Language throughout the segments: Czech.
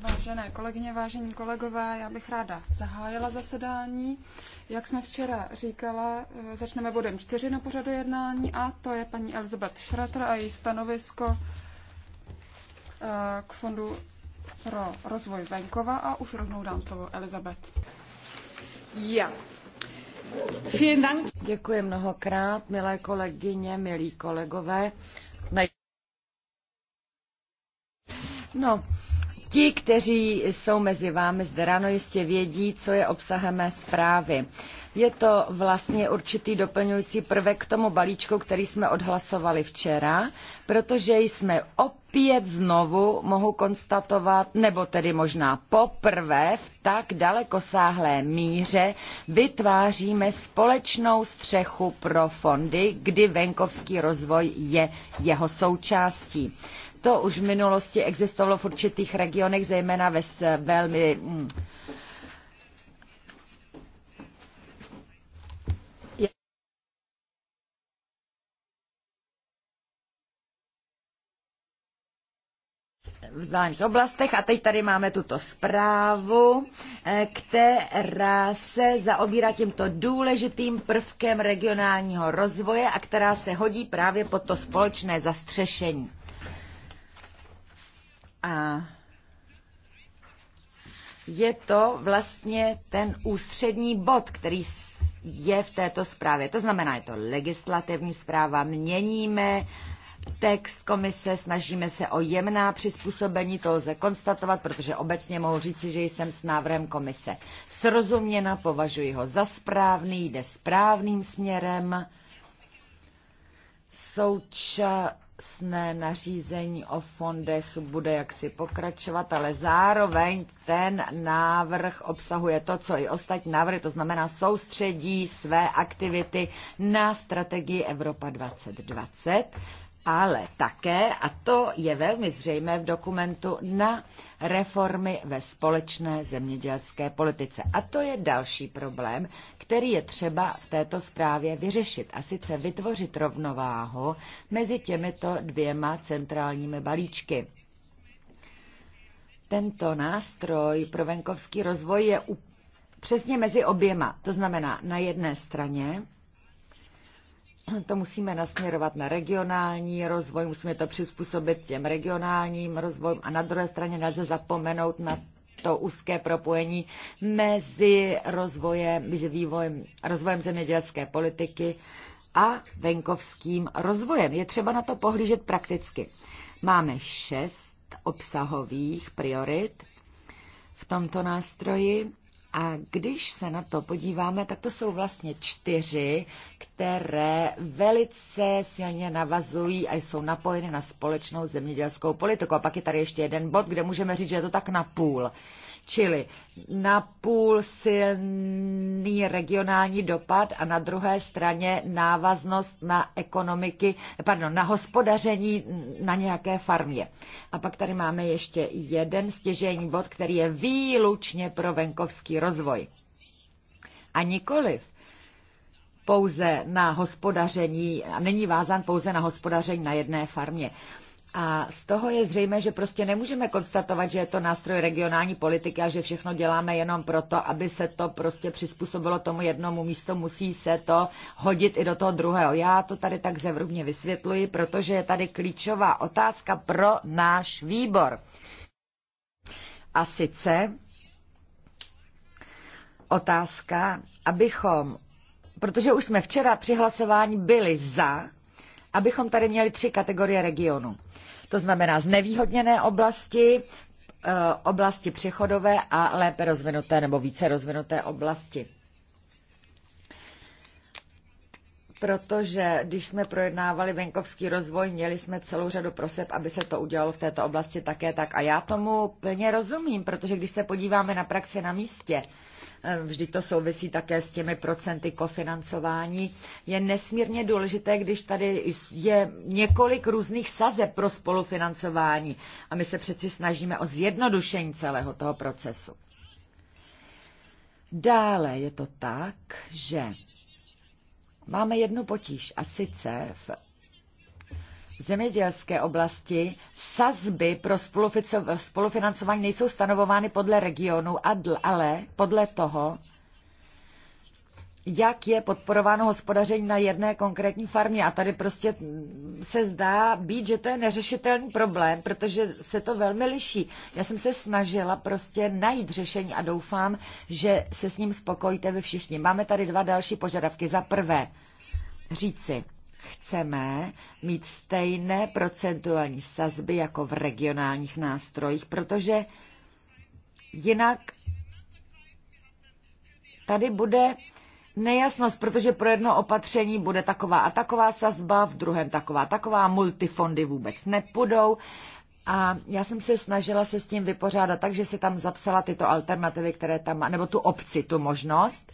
Vážené kolegyně, vážení kolegové, já bych ráda zahájila zasedání. Jak jsme včera říkala, uh, začneme bodem čtyři, na pořadu jednání a to je paní elisabeth schroedter a její stanovisko uh, k Fondu pro rozvoj venkova a už rovnou dám slovo elisabeth Yeah. Děkuji mnohokrát, milé kolegyně, milí kolegové. No, ti, kteří jsou mezi vámi zde ráno, jistě vědí, co je obsahem mé zprávy. Je to vlastně určitý doplňující prvek k tomu balíčku, který jsme odhlasovali včera, protože jsme opět znovu, mohu konstatovat, nebo tedy možná poprvé v tak dalekosáhlé míře vytváříme společnou střechu pro fondy, kdy venkovský rozvoj je jeho součástí. To už v minulosti existovalo v určitých regionech, zejména ve velmi mm, vzdálených oblastech. A teď tady máme tuto zprávu, eh, která se zaobírá tímto důležitým prvkem regionálního rozvoje a která se hodí právě pod to společné zastřešení. A je to vlastně ten ústřední bod, který je v této zprávě. To znamená, je to legislativní zpráva, měníme text komise, snažíme se o jemná přizpůsobení, to lze konstatovat, protože obecně mohu říci, že jsem s návrhem komise srozuměna, považuji ho za správný, jde správným směrem. Souča obecné nařízení o fondech bude jaksi pokračovat, ale zároveň ten návrh obsahuje to, co i ostatní návrhy, to znamená soustředí své aktivity na strategii Evropa 2020 ale také, a to je velmi zřejmé v dokumentu, na reformy ve společné zemědělské politice. A to je další problém, který je třeba v této zprávě vyřešit, a sice vytvořit rovnováhu mezi těmito dvěma centrálními balíčky. Tento nástroj pro venkovský rozvoj je přesně mezi oběma. To znamená na jedné straně to musíme nasměrovat na regionální rozvoj, musíme to přizpůsobit těm regionálním rozvojům a na druhé straně nelze zapomenout na to úzké propojení mezi rozvojem, mezi vývojem, rozvojem zemědělské politiky a venkovským rozvojem. Je třeba na to pohlížet prakticky. Máme šest obsahových priorit v tomto nástroji a když se na to podíváme, tak to jsou vlastně čtyři, které velice silně navazují a jsou napojeny na společnou zemědělskou politiku. A pak je tady ještě jeden bod, kde můžeme říct, že je to tak na půl. Čili na půl silný regionální dopad a na druhé straně návaznost na ekonomiky, pardon, na hospodaření na nějaké farmě. A pak tady máme ještě jeden stěžení bod, který je výlučně pro venkovský rozvoj. A nikoliv pouze na hospodaření, a není vázán pouze na hospodaření na jedné farmě. A z toho je zřejmé, že prostě nemůžeme konstatovat, že je to nástroj regionální politiky a že všechno děláme jenom proto, aby se to prostě přizpůsobilo tomu jednomu místu. Musí se to hodit i do toho druhého. Já to tady tak zevrubně vysvětluji, protože je tady klíčová otázka pro náš výbor. A sice otázka, abychom, protože už jsme včera při hlasování byli za, abychom tady měli tři kategorie regionu to znamená znevýhodněné oblasti, e, oblasti přechodové a lépe rozvinuté nebo více rozvinuté oblasti. protože když jsme projednávali venkovský rozvoj, měli jsme celou řadu proseb, aby se to udělalo v této oblasti také tak. A já tomu plně rozumím, protože když se podíváme na praxi na místě, vždy to souvisí také s těmi procenty kofinancování, je nesmírně důležité, když tady je několik různých sazeb pro spolufinancování a my se přeci snažíme o zjednodušení celého toho procesu. Dále je to tak, že máme jednu potíž a sice v v zemědělské oblasti sazby pro spolufinancování nejsou stanovovány podle regionu, ale podle toho, jak je podporováno hospodaření na jedné konkrétní farmě. A tady prostě se zdá být, že to je neřešitelný problém, protože se to velmi liší. Já jsem se snažila prostě najít řešení a doufám, že se s ním spokojíte vy všichni. Máme tady dva další požadavky. Za prvé, říci, chceme mít stejné procentuální sazby jako v regionálních nástrojích, protože jinak tady bude nejasnost, protože pro jedno opatření bude taková a taková sazba, v druhém taková a taková, multifondy vůbec nepůjdou. A já jsem se snažila se s tím vypořádat tak, že se tam zapsala tyto alternativy, které tam má, nebo tu obci, tu možnost,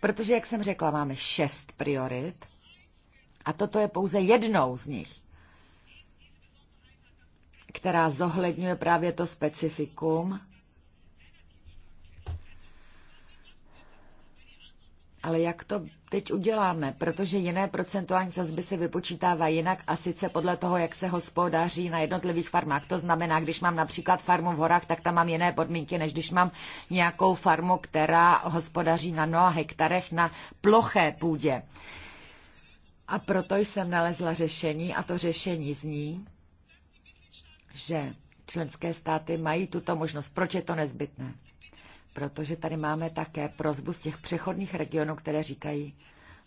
protože, jak jsem řekla, máme šest priorit a toto je pouze jednou z nich, která zohledňuje právě to specifikum, Ale jak to teď uděláme? Protože jiné procentuální sazby se vypočítává jinak a sice podle toho, jak se hospodáří na jednotlivých farmách. To znamená, když mám například farmu v horách, tak tam mám jiné podmínky, než když mám nějakou farmu, která hospodaří na mnoha hektarech na ploché půdě. A proto jsem nalezla řešení a to řešení zní, že členské státy mají tuto možnost. Proč je to nezbytné? Protože tady máme také prozbu z těch přechodných regionů, které říkají,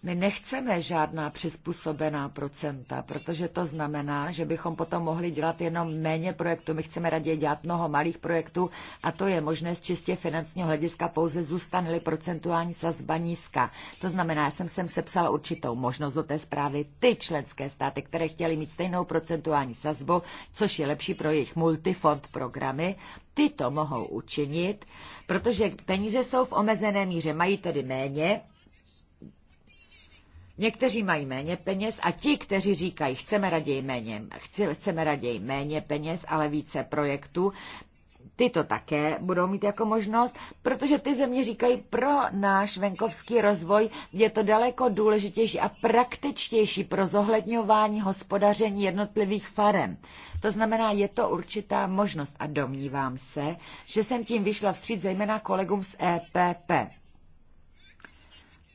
my nechceme žádná přizpůsobená procenta, protože to znamená, že bychom potom mohli dělat jenom méně projektů. My chceme raději dělat mnoho malých projektů a to je možné z čistě finančního hlediska pouze zůstane procentuální sazba nízká. To znamená, já jsem sem sepsal určitou možnost do té zprávy ty členské státy, které chtěly mít stejnou procentuální sazbu, což je lepší pro jejich multifond programy, ty to mohou učinit, protože peníze jsou v omezené míře, mají tedy méně, Někteří mají méně peněz a ti, kteří říkají, chceme raději méně, chceme raději méně peněz, ale více projektů, ty to také budou mít jako možnost, protože ty země říkají, pro náš venkovský rozvoj je to daleko důležitější a praktičtější pro zohledňování hospodaření jednotlivých farem. To znamená, je to určitá možnost a domnívám se, že jsem tím vyšla vstříc zejména kolegům z EPP.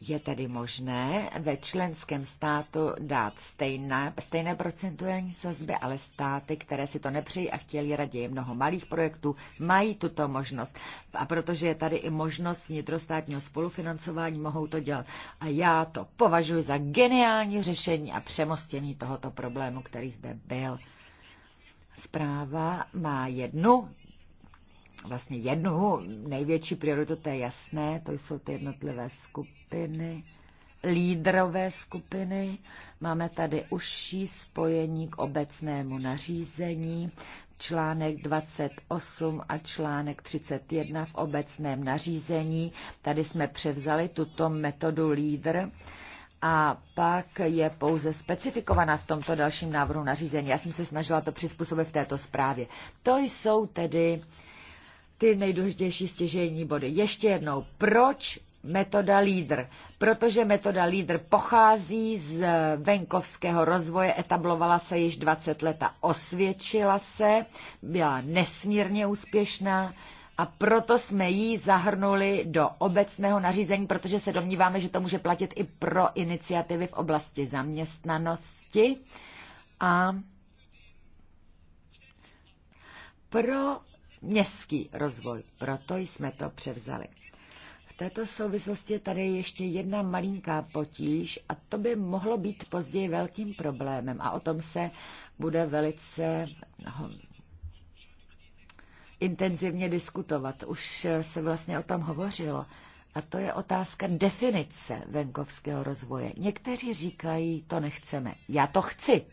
Je tedy možné ve členském státu dát stejné, stejné procentuální sazby, ale státy, které si to nepřejí a chtěli raději mnoho malých projektů, mají tuto možnost. A protože je tady i možnost vnitrostátního spolufinancování, mohou to dělat. A já to považuji za geniální řešení a přemostění tohoto problému, který zde byl. Zpráva má jednu vlastně jednu největší prioritu, to je jasné, to jsou ty jednotlivé skupiny skupiny, lídrové skupiny. Máme tady užší spojení k obecnému nařízení, článek 28 a článek 31 v obecném nařízení. Tady jsme převzali tuto metodu lídr a pak je pouze specifikovaná v tomto dalším návrhu nařízení. Já jsem se snažila to přizpůsobit v této zprávě. To jsou tedy ty nejdůležitější stěžení body. Ještě jednou, proč metoda lídr, protože metoda lídr pochází z venkovského rozvoje, etablovala se již 20 let a osvědčila se, byla nesmírně úspěšná a proto jsme ji zahrnuli do obecného nařízení, protože se domníváme, že to může platit i pro iniciativy v oblasti zaměstnanosti a pro městský rozvoj. Proto jsme to převzali této souvislosti je tady ještě jedna malinká potíž a to by mohlo být později velkým problémem a o tom se bude velice intenzivně diskutovat. Už se vlastně o tom hovořilo. A to je otázka definice venkovského rozvoje. Někteří říkají, to nechceme. Já to chci.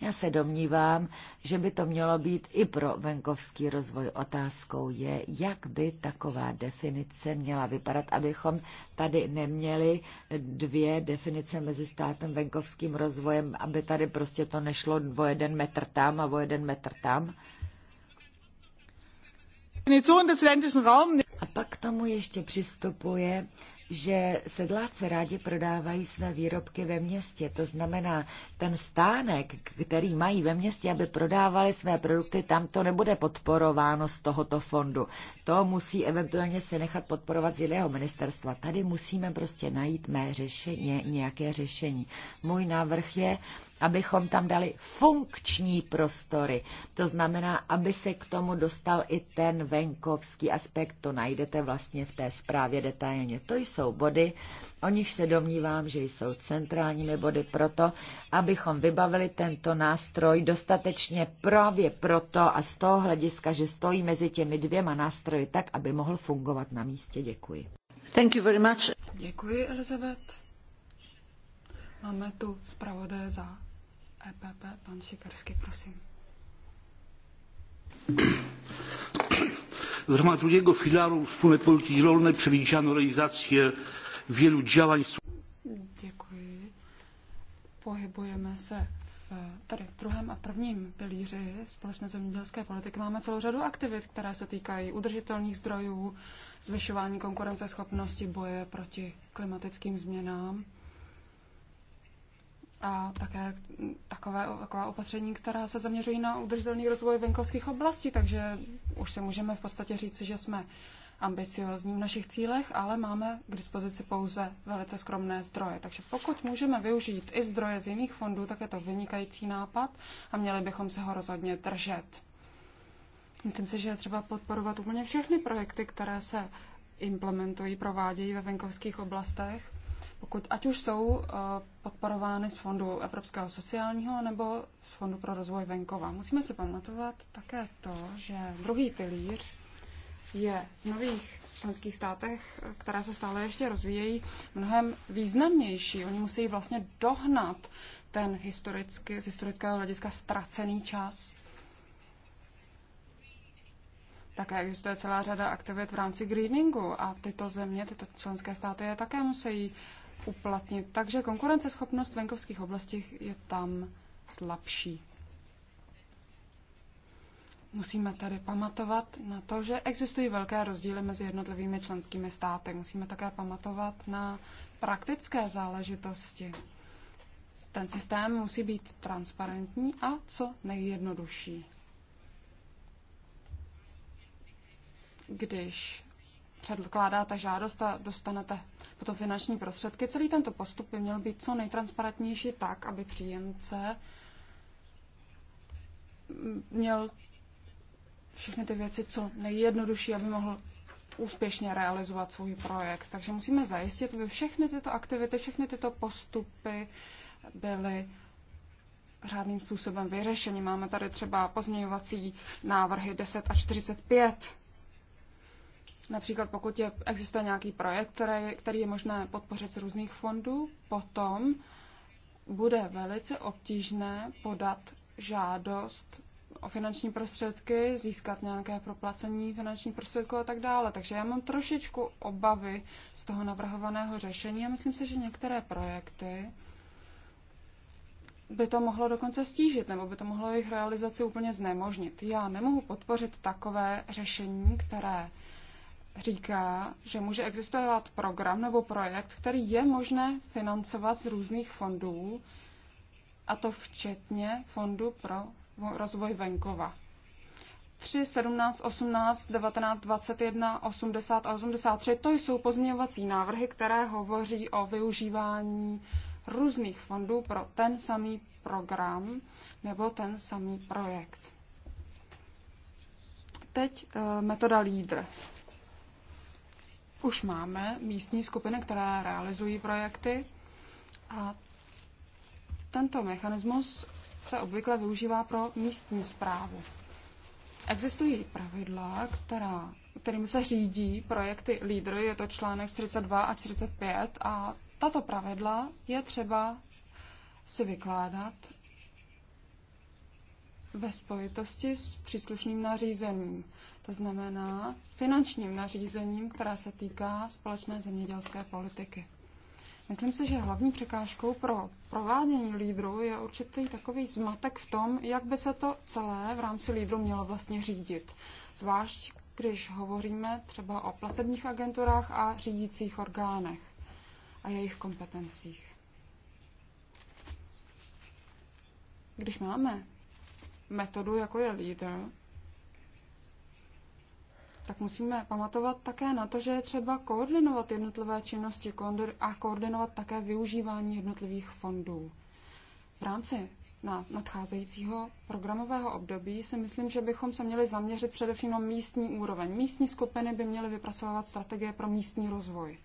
Já se domnívám, že by to mělo být i pro venkovský rozvoj. Otázkou je, jak by taková definice měla vypadat, abychom tady neměli dvě definice mezi státem venkovským rozvojem, aby tady prostě to nešlo o jeden metr tam a o jeden metr tam. A pak k tomu ještě přistupuje že sedláci rádi prodávají své výrobky ve městě. To znamená, ten stánek, který mají ve městě, aby prodávali své produkty, tam to nebude podporováno z tohoto fondu. To musí eventuálně se nechat podporovat z jiného ministerstva. Tady musíme prostě najít mé řešení, nějaké řešení. Můj návrh je, abychom tam dali funkční prostory. To znamená, aby se k tomu dostal i ten venkovský aspekt. To najdete vlastně v té zprávě detailně. To jsou body, o nich se domnívám, že jsou centrálními body proto, abychom vybavili tento nástroj dostatečně právě proto a z toho hlediska, že stojí mezi těmi dvěma nástroji tak, aby mohl fungovat na místě. Děkuji. Thank you very much. Děkuji, Elizabeth. Máme tu zpravodaje za EPP, pan Šikarsky, prosím. W ramach drugiego filaru wspólnej polityki rolnej przewidziano realizację wielu działań. Dziękuję. Pohybujeme się w, tady v druhém a v prvním pilíři společné zemědělské politiky. Máme celou řadu aktivit, které se týkají udržitelných zdrojů, zvyšování konkurenceschopnosti, boje proti klimatycznym zmianom a také takové, taková opatření, která se zaměřují na udržitelný rozvoj venkovských oblastí, takže už si můžeme v podstatě říci, že jsme ambiciozní v našich cílech, ale máme k dispozici pouze velice skromné zdroje. Takže pokud můžeme využít i zdroje z jiných fondů, tak je to vynikající nápad a měli bychom se ho rozhodně držet. Myslím si, že je třeba podporovat úplně všechny projekty, které se implementují, provádějí ve venkovských oblastech pokud ať už jsou eh, podporovány z Fondu Evropského sociálního nebo z Fondu pro rozvoj venkova. Musíme si pamatovat také to, že druhý pilíř je v nových členských státech, které se stále ještě rozvíjejí, mnohem významnější. Oni musí vlastně dohnat ten historicky, z historického hlediska ztracený čas. Také existuje celá řada aktivit v rámci greeningu a tyto země, tyto členské státy je také musí uplatnit. Takže konkurenceschopnost venkovských oblastí je tam slabší. Musíme tady pamatovat na to, že existují velké rozdíly mezi jednotlivými členskými státy. Musíme také pamatovat na praktické záležitosti. Ten systém musí být transparentní a co nejjednodušší. Když předkládá ta žádost a dostanete potom finanční prostředky. Celý tento postup by měl být co nejtransparentnější tak, aby příjemce měl všechny ty věci co nejjednodušší, aby mohl úspěšně realizovat svůj projekt. Takže musíme zajistit, aby všechny tyto aktivity, všechny tyto postupy byly řádným způsobem vyřešeny. Máme tady třeba pozměňovací návrhy 10 a 45. Například pokud je, existuje nějaký projekt, který, který je možné podpořit z různých fondů, potom bude velice obtížné podat žádost o finanční prostředky, získat nějaké proplacení finanční prostředků a tak dále. Takže já mám trošičku obavy z toho navrhovaného řešení a myslím si, že některé projekty by to mohlo dokonce stížit, nebo by to mohlo jejich realizaci úplně znemožnit. Já nemohu podpořit takové řešení, které říká, že může existovat program nebo projekt, který je možné financovat z různých fondů, a to včetně fondu pro rozvoj venkova. 3, 17, 18, 19, 21, 80 a 83, to jsou pozměňovací návrhy, které hovoří o využívání různých fondů pro ten samý program nebo ten samý projekt. Teď eh, metoda LEADER. Už máme místní skupiny, které realizují projekty a tento mechanismus se obvykle využívá pro místní zprávu. Existují pravidla, která, kterým se řídí projekty LEADER, je to článek 42 a 45 a tato pravidla je třeba si vykládat ve spojitosti s příslušným nařízením to znamená finančním nařízením, která se týká společné zemědělské politiky. Myslím si, že hlavní překážkou pro provádění lídru je určitý takový zmatek v tom, jak by se to celé v rámci lídru mělo vlastně řídit. Zvlášť, když hovoříme třeba o platebních agenturách a řídících orgánech a jejich kompetencích. Když máme metodu, jako je lídr, tak musíme pamatovat také na to, že je třeba koordinovat jednotlivé činnosti a koordinovat také využívání jednotlivých fondů. V rámci nadcházejícího programového období si myslím, že bychom se měli zaměřit především na místní úroveň. Místní skupiny by měly vypracovávat strategie pro místní rozvoj.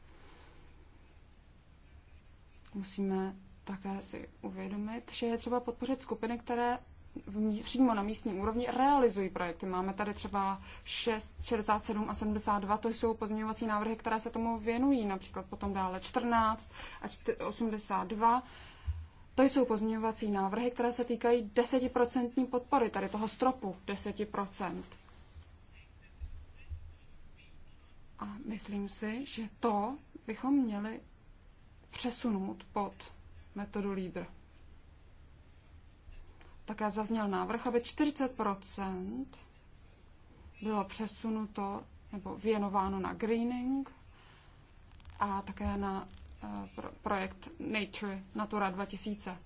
Musíme také si uvědomit, že je třeba podpořit skupiny, které v, přímo na místní úrovni realizují projekty. Máme tady třeba 6, 67 a 72, to jsou pozměňovací návrhy, které se tomu věnují, například potom dále 14 a 82. To jsou pozměňovací návrhy, které se týkají 10% podpory, tady toho stropu 10%. A myslím si, že to bychom měli přesunout pod metodu LEADER také zazněl návrh, aby 40 bylo přesunuto nebo věnováno na greening a také na eh, projekt Nature Natura 2000.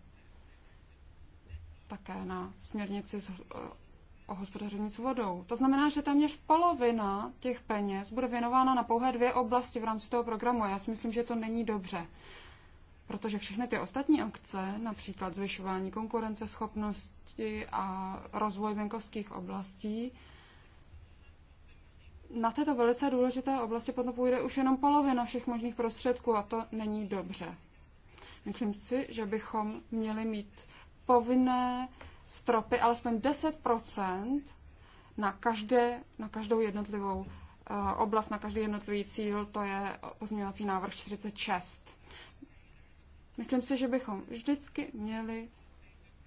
Také na směrnici eh, o hospodaření s vodou. To znamená, že téměř polovina těch peněz bude věnována na pouhé dvě oblasti v rámci toho programu. Já si myslím, že to není dobře. Protože všechny ty ostatní akce, například zvyšování konkurenceschopnosti a rozvoj venkovských oblastí, na této velice důležité oblasti potom půjde už jenom polovina všech možných prostředků a to není dobře. Myslím si, že bychom měli mít povinné stropy alespoň 10 na, každé, na každou jednotlivou eh, oblast, na každý jednotlivý cíl, to je pozměňovací návrh 46. Myslím si, že bychom vždycky měli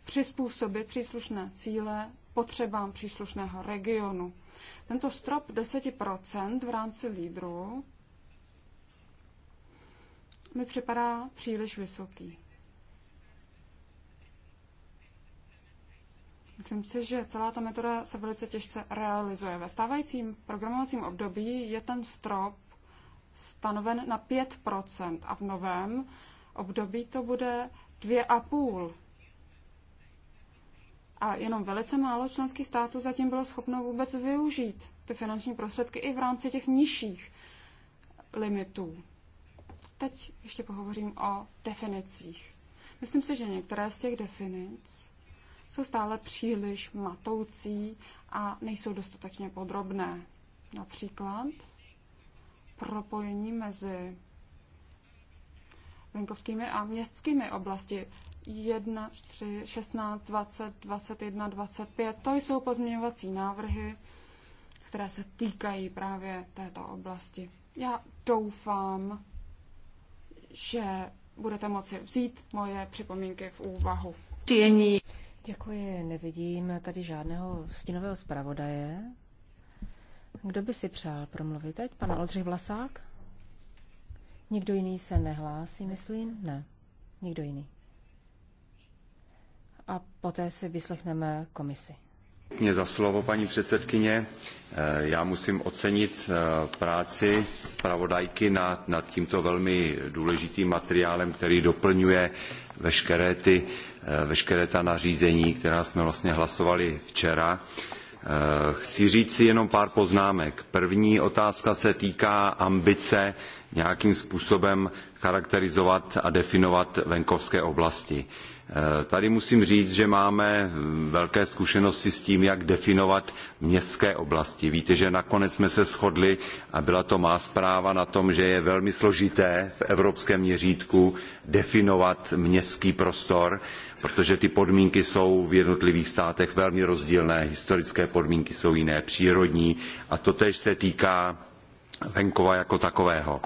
přizpůsobit příslušné cíle potřebám příslušného regionu. Tento strop 10% v rámci lídru mi připadá příliš vysoký. Myslím si, že celá ta metoda se velice těžce realizuje. Ve stávajícím programovacím období je ten strop stanoven na 5% a v novém období to bude dvě a půl. A jenom velice málo členských států zatím bylo schopno vůbec využít ty finanční prostředky i v rámci těch nižších limitů. Teď ještě pohovořím o definicích. Myslím si, že některé z těch definic jsou stále příliš matoucí a nejsou dostatečně podrobné. Například propojení mezi venkovskými a městskými oblasti. 1, 3, 16, 20, 21, 25. To jsou pozměňovací návrhy, které se týkají právě této oblasti. Já doufám, že budete moci vzít moje připomínky v úvahu. Děkuji, nevidím tady žádného stínového zpravodaje. Kdo by si přál promluvit teď? Pan Oldřich Vlasák? Nikdo jiný se nehlásí, myslím? Ne. Nikdo jiný. A poté si vyslechneme komisi. Mě za slovo, paní předsedkyně. Eh, já musím ocenit eh, práci zpravodajky nad, nad tímto velmi důležitým materiálem, který doplňuje veškeré, ty, eh, veškeré ta nařízení, která jsme vlastně hlasovali včera. Chci říct si jenom pár poznámek. První otázka se týká ambice nějakým způsobem charakterizovat a definovat venkovské oblasti. E, tady musím říct, že máme velké zkušenosti s tím, jak definovat městské oblasti. Víte, že nakonec jsme se shodli a byla to má zpráva na tom, že je velmi složité v evropském měřítku definovat městský prostor, protože ty podmínky jsou v jednotlivých státech velmi rozdílné, historické podmínky jsou jiné, přírodní a totež se týká venkova jako takového.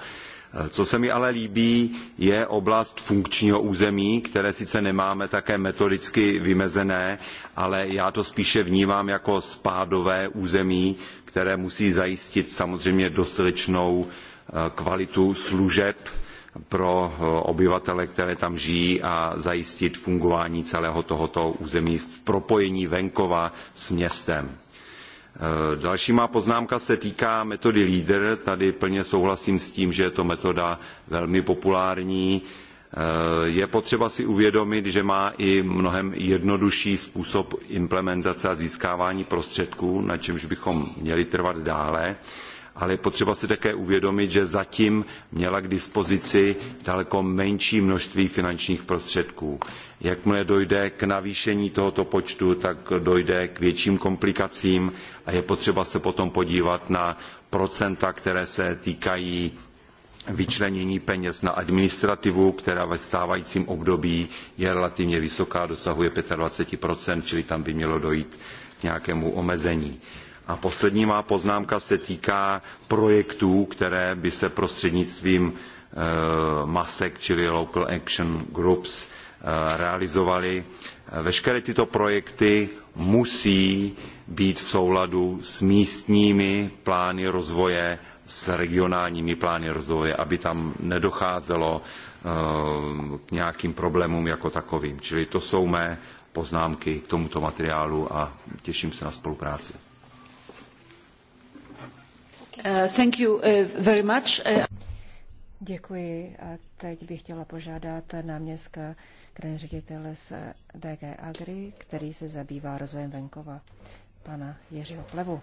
E, co se mi ale líbí, je oblast funkčního území, které sice nemáme také metodicky vymezené, ale já to spíše vnímám jako spádové území, které musí zajistit samozřejmě dostatečnou e, kvalitu služeb pro e, obyvatele, které tam žijí a zajistit fungování celého tohoto území v propojení venkova s městem Eh, další má poznámka se týká metody LEADER. Tady plně souhlasím s tím, že je to metoda velmi populární. Eh, je potřeba si uvědomit, že má i mnohem jednodušší způsob implementace a získávání prostředků, na čemž bychom měli trvat dále ale je potřeba si také uvědomit, že zatím měla k dispozici daleko menší množství finančních prostředků. Jakmile dojde k navýšení tohoto počtu, tak dojde k větším komplikacím a je potřeba se potom podívat na procenta, které se týkají vyčlenění peněz na administrativu, která ve stávajícím období je relativně vysoká, dosahuje 25%, čili tam by mělo dojít k nějakému omezení. A poslední má poznámka se týká projektů, které by se prostřednictvím eh, MASEK, čili Local Action Groups, eh, realizovaly. Veškeré tyto projekty musí být v souladu s místními plány rozvoje, s regionálními plány rozvoje, aby tam nedocházelo eh, k nějakým problémům jako takovým. Čili to jsou mé poznámky k tomuto materiálu a těším se na spolupráci. Uh, uh, uh, Děkuji a teď bych chtěla požádat náměstka krajiny ředitele z DG Agri, který se zabývá rozvojem venkova, pana Jiřího Plevu.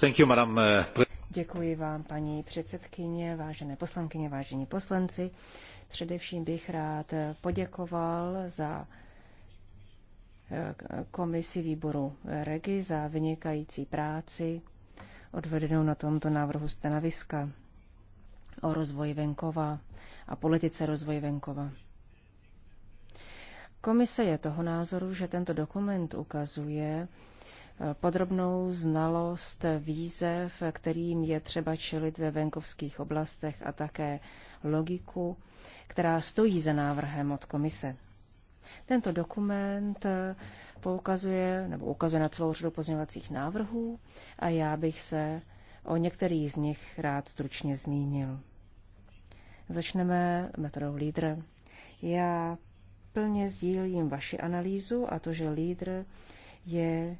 Thank you, madam. Děkuji vám, paní předsedkyně, vážené poslankyně, vážení poslanci. Především bych rád poděkoval za eh, komisi výboru REGI za vynikající práci odvedenou na tomto návrhu stanoviska o rozvoji venkova a politice rozvoje venkova. Komise je toho názoru, že tento dokument ukazuje eh, podrobnou znalost výzev, kterým je třeba čelit ve venkovských oblastech a také logiku, která stojí za návrhem od komise. Tento dokument eh, poukazuje nebo ukazuje na celou řadu pozměňovacích návrhů a já bych se o některých z nich rád stručně zmínil. Začneme metodou lídr. Já plně sdílím vaši analýzu a to, že lídr je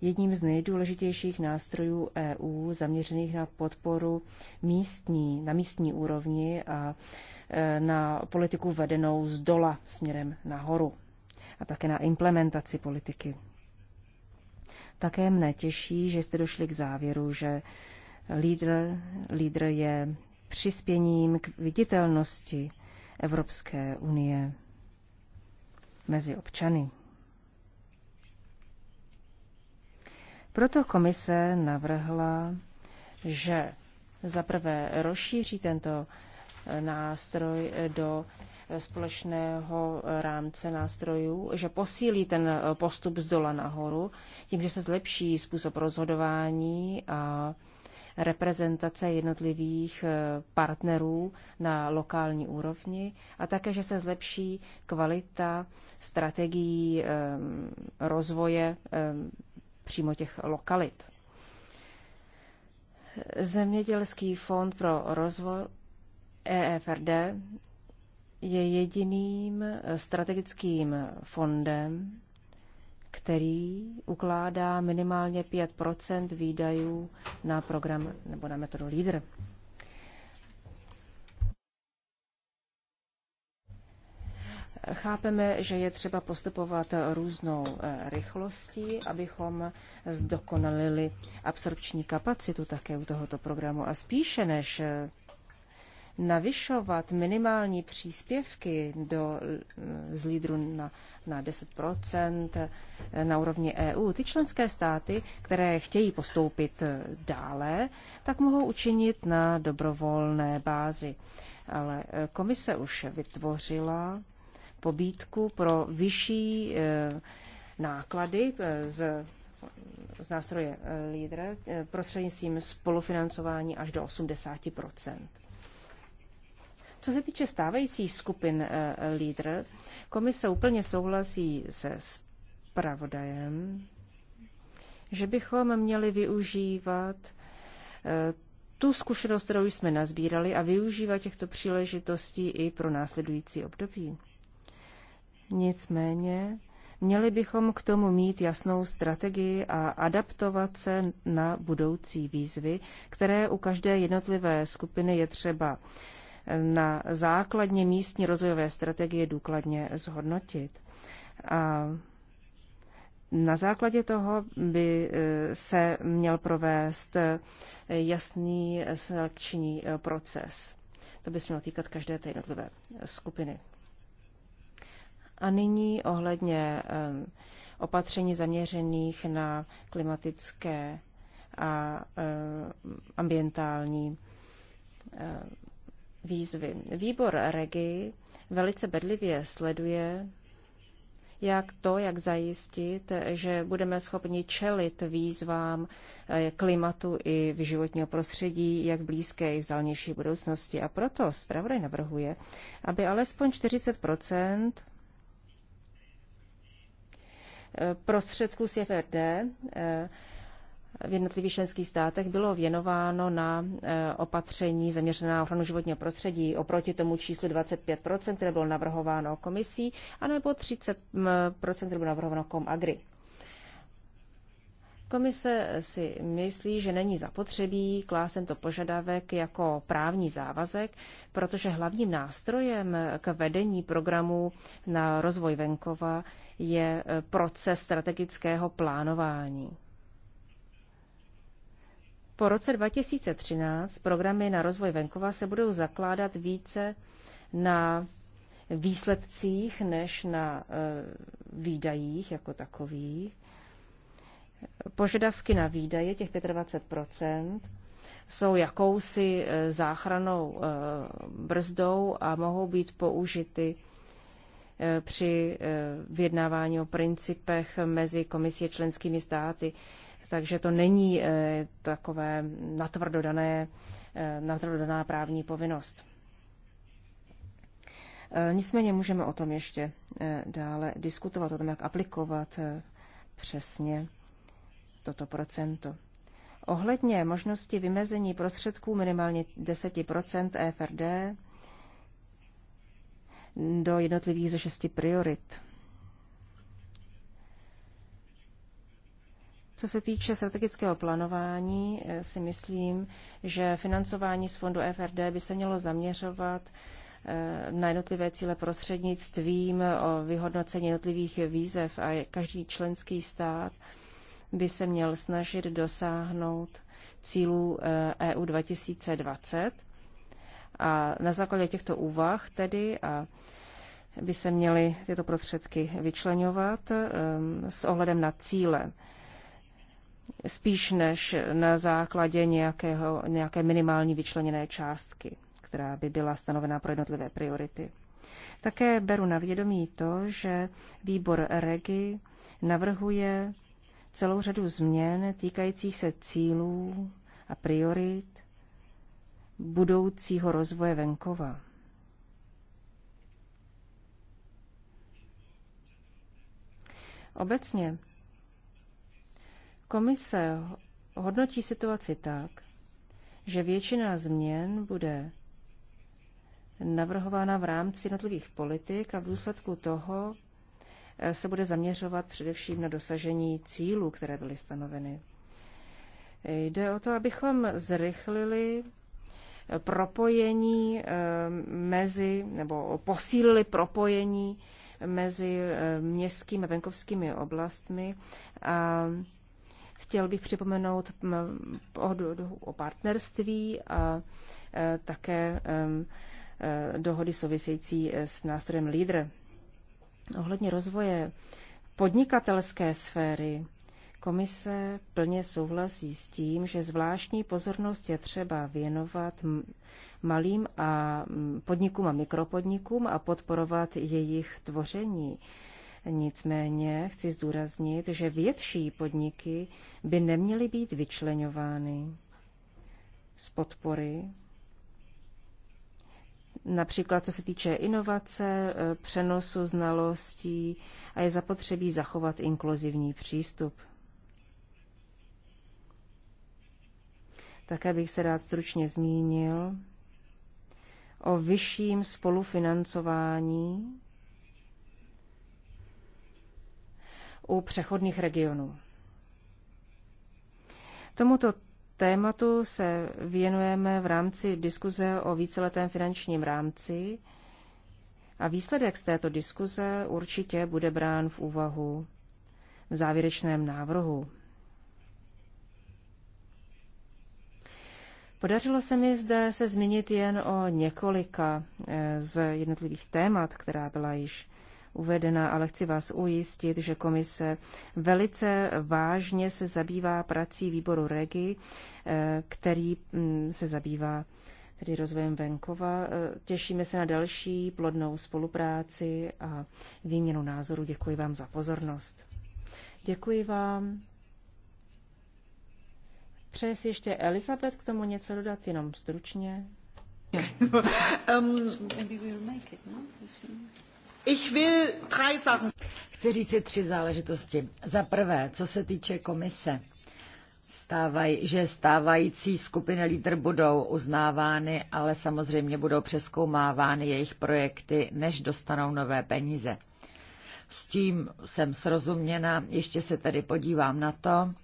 jedním z nejdůležitějších nástrojů EU zaměřených na podporu místní, na místní úrovni a e, na politiku vedenou z dola směrem nahoru a také na implementaci politiky. Také mne těší, že jste došli k závěru, že lídr, lídr je přispěním k viditelnosti Evropské unie mezi občany. Proto komise navrhla, že za prvé rozšíří tento eh, nástroj eh, do eh, společného rámce nástrojů, že posílí ten postup z dola nahoru, tím, že se zlepší způsob rozhodování a reprezentace jednotlivých partnerů na lokální úrovni a také, že se zlepší kvalita strategií rozvoje přímo těch lokalit. Zemědělský fond pro rozvoj EFRD je jediným strategickým fondem, který ukládá minimálně 5 výdajů na program nebo na metodu LEADER. Chápeme, že je třeba postupovat různou eh, rychlostí, abychom zdokonalili absorpční kapacitu také u tohoto programu. A spíše než eh, navyšovat minimální příspěvky do, eh, z lídru na, na 10 na úrovni EU, ty členské státy, které chtějí postoupit dále, tak mohou učinit na dobrovolné bázi. Ale komise už vytvořila pobídku pro vyšší eh, náklady eh, z, z nástroje eh, LIDR prostřednictvím spolufinancování až do 80 co se týče stávajících skupin lidr, komise úplně souhlasí se spravodajem, že bychom měli využívat tu zkušenost, kterou jsme nazbírali a využívat těchto příležitostí i pro následující období. Nicméně měli bychom k tomu mít jasnou strategii a adaptovat se na budoucí výzvy, které u každé jednotlivé skupiny je třeba eh, na základně místní rozvojové strategie důkladně zhodnotit. A na základě toho by eh, se měl provést eh, jasný selekční proces. To by se mělo týkat každé té jednotlivé skupiny. A nyní ohledně opatření zaměřených na klimatické a ambientální výzvy. Výbor REGI velice bedlivě sleduje, jak to, jak zajistit, že budeme schopni čelit výzvám eh, klimatu i v životního prostředí, jak blízké i v budoucnosti. A proto zpravodaj navrhuje, aby alespoň 40 prostředků z FRD eh, v jednotlivých členských státech bylo věnováno na eh, opatření zaměřená na ochranu životního prostředí oproti tomu číslu 25%, které bylo navrhováno komisí, anebo 30%, mm, které bylo navrhováno agri. Komise si myslí, že není zapotřebí klást tento požadavek jako právní závazek, protože hlavním nástrojem k vedení programu na rozvoj venkova je eh, proces strategického plánování. Po roce 2013 programy na rozvoj venkova se budou zakládat více na výsledcích než na eh, výdajích jako takových požadavky na výdaje, těch 25 jsou jakousi e, záchranou e, brzdou a mohou být použity e, při vyjednávání o principech mezi komisí a členskými státy. Takže to není takové natvrdodané, natvrdodaná právní povinnost. Nicméně můžeme o tom ještě dále diskutovat, o tom, jak aplikovat přesně toto procento. Ohledně možnosti vymezení prostředků minimálně 10 EFRD do jednotlivých ze šesti priorit. Co se týče strategického plánování, eh, si myslím, že financování z fondu e FRD by se mělo zaměřovat eh, na jednotlivé cíle prostřednictvím eh, o vyhodnocení jednotlivých výzev a každý členský stát by se měl snažit dosáhnout cílů EU eh, e 2020. A na základě těchto úvah tedy a by se měly tyto prostředky vyčlenovat eh, s ohledem na cíle spíš než na základě nějakého, nějaké minimální vyčleněné částky, která by byla stanovena pro jednotlivé priority. Také beru na vědomí to, že výbor REGI navrhuje celou řadu změn týkajících se cílů a priorit budoucího rozvoje venkova. Obecně komise hodnotí situaci tak, že většina změn bude navrhována v rámci jednotlivých politik a v důsledku toho Eh, se bude zaměřovat především na dosažení cílů, které byly stanoveny. Jde o to, abychom zrychlili eh, propojení eh, mezi, nebo posílili propojení mezi městskými a venkovskými oblastmi. A chtěl bych připomenout o, o partnerství a také dohody související s nástrojem LEADER. Ohledně rozvoje podnikatelské sféry komise plně souhlasí s tím, že zvláštní pozornost je třeba věnovat malým a podnikům a mikropodnikům a podporovat jejich tvoření. Nicméně chci zdůraznit, že větší podniky by neměly být vyčleňovány z podpory například co se týče inovace, eh, přenosu znalostí a je zapotřebí zachovat inkluzivní přístup. Také bych se rád stručně zmínil o vyšším spolufinancování u přechodných regionů. Tomuto tématu se věnujeme v rámci diskuze o víceletém finančním rámci a výsledek z této diskuze určitě bude brán v úvahu v závěrečném návrhu. Podařilo se mi zde se zmínit jen o několika eh, z jednotlivých témat, která byla již uvedena, ale chci vás ujistit, že komise velice vážně se zabývá prací výboru REGI, eh, který mm, se zabývá tedy rozvojem venkova. Eh, těšíme se na další plodnou spolupráci a výměnu názoru. Děkuji vám za pozornost. Děkuji vám. Přeje si ještě Elizabeth k tomu něco dodat, jenom stručně. um, no? Ich will drei Sachen. Chci říct si tři záležitosti. Za prvé, co se týče komise, stávaj, že stávající skupiny lídr budou uznávány, ale samozřejmě budou přeskoumávány jejich projekty, než dostanou nové peníze. S tím jsem srozuměna, ještě se tedy podívám na to,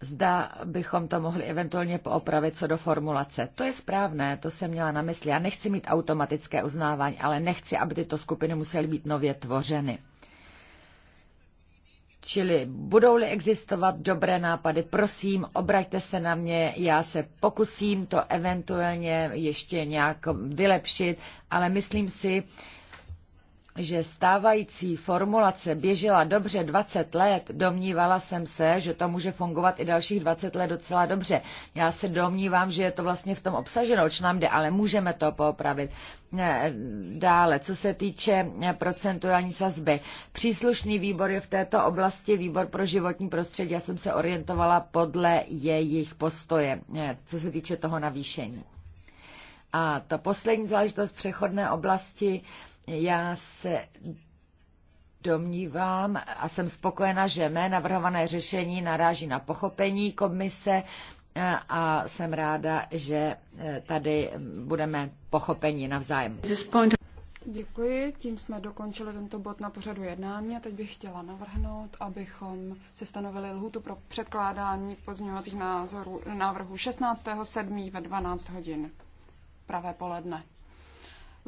zda bychom to mohli eventuálně poopravit co do formulace. To je správné, to jsem měla na mysli. Já nechci mít automatické uznávání, ale nechci, aby tyto skupiny musely být nově tvořeny. Čili budou-li existovat dobré nápady, prosím, obraťte se na mě, já se pokusím to eventuálně ještě nějak vylepšit, ale myslím si, že stávající formulace běžela dobře 20 let, domnívala jsem se, že to může fungovat i dalších 20 let docela dobře. Já se domnívám, že je to vlastně v tom obsaženo, oč nám jde, ale můžeme to popravit. Eh, dále, co se týče eh, procentuální sazby. Příslušný výbor je v této oblasti výbor pro životní prostředí. Já jsem se orientovala podle jejich postoje, eh, co se týče toho navýšení. A ta poslední záležitost přechodné oblasti, já se domnívám a jsem spokojena, že mé navrhované řešení naráží na pochopení komise eh, a jsem ráda, že eh, tady budeme pochopeni navzájem. Děkuji, tím jsme dokončili tento bod na pořadu jednání a teď bych chtěla navrhnout, abychom se stanovili lhutu pro předkládání pozměňovacích názorů, návrhů 16.7. ve 12 hodin pravé poledne.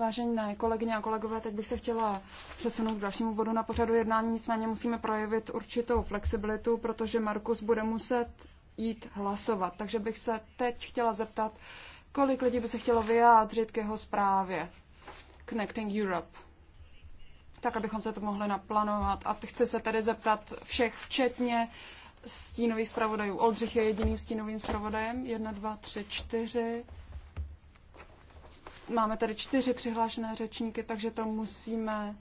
Vážené kolegyně a kolegové, teď bych se chtěla přesunout k dalšímu bodu na pořadu jednání, nicméně musíme projevit určitou flexibilitu, protože Markus bude muset jít hlasovat. Takže bych se teď chtěla zeptat, kolik lidí by se chtělo vyjádřit k jeho zprávě Connecting Europe. Tak, abychom se to mohli naplánovat. A chci se tedy zeptat všech, včetně stínových zpravodajů. Oldřich je jediným stínovým zpravodajem. Jedna, dva, tři, čtyři. Máme tady čtyři přihlášené řečníky, takže to musíme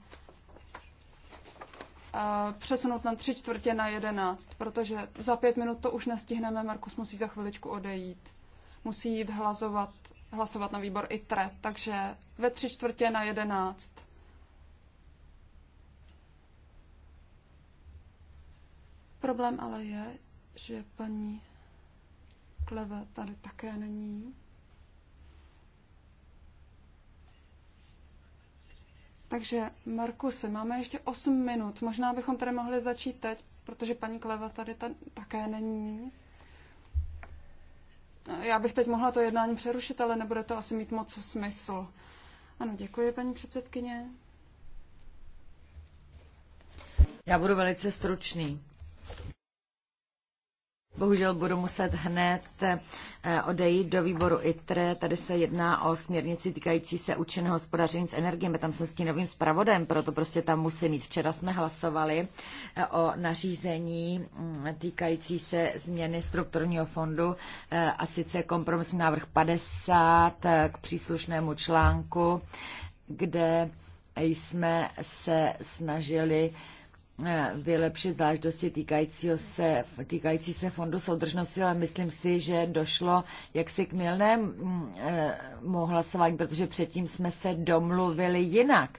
eh, přesunout na tři čtvrtě na jedenáct, protože za pět minut to už nestihneme, Markus musí za chviličku odejít. Musí jít hlasovat, hlasovat na výbor ITRE, takže ve tři čtvrtě na jedenáct. Problém ale je, že paní Kleve tady také není. Takže, Markuse, máme ještě 8 minut. Možná bychom tady mohli začít teď, protože paní Kleva tady ta, také není. Já bych teď mohla to jednání přerušit, ale nebude to asi mít moc smysl. Ano, děkuji, paní předsedkyně. Já budu velice stručný. Bohužel budu muset hned eh, odejít do výboru ITRE. Tady se jedná o směrnici týkající se účinného hospodaření s energiemi. Tam jsem s tím novým zpravodem, proto prostě tam musím mít. Včera jsme hlasovali eh, o nařízení mm, týkající se změny strukturního fondu eh, a sice kompromisní návrh 50 k příslušnému článku, kde jsme se snažili Eh, vylepšit záležitosti týkajícího se, týkající se fondu soudržnosti, ale myslím si, že došlo jaksi k milnému mm, eh, hlasování, protože předtím jsme se domluvili jinak.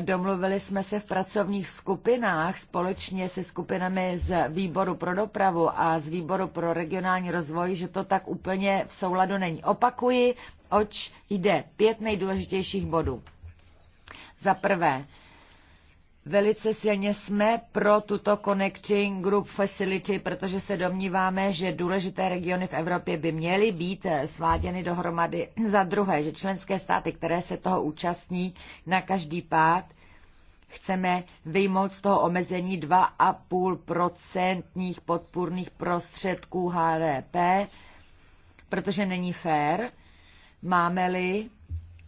Domluvili jsme se v pracovních skupinách společně se skupinami z výboru pro dopravu a z výboru pro regionální rozvoj, že to tak úplně v souladu není. Opakuji, oč jde pět nejdůležitějších bodů. Za prvé, Velice silně jsme pro tuto Connecting Group Facility, protože se domníváme, že důležité regiony v Evropě by měly být eh, sváděny dohromady. Za druhé, že členské státy, které se toho účastní na každý pád, chceme vyjmout z toho omezení 2,5% podpůrných prostředků HDP, protože není fér, máme-li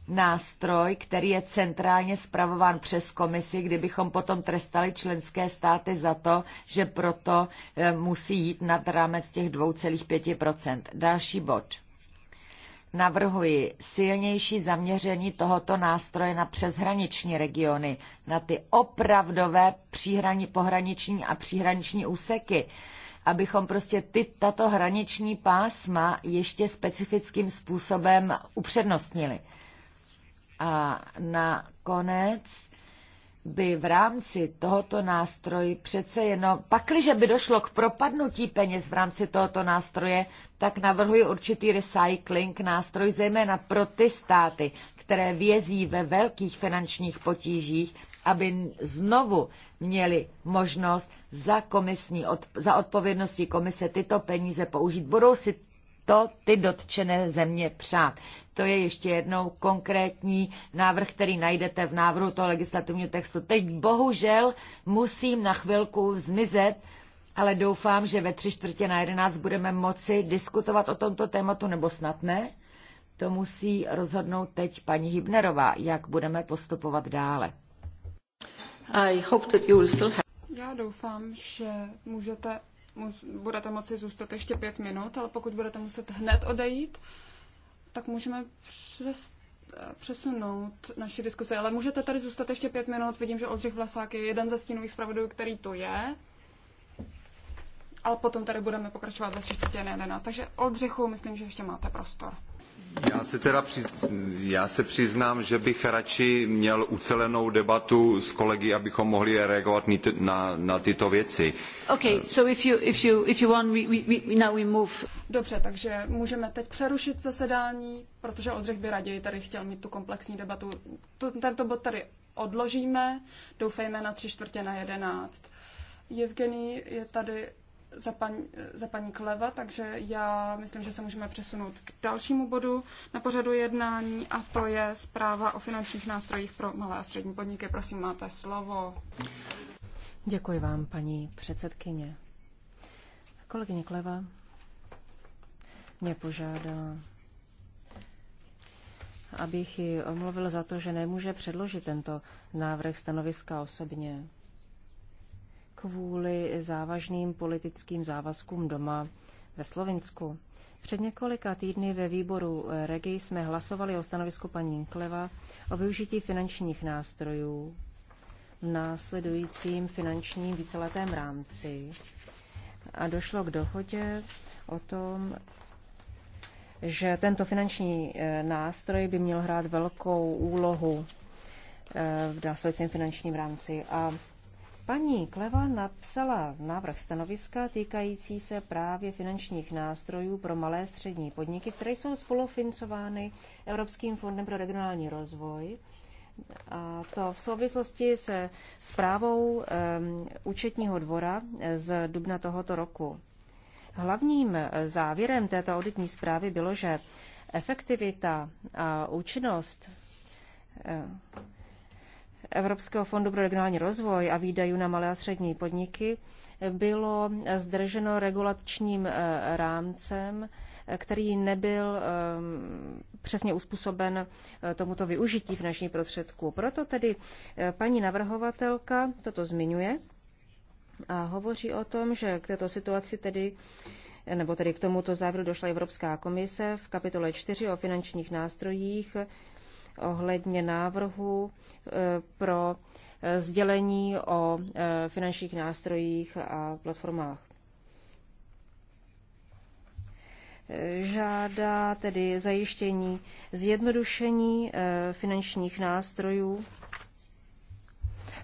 nástroj, který je centrálně spravován přes komisi, kdybychom potom trestali členské státy za to, že proto eh, musí jít nad rámec těch 2,5 Další bod. Navrhuji silnější zaměření tohoto nástroje na přeshraniční regiony, na ty opravdové příhraní, pohraniční a příhraniční úseky abychom prostě ty, tato hraniční pásma ještě specifickým způsobem upřednostnili. A nakonec by v rámci tohoto nástroje přece jenom, pakliže by došlo k propadnutí peněz v rámci tohoto nástroje, tak navrhuji určitý recycling nástroj zejména pro ty státy, které vězí ve velkých finančních potížích, aby znovu měli možnost za, komisní, za odpovědností komise tyto peníze použít. Budou si to ty dotčené země přát. To je ještě jednou konkrétní návrh, který najdete v návrhu toho legislativního textu. Teď bohužel musím na chvilku zmizet, ale doufám, že ve tři čtvrtě na jedenáct budeme moci diskutovat o tomto tématu, nebo snad ne. To musí rozhodnout teď paní Hibnerová, jak budeme postupovat dále. I hope that you will still have... Já doufám, že můžete budete moci zůstat ještě pět minut, ale pokud budete muset hned odejít, tak můžeme přes, přesunout naši diskuse. Ale můžete tady zůstat ještě pět minut. Vidím, že Oldřich Vlasák je jeden ze stínových zpravodajů, který tu je. Ale potom tady budeme pokračovat ve tři na 11. Takže Oldřichu, myslím, že ještě máte prostor. Já se teda přiz... já se přiznám, že bych radši měl ucelenou debatu s kolegy, abychom mohli reagovat na, na tyto věci. Dobře, takže můžeme teď přerušit zasedání, protože Oldřich by raději tady chtěl mít tu komplexní debatu. Tento bod tady odložíme, doufejme na tři čtvrtě na jedenáct. Evgeny je tady za, pan, za paní Kleva, takže já myslím, že se můžeme přesunout k dalšímu bodu na pořadu jednání a to je zpráva o finančních nástrojích pro malé a střední podniky. Prosím, máte slovo. Děkuji vám, paní předsedkyně. Kolegyně Kleva mě požádala, abych ji omluvil za to, že nemůže předložit tento návrh stanoviska osobně kvůli závažným politickým závazkům doma ve Slovinsku. Před několika týdny ve výboru REGI jsme hlasovali o stanovisku paní Kleva o využití finančních nástrojů v následujícím finančním víceletém rámci a došlo k dohodě o tom, že tento finanční eh, nástroj by měl hrát velkou úlohu eh, v následujícím finančním rámci. A Paní Kleva napsala návrh stanoviska týkající se právě finančních nástrojů pro malé střední podniky, které jsou spolufinancovány Evropským fondem pro regionální rozvoj. A to v souvislosti se zprávou um, účetního dvora z dubna tohoto roku. Hlavním eh, závěrem této auditní zprávy bylo, že efektivita a účinnost uh, Evropského fondu pro regionální rozvoj a výdajů na malé a střední podniky bylo zdrženo regulačním eh, rámcem, eh, který nebyl eh, přesně uspůsoben tomuto využití finančních prostředků. Proto tedy paní navrhovatelka toto zmiňuje a hovoří o tom, že k této situaci tedy nebo tedy k tomuto závěru došla Evropská komise v kapitole 4 o finančních nástrojích ohledně návrhu eh, pro eh, sdělení o eh, finančních nástrojích a platformách. Žádá tedy zajištění zjednodušení finančních nástrojů.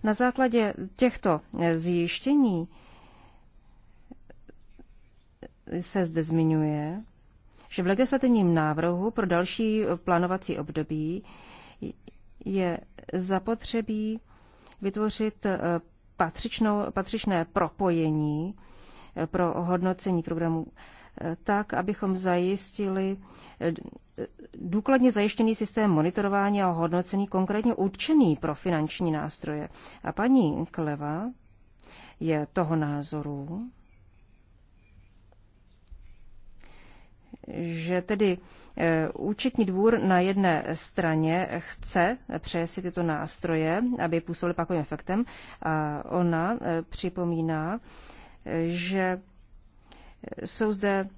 Na základě těchto zjištění se zde zmiňuje, že v legislativním návrhu pro další plánovací období je zapotřebí vytvořit eh, patřičnou, patřičné propojení eh, pro hodnocení programů eh, tak, abychom zajistili důkladně zajištěný systém monitorování a hodnocení konkrétně určený pro finanční nástroje. A paní Kleva je toho názoru, že tedy eh, účetní dvůr na jedné straně chce, přeje si tyto nástroje, aby působily pakovým efektem, a ona eh, připomíná, eh, že jsou zde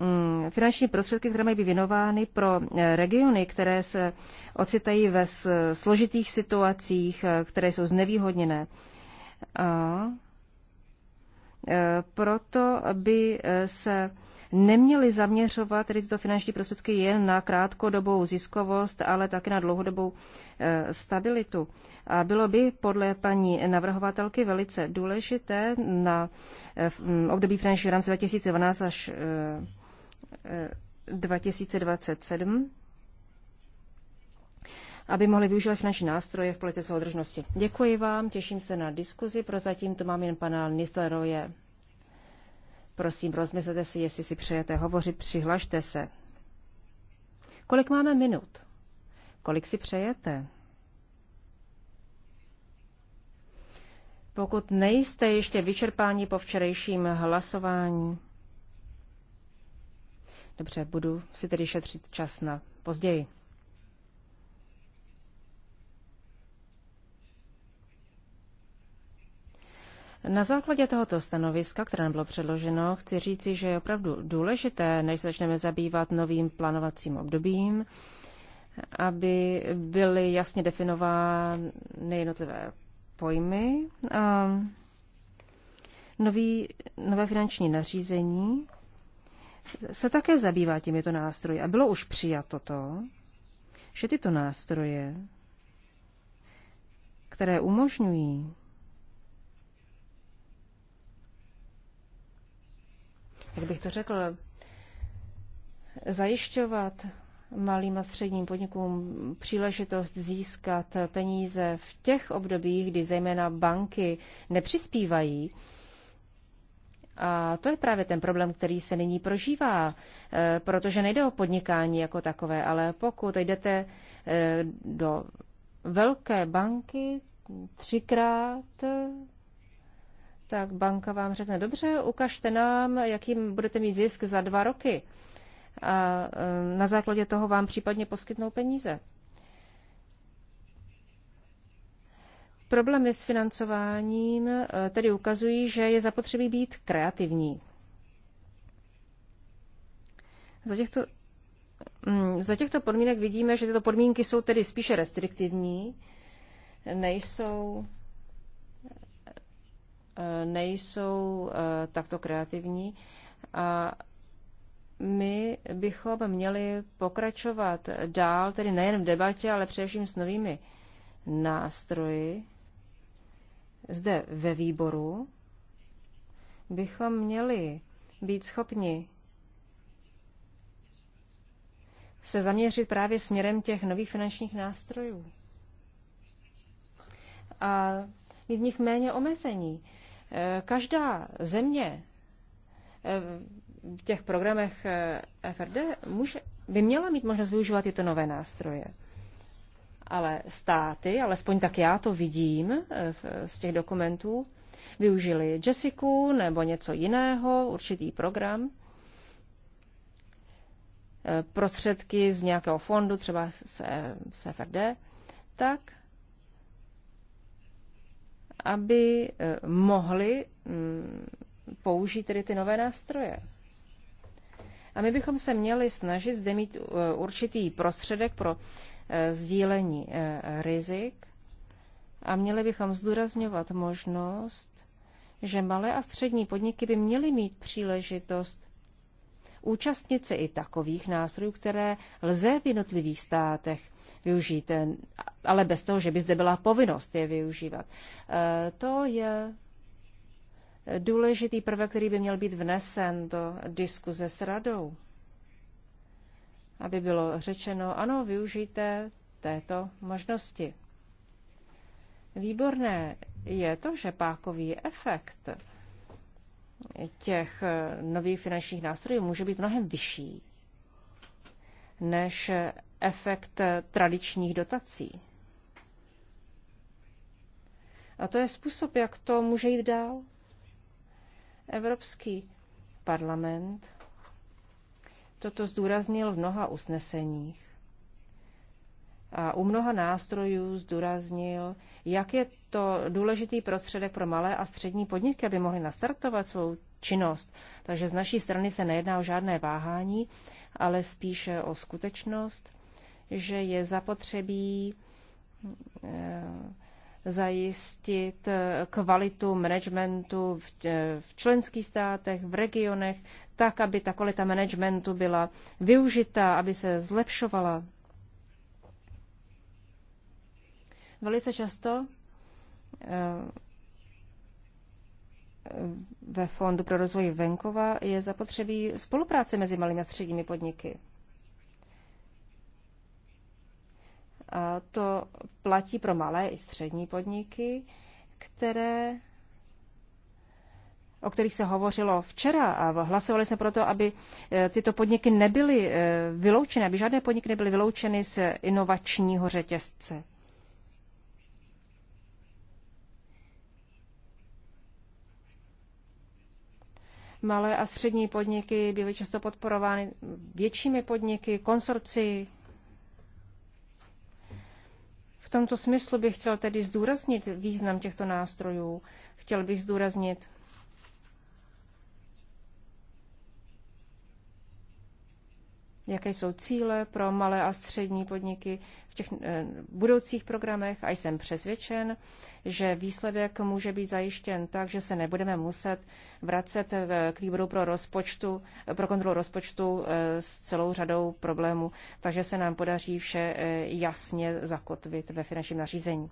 mm, finanční prostředky, které mají být věnovány pro regiony, které se ocitají ve složitých situacích, které jsou znevýhodněné. A proto aby se neměly zaměřovat tedy tyto finanční prostředky jen na krátkodobou ziskovost, ale také na dlouhodobou eh, stabilitu. A bylo by podle paní navrhovatelky velice důležité na eh, mm, období finanční rámce 2012 až 2027, eh, aby mohli využít finanční nástroje v politice soudržnosti. Děkuji vám, těším se na diskuzi. Prozatím to mám jen pana Nisleroje Prosím, rozmyslete si, jestli si přejete hovořit, přihlašte se. Kolik máme minut? Kolik si přejete? Pokud nejste ještě vyčerpáni po včerejším hlasování, dobře, budu si tedy šetřit čas na později. Na základě tohoto stanoviska, které nám bylo předloženo, chci říci, že je opravdu důležité, než začneme zabývat novým plánovacím obdobím, aby byly jasně definovány jednotlivé pojmy. A nový, nové finanční nařízení se také zabývá těmito nástroji. A bylo už přijato to, že tyto nástroje, které umožňují jak bych to řekl, zajišťovat malým a středním podnikům příležitost získat peníze v těch obdobích, kdy zejména banky nepřispívají. A to je právě ten problém, který se nyní prožívá, e, protože nejde o podnikání jako takové, ale pokud jdete e, do velké banky třikrát tak banka vám řekne, dobře, ukažte nám, jakým budete mít zisk za dva roky. A e, na základě toho vám případně poskytnou peníze. Problémy s financováním e, tedy ukazují, že je zapotřebí být kreativní. Za těchto, mm, za těchto podmínek vidíme, že tyto podmínky jsou tedy spíše restriktivní, nejsou nejsou eh, takto kreativní a my bychom měli pokračovat dál, tedy nejen v debatě, ale především s novými nástroji. Zde ve výboru bychom měli být schopni se zaměřit právě směrem těch nových finančních nástrojů a mít v nich méně omezení. Každá země eh, v těch programech eh, FRD může, by měla mít možnost využívat tyto nové nástroje. Ale státy, alespoň tak já to vidím eh, z těch dokumentů, využili Jessica nebo něco jiného, určitý program, prostředky z nějakého fondu, třeba z FRD, tak aby eh, mohli mm, použít tedy ty nové nástroje. A my bychom se měli snažit zde mít eh, určitý prostředek pro eh, sdílení rizik a měli bychom zdůrazňovat možnost, že malé a střední podniky by měly mít příležitost účastnit se i takových nástrojů, které lze v jednotlivých státech využít, eh, ale bez toho, že by zde byla povinnost je využívat. Eh, to je důležitý prvek, který by měl být vnesen do diskuze s radou. Aby bylo řečeno, ano, využijte této možnosti. Výborné je to, že pákový efekt těch eh, nových finančních nástrojů může být mnohem vyšší než efekt eh, tradičních dotací. A to je způsob, jak to může jít dál. Evropský parlament toto zdůraznil v mnoha usneseních a u mnoha nástrojů zdůraznil, jak je to důležitý prostředek pro malé a střední podniky, aby mohly nastartovat svou činnost. Takže z naší strany se nejedná o žádné váhání, ale spíše o skutečnost, že je zapotřebí eh, zajistit eh, kvalitu managementu eh, v členských státech, v regionech, tak, aby ta kvalita managementu byla využita, aby se zlepšovala Velice často eh, ve Fondu pro rozvoj venkova je zapotřebí spolupráce mezi malými a středními podniky. A to platí pro malé i střední podniky, které, o kterých se hovořilo včera a hlasovali se proto, aby eh, tyto podniky nebyly eh, vyloučeny, aby žádné podniky nebyly vyloučeny z inovačního řetězce. Malé a střední podniky byly často podporovány většími podniky, konsorci. V tomto smyslu bych chtěl tedy zdůraznit význam těchto nástrojů. Chtěl bych zdůraznit jaké jsou cíle pro malé a střední podniky v těch eh, budoucích programech a jsem přesvědčen, že výsledek může být zajištěn tak, že se nebudeme muset vracet k výboru pro, rozpočtu, pro kontrolu rozpočtu eh, s celou řadou problémů, takže se nám podaří vše eh, jasně zakotvit ve finančním nařízení.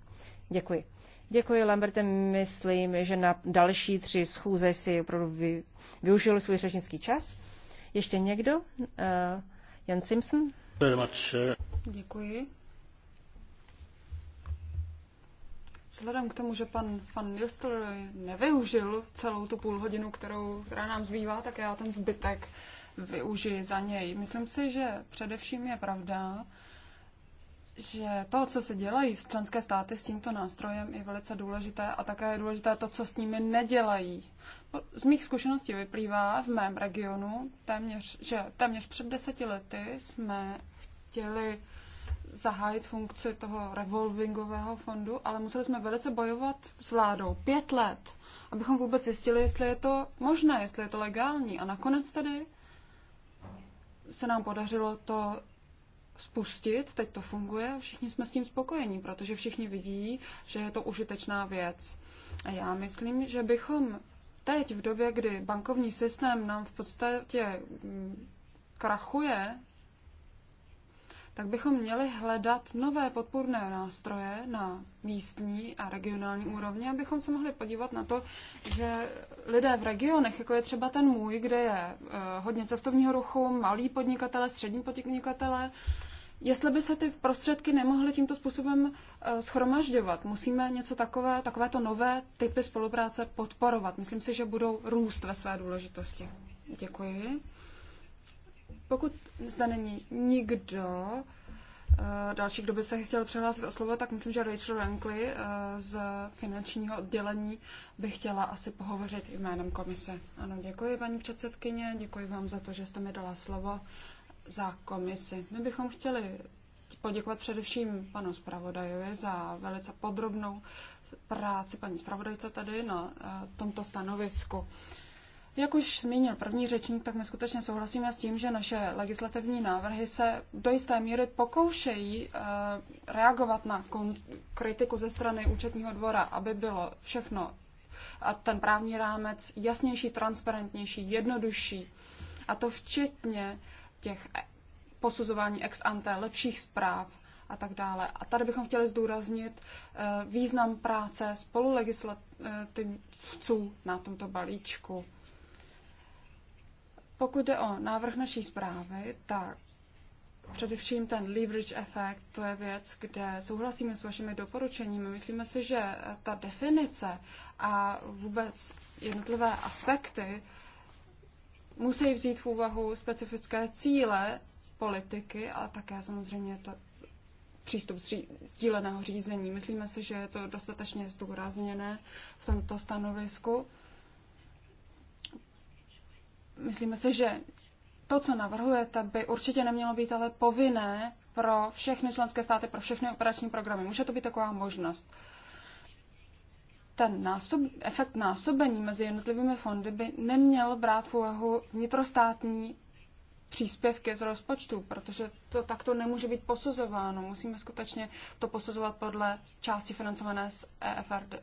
Děkuji. Děkuji, Lamberte. Myslím, že na další tři schůze si opravdu vy, využil svůj řečnický čas. Ještě někdo? Uh, Jan Simpson. Uh, Děkuji. Vzhledem k tomu, že pan Van Nistel nevyužil celou tu půl hodinu, kterou, která nám zbývá, tak já ten zbytek využiji za něj. Myslím si, že především je pravda, že to, co se dělají z členské státy s tímto nástrojem, je velice důležité a také je důležité to, co s nimi nedělají z mých zkušeností vyplývá v mém regionu, téměř, že téměř před deseti lety jsme chtěli zahájit funkci toho revolvingového fondu, ale museli jsme velice bojovat s vládou pět let, abychom vůbec zjistili, jestli je to možné, jestli je to legální. A nakonec tedy se nám podařilo to spustit, teď to funguje, všichni jsme s tím spokojení, protože všichni vidí, že je to užitečná věc. A já myslím, že bychom teď, v době, kdy bankovní systém nám v podstatě mm, krachuje, tak bychom měli hledat nové podpůrné nástroje na místní a regionální úrovni, abychom se mohli podívat na to, že lidé v regionech, jako je třeba ten můj, kde je eh, hodně cestovního ruchu, malí podnikatele, střední podnikatele, Jestli by se ty prostředky nemohly tímto způsobem eh, schromažďovat, musíme něco takové, takovéto nové typy spolupráce podporovat. Myslím si, že budou růst ve své důležitosti. Děkuji. Pokud zde není nikdo, eh, další, kdo by se chtěl přihlásit o slovo, tak myslím, že Rachel Rankly eh, z finančního oddělení by chtěla asi pohovořit jménem komise. Ano, děkuji, paní předsedkyně, děkuji vám za to, že jste mi dala slovo za komisi. My bychom chtěli poděkovat především panu zpravodajovi za velice podrobnou práci paní zpravodajce tady na eh, tomto stanovisku. Jak už zmínil první řečník, tak my skutečně souhlasíme s tím, že naše legislativní návrhy se do jisté míry pokoušejí eh, reagovat na kritiku ze strany účetního dvora, aby bylo všechno a ten právní rámec jasnější, transparentnější, jednodušší. A to včetně uh, těch posuzování ex ante, lepších zpráv a tak dále. A tady bychom chtěli zdůraznit eh, význam práce spolulegislativců na tomto balíčku. Pokud jde o návrh naší zprávy, tak Především ten leverage efekt, to je věc, kde souhlasíme s vašimi doporučeními. Myslíme si, že ta definice a vůbec jednotlivé aspekty musí vzít v úvahu specifické cíle politiky a také samozřejmě to přístup sdíleného řízení. Myslíme si, že je to dostatečně zdůrazněné v tomto stanovisku. Myslíme si, že to, co navrhujete, by určitě nemělo být ale povinné pro všechny členské státy, pro všechny operační programy. Může to být taková možnost ten násob, efekt násobení mezi jednotlivými fondy by neměl brát v úvahu vnitrostátní příspěvky z rozpočtu, protože to takto nemůže být posuzováno. Musíme skutečně to posuzovat podle části financované z EFR.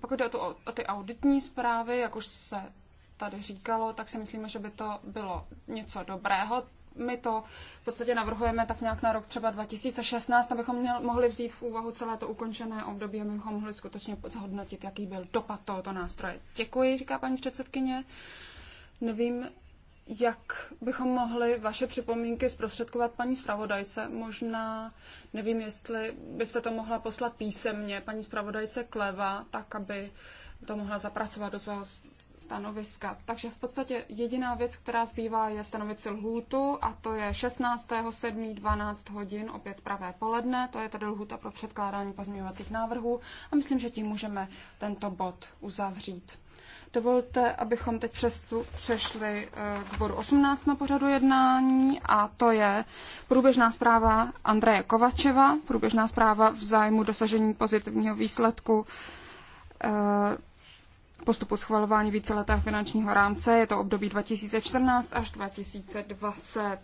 Pokud jde o, tu, o ty auditní zprávy, jak už se tady říkalo, tak si myslíme, že by to bylo něco dobrého my to v podstatě navrhujeme tak nějak na rok třeba 2016, abychom měl, mohli vzít v úvahu celé to ukončené období, abychom mohli skutečně zhodnotit, jaký byl dopad tohoto nástroje. Děkuji, říká paní předsedkyně. Nevím, jak bychom mohli vaše připomínky zprostředkovat paní zpravodajce. Možná, nevím, jestli byste to mohla poslat písemně paní zpravodajce Kleva, tak aby to mohla zapracovat do svého stanoviska. Takže v podstatě jediná věc, která zbývá, je stanovit si lhůtu a to je 16.7. 12 hodin, opět pravé poledne. To je tady lhůta pro předkládání pozměňovacích návrhů a myslím, že tím můžeme tento bod uzavřít. Dovolte, abychom teď přestu, přešli eh, k bodu 18 na pořadu jednání a to je průběžná zpráva Andreje Kovačeva, průběžná zpráva v zájmu dosažení pozitivního výsledku eh, postupu schvalování víceletého finančního rámce. Je to období 2014 až 2020.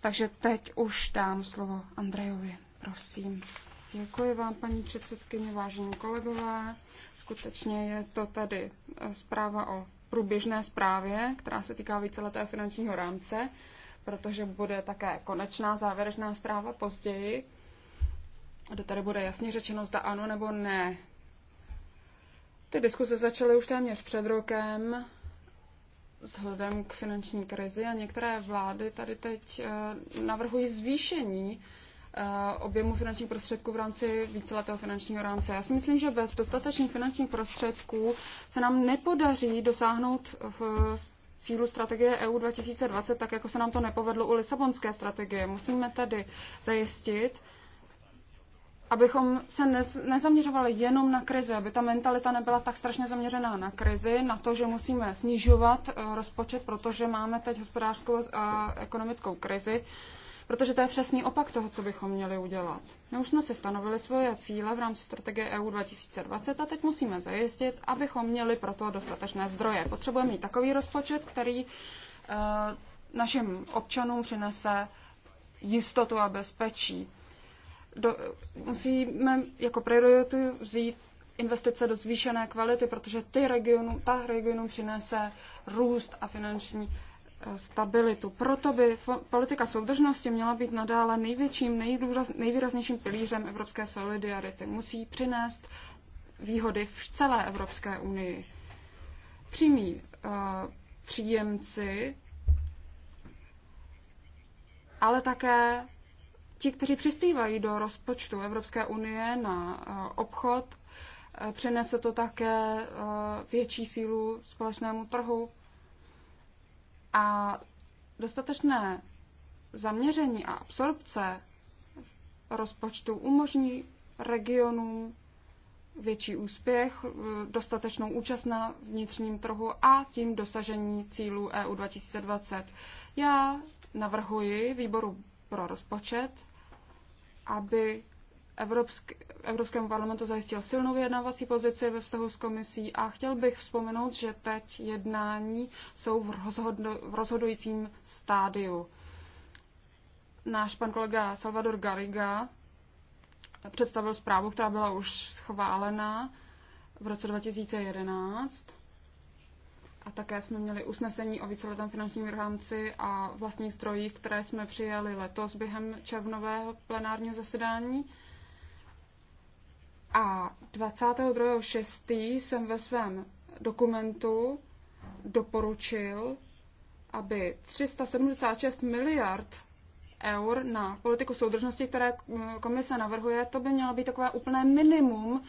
Takže teď už dám slovo Andrejovi. Prosím. Děkuji vám, paní předsedkyně, vážení kolegové. Skutečně je to tady eh, zpráva o průběžné zprávě, která se týká víceletého finančního rámce, protože bude také konečná závěrečná zpráva později, kde tady bude jasně řečeno, zda ano nebo ne. Ty diskuse začaly už téměř před rokem vzhledem k finanční krizi a některé vlády tady teď eh, navrhují zvýšení eh, objemu finančních prostředků v rámci víceletého finančního rámce. Já si myslím, že bez dostatečných finančních prostředků se nám nepodaří dosáhnout v cílu strategie EU 2020, tak jako se nám to nepovedlo u Lisabonské strategie. Musíme tedy zajistit, abychom se nezaměřovali jenom na krizi, aby ta mentalita nebyla tak strašně zaměřená na krizi, na to, že musíme snižovat eh, rozpočet, protože máme teď hospodářskou a eh, ekonomickou krizi, protože to je přesný opak toho, co bychom měli udělat. My no, už jsme si stanovili svoje cíle v rámci strategie EU 2020 a teď musíme zajistit, abychom měli pro to dostatečné zdroje. Potřebujeme mít takový rozpočet, který eh, našim občanům přinese jistotu a bezpečí do, musíme jako priority vzít investice do zvýšené kvality, protože ty regionu, ta regionu přinese růst a finanční eh, stabilitu. Proto by politika soudržnosti měla být nadále největším, nejdůraz, nejvýraznějším pilířem evropské solidarity. Musí přinést výhody v celé Evropské unii. Přímí uh, příjemci, ale také ti, kteří přispívají do rozpočtu Evropské unie na eh, obchod, eh, přinese to také eh, větší sílu společnému trhu a dostatečné zaměření a absorpce rozpočtu umožní regionům větší úspěch, dostatečnou účast na vnitřním trhu a tím dosažení cílů EU 2020. Já navrhuji výboru pro rozpočet, aby Evropsk, Evropskému parlamentu zajistil silnou vyjednávací pozici ve vztahu s komisí a chtěl bych vzpomenout, že teď jednání jsou v, rozhodno, v rozhodujícím stádiu. Náš pan kolega Salvador Garriga představil zprávu, která byla už schválena v roce 2011 a také jsme měli usnesení o víceletém finančním rámci a vlastních strojích, které jsme přijali letos během červnového plenárního zasedání. A 22.6. jsem ve svém dokumentu doporučil, aby 376 miliard eur na politiku soudržnosti, které mm, komise navrhuje, to by mělo být takové úplné minimum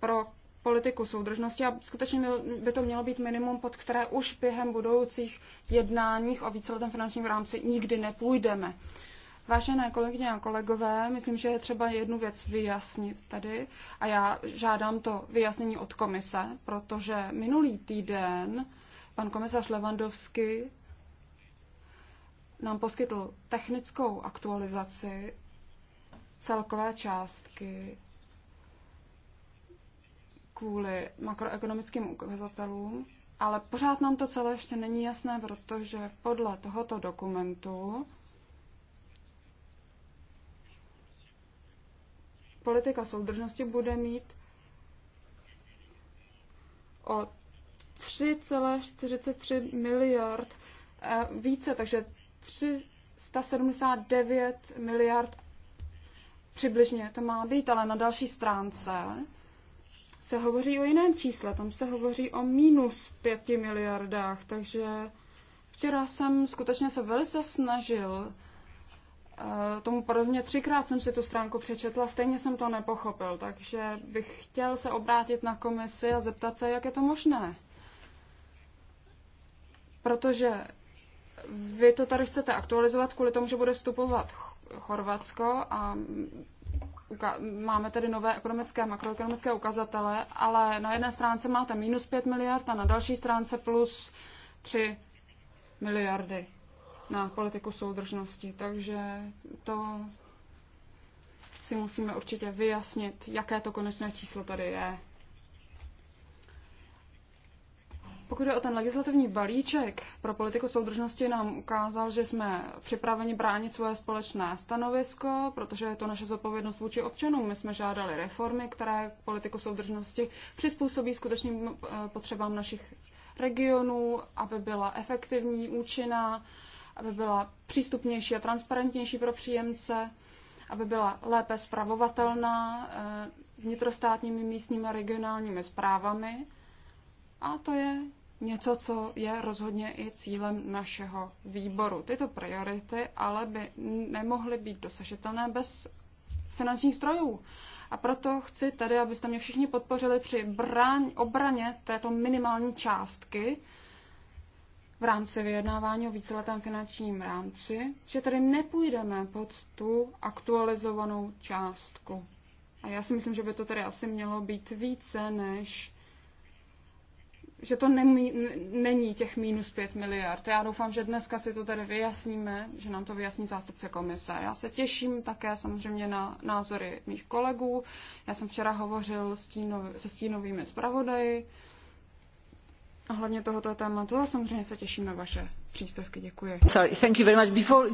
pro politiku soudržnosti a skutečně by to mělo být minimum, pod které už během budoucích jednáních o víceletém finančním rámci nikdy nepůjdeme. Vážené kolegyně a kolegové, myslím, že je třeba jednu věc vyjasnit tady a já žádám to vyjasnění od komise, protože minulý týden pan komisař Levandovský nám poskytl technickou aktualizaci celkové částky kvůli makroekonomickým ukazatelům, ale pořád nám to celé ještě není jasné, protože podle tohoto dokumentu politika soudržnosti bude mít o 3,43 miliard eh, více, takže 379 miliard přibližně to má být, ale na další stránce se hovoří o jiném čísle, tam se hovoří o minus pěti miliardách, takže včera jsem skutečně se velice snažil eh, tomu podobně třikrát jsem si tu stránku přečetla, stejně jsem to nepochopil, takže bych chtěl se obrátit na komisi a zeptat se, jak je to možné. Protože vy to tady chcete aktualizovat kvůli tomu, že bude vstupovat Chorvatsko a máme tedy nové ekonomické a makroekonomické ukazatele, ale na jedné stránce máte minus 5 miliard a na další stránce plus 3 miliardy na politiku soudržnosti. Takže to si musíme určitě vyjasnit, jaké to konečné číslo tady je. Pokud je o ten legislativní balíček pro politiku soudržnosti, nám ukázal, že jsme připraveni bránit svoje společné stanovisko, protože je to naše zodpovědnost vůči občanům. My jsme žádali reformy, které politiku soudržnosti přizpůsobí skutečným eh, potřebám našich regionů, aby byla efektivní, účinná, aby byla přístupnější a transparentnější pro příjemce, aby byla lépe spravovatelná eh, vnitrostátními, místními a regionálními zprávami a to je něco, co je rozhodně i cílem našeho výboru. Tyto priority ale by nemohly být dosažitelné bez finančních strojů. A proto chci tady, abyste mě všichni podpořili při bráň, obraně této minimální částky v rámci vyjednávání o víceletém finančním rámci, že tady nepůjdeme pod tu aktualizovanou částku. A já si myslím, že by to tady asi mělo být více než že to nemí, není těch minus 5 miliard. Já doufám, že dneska si to tady vyjasníme, že nám to vyjasní zástupce komise. Já se těším také samozřejmě na názory mých kolegů. Já jsem včera hovořil stínov, se stínovými zpravodaji ohledně tohoto tématu a samozřejmě se těším na vaše příspěvky. Děkuji. Sorry, thank you very much. Before...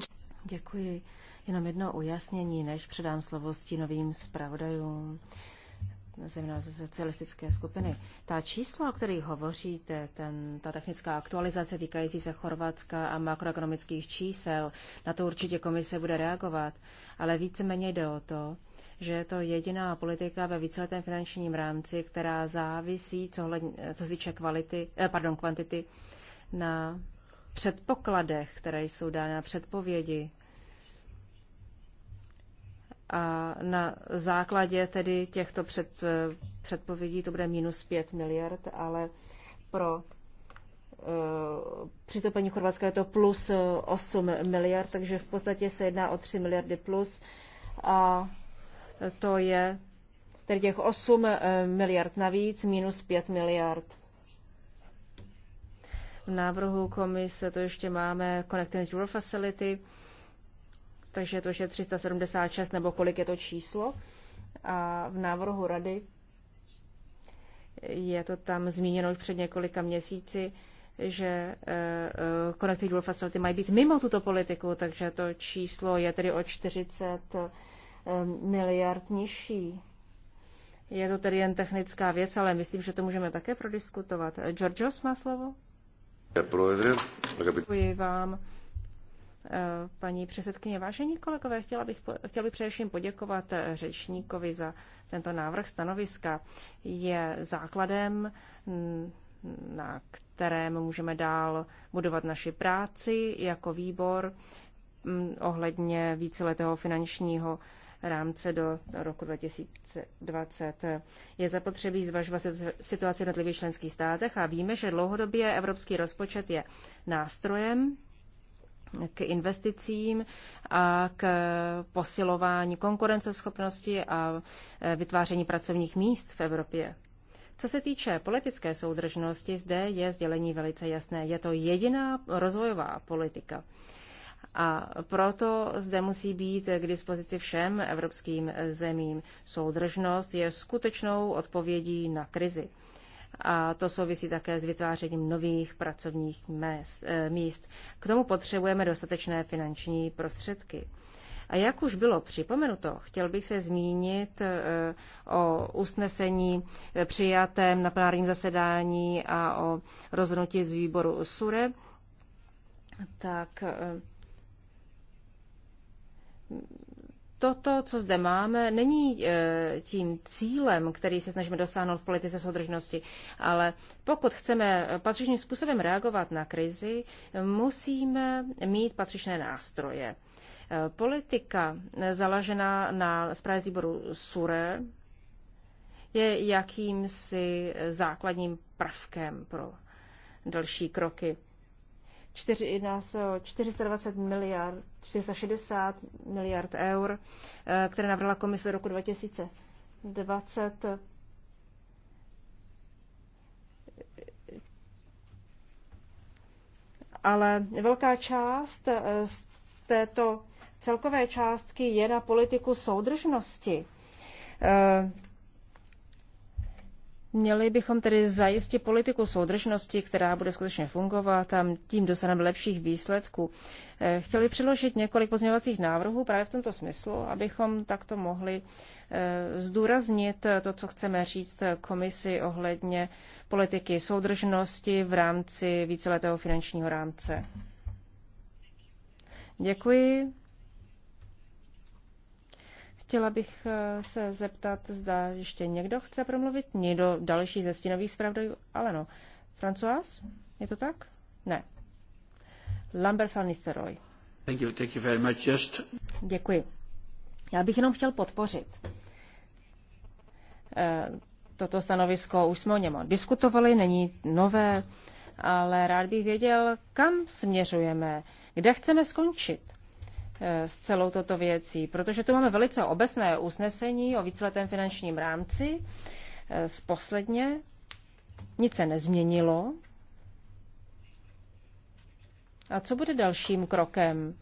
Děkuji. Jenom jedno ujasnění, než předám slovo stínovým zpravodajům zejména ze socialistické skupiny. Ta čísla, o kterých hovoříte, ten, ta technická aktualizace týkající se Chorvatska a makroekonomických čísel, na to určitě komise bude reagovat, ale víceméně jde o to, že je to jediná politika ve víceletém finančním rámci, která závisí, co, hled, co se týče kvality, eh, pardon, kvantity, na předpokladech, které jsou dány na předpovědi a na základě tedy těchto před, eh, předpovědí to bude minus 5 miliard, ale pro uh, přistoupení Chorvatska je to plus 8 eh, miliard, takže v podstatě se jedná o 3 miliardy plus a to je tedy těch 8 miliard navíc minus 5 miliard. V návrhu komise to ještě máme Connecting Euro Facility, takže to je 376 nebo kolik je to číslo. A v návrhu rady je to tam zmíněno už před několika měsíci, že eh, eh, Connected World Facility mají být mimo tuto politiku, takže to číslo je tedy o 40 eh, miliard nižší. Je to tedy jen technická věc, ale myslím, že to můžeme také prodiskutovat. Georgios má slovo. Děkuji vám. Eh, paní předsedkyně. Vážení kolegové, chtěla bych, chtěla bych především poděkovat eh, řečníkovi za tento návrh stanoviska. Je základem, mm, na kterém můžeme dál budovat naši práci jako výbor mm, ohledně víceletého finančního rámce do roku 2020. Je zapotřebí zvažovat situaci v jednotlivých členských státech a víme, že dlouhodobě evropský rozpočet je nástrojem, k investicím a k posilování konkurenceschopnosti a e, vytváření pracovních míst v Evropě. Co se týče politické soudržnosti, zde je sdělení velice jasné. Je to jediná rozvojová politika. A proto zde musí být k dispozici všem evropským zemím. Soudržnost je skutečnou odpovědí na krizi a to souvisí také s vytvářením nových pracovních eh, míst. K tomu potřebujeme dostatečné finanční prostředky. A jak už bylo připomenuto, chtěl bych se zmínit eh, o usnesení eh, přijatém na plenárním zasedání a o rozhodnutí z výboru SURE. Tak toto, co zde máme, není e, tím cílem, který se snažíme dosáhnout v politice soudržnosti, ale pokud chceme patřičným způsobem reagovat na krizi, musíme mít patřičné nástroje. E, politika založená na zprávě výboru SURE je jakýmsi základním prvkem pro další kroky. 4, jedná se o 420 miliard, 460 miliard eur, eh, které navrhla komise roku 2020. Ale velká část eh, z této celkové částky je na politiku soudržnosti eh, Měli bychom tedy zajistit politiku soudržnosti, která bude skutečně fungovat a tím dosáhneme lepších výsledků. Eh, chtěli přiložit několik pozměňovacích návrhů právě v tomto smyslu, abychom takto mohli eh, zdůraznit to, co chceme říct komisi ohledně politiky soudržnosti v rámci víceletého finančního rámce. Děkuji. Chtěla bych eh, se zeptat, zda ještě někdo chce promluvit? Někdo další ze stinových zpravodajů? Ale no. François? Je to tak? Ne. Lambert van Nistelrooy. Thank you, thank you very much. Just... Děkuji. Já bych jenom chtěl podpořit eh, toto stanovisko. Už jsme o něm diskutovali, není nové, ale rád bych věděl, kam směřujeme, kde chceme skončit. Eh, s celou toto věcí, protože tu máme velice obecné usnesení o víceletém finančním rámci eh, z posledně. Nic se nezměnilo. A co bude dalším krokem,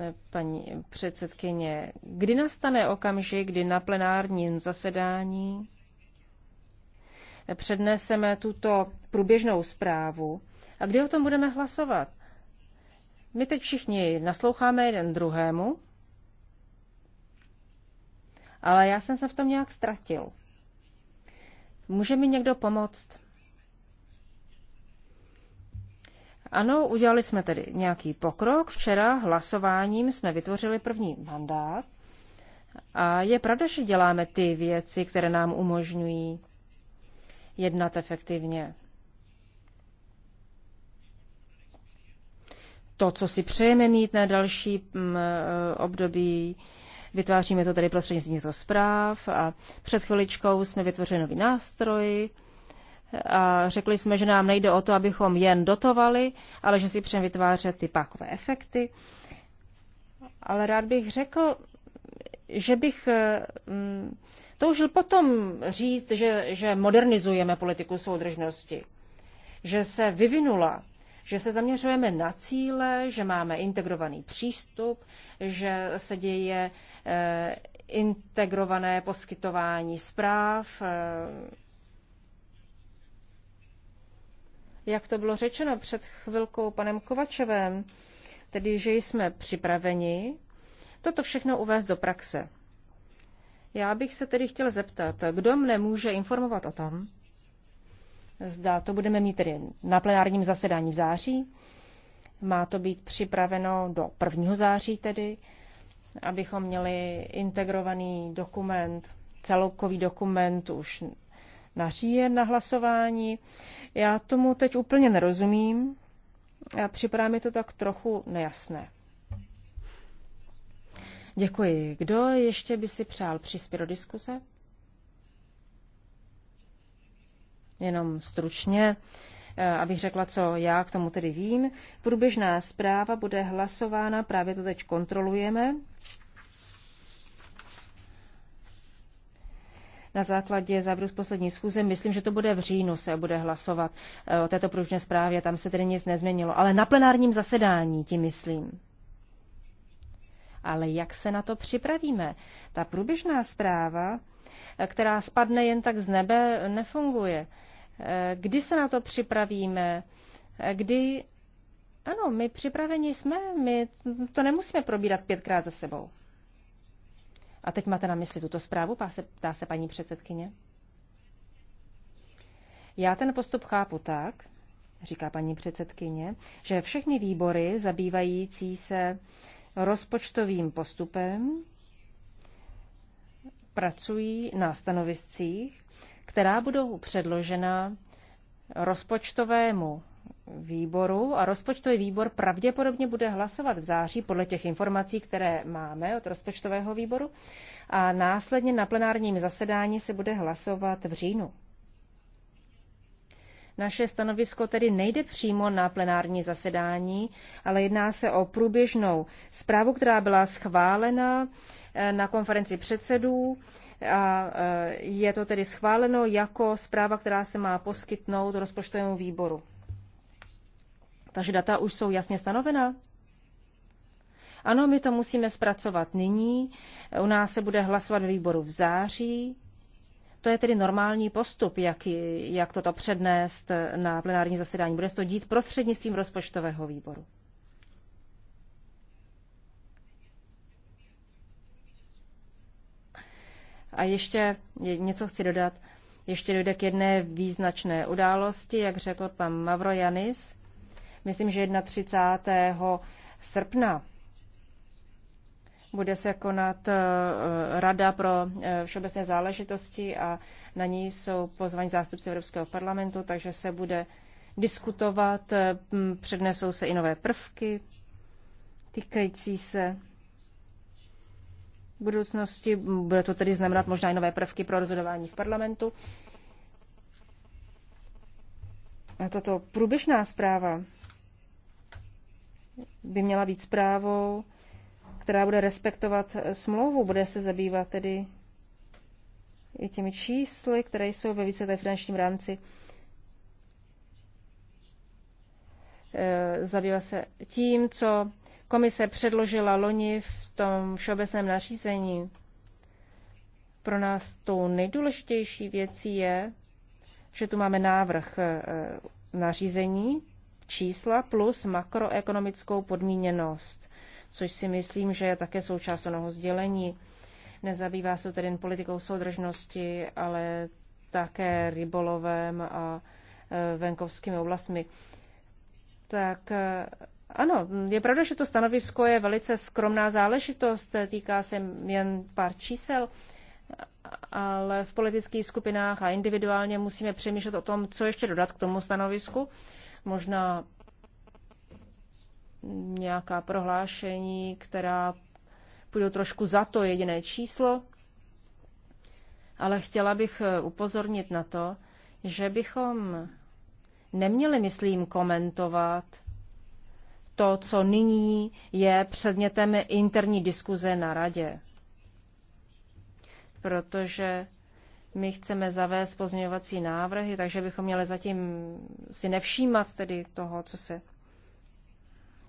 eh, paní předsedkyně? Kdy nastane okamžik, kdy na plenárním zasedání předneseme tuto průběžnou zprávu a kdy o tom budeme hlasovat? My teď všichni nasloucháme jeden druhému, ale já jsem se v tom nějak ztratil. Může mi někdo pomoct? Ano, udělali jsme tedy nějaký pokrok. Včera hlasováním jsme vytvořili první mandát. A je pravda, že děláme ty věci, které nám umožňují jednat efektivně. to, co si přejeme mít na další mm, eh, období. Vytváříme to tady prostřednictvím těchto zpráv a před chviličkou jsme vytvořili nový nástroj a řekli jsme, že nám nejde o to, abychom jen dotovali, ale že si přejeme vytvářet ty pákové efekty. Ale rád bych řekl, že bych eh, mm, toužil potom říct, že, že modernizujeme politiku soudržnosti, že se vyvinula že se zaměřujeme na cíle, že máme integrovaný přístup, že se děje eh, integrované poskytování zpráv. Eh, jak to bylo řečeno před chvilkou panem Kovačevem, tedy že jsme připraveni toto všechno uvést do praxe. Já bych se tedy chtěl zeptat, kdo mne může informovat o tom, Zda to budeme mít tedy na plenárním zasedání v září. Má to být připraveno do 1. září tedy, abychom měli integrovaný dokument, celkový dokument už na říjen na hlasování. Já tomu teď úplně nerozumím a připadá mi to tak trochu nejasné. Děkuji. Kdo ještě by si přál přispět do diskuse? jenom stručně, eh, abych řekla, co já k tomu tedy vím. Průběžná zpráva bude hlasována, právě to teď kontrolujeme. na základě závěru z poslední schůze. Myslím, že to bude v říjnu se bude hlasovat eh, o této průběžné zprávě, tam se tedy nic nezměnilo. Ale na plenárním zasedání tím myslím. Ale jak se na to připravíme? Ta průběžná zpráva, eh, která spadne jen tak z nebe, nefunguje. Kdy se na to připravíme? Kdy... Ano, my připraveni jsme, my to nemusíme probírat pětkrát za sebou. A teď máte na mysli tuto zprávu, ptá se, ptá se paní předsedkyně. Já ten postup chápu tak, říká paní předsedkyně, že všechny výbory zabývající se rozpočtovým postupem pracují na stanoviscích, která budou předložena rozpočtovému výboru a rozpočtový výbor pravděpodobně bude hlasovat v září podle těch informací, které máme od rozpočtového výboru a následně na plenárním zasedání se bude hlasovat v říjnu. Naše stanovisko tedy nejde přímo na plenární zasedání, ale jedná se o průběžnou zprávu, která byla schválena eh, na konferenci předsedů a e, je to tedy schváleno jako zpráva, která se má poskytnout rozpočtovému výboru. Takže data už jsou jasně stanovena? Ano, my to musíme zpracovat nyní. U nás se bude hlasovat ve výboru v září. To je tedy normální postup, jak, jak toto přednést na plenární zasedání. Bude se to dít prostřednictvím rozpočtového výboru. A ještě něco chci dodat. Ještě dojde k jedné význačné události, jak řekl pan Mavro Janis. Myslím, že 31. srpna bude se konat eh, Rada pro eh, všeobecné záležitosti a na ní jsou pozvaní zástupci Evropského parlamentu, takže se bude diskutovat, eh, přednesou se i nové prvky týkající se v budoucnosti. Bude to tedy znamenat možná i nové prvky pro rozhodování v parlamentu. A tato průběžná zpráva by měla být zprávou, která bude respektovat smlouvu, bude se zabývat tedy i těmi čísly, které jsou ve více finančním rámci. E, zabývá se tím, co komise předložila loni v tom všeobecném nařízení. Pro nás tou nejdůležitější věcí je, že tu máme návrh eh, nařízení, čísla plus makroekonomickou podmíněnost, což si myslím, že je také součást onoho sdělení. Nezabývá se tedy jen politikou soudržnosti, ale také rybolovem a eh, venkovskými oblastmi. Tak eh, ano, je pravda, že to stanovisko je velice skromná záležitost, týká se jen pár čísel, ale v politických skupinách a individuálně musíme přemýšlet o tom, co ještě dodat k tomu stanovisku. Možná nějaká prohlášení, která půjdou trošku za to jediné číslo, ale chtěla bych upozornit na to, že bychom neměli, myslím, komentovat to, co nyní je předmětem interní diskuze na radě. Protože my chceme zavést pozměňovací návrhy, takže bychom měli zatím si nevšímat tedy toho, co se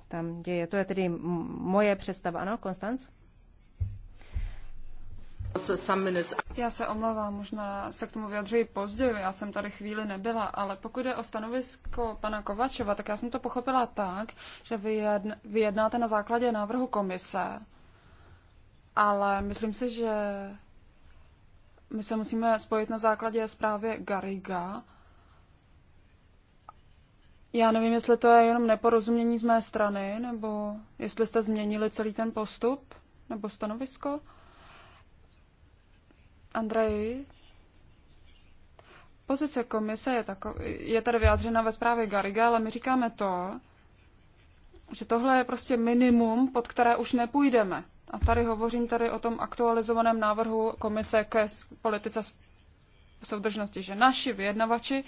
tam děje. To je tedy moje představa. Ano, Konstanc? Já se omlouvám, možná se k tomu vyjadřuji později, já jsem tady chvíli nebyla, ale pokud je o stanovisko pana Kovačeva, tak já jsem to pochopila tak, že vy vyjednáte na základě návrhu komise, ale myslím si, že my se musíme spojit na základě zprávy Gariga. Já nevím, jestli to je jenom neporozumění z mé strany, nebo jestli jste změnili celý ten postup nebo stanovisko. Andreji, pozice komise je, tako, je tady vyjádřena ve zprávě Gariga, ale my říkáme to, že tohle je prostě minimum, pod které už nepůjdeme. A tady hovořím tady o tom aktualizovaném návrhu komise ke politice soudržnosti, že naši vyjednavači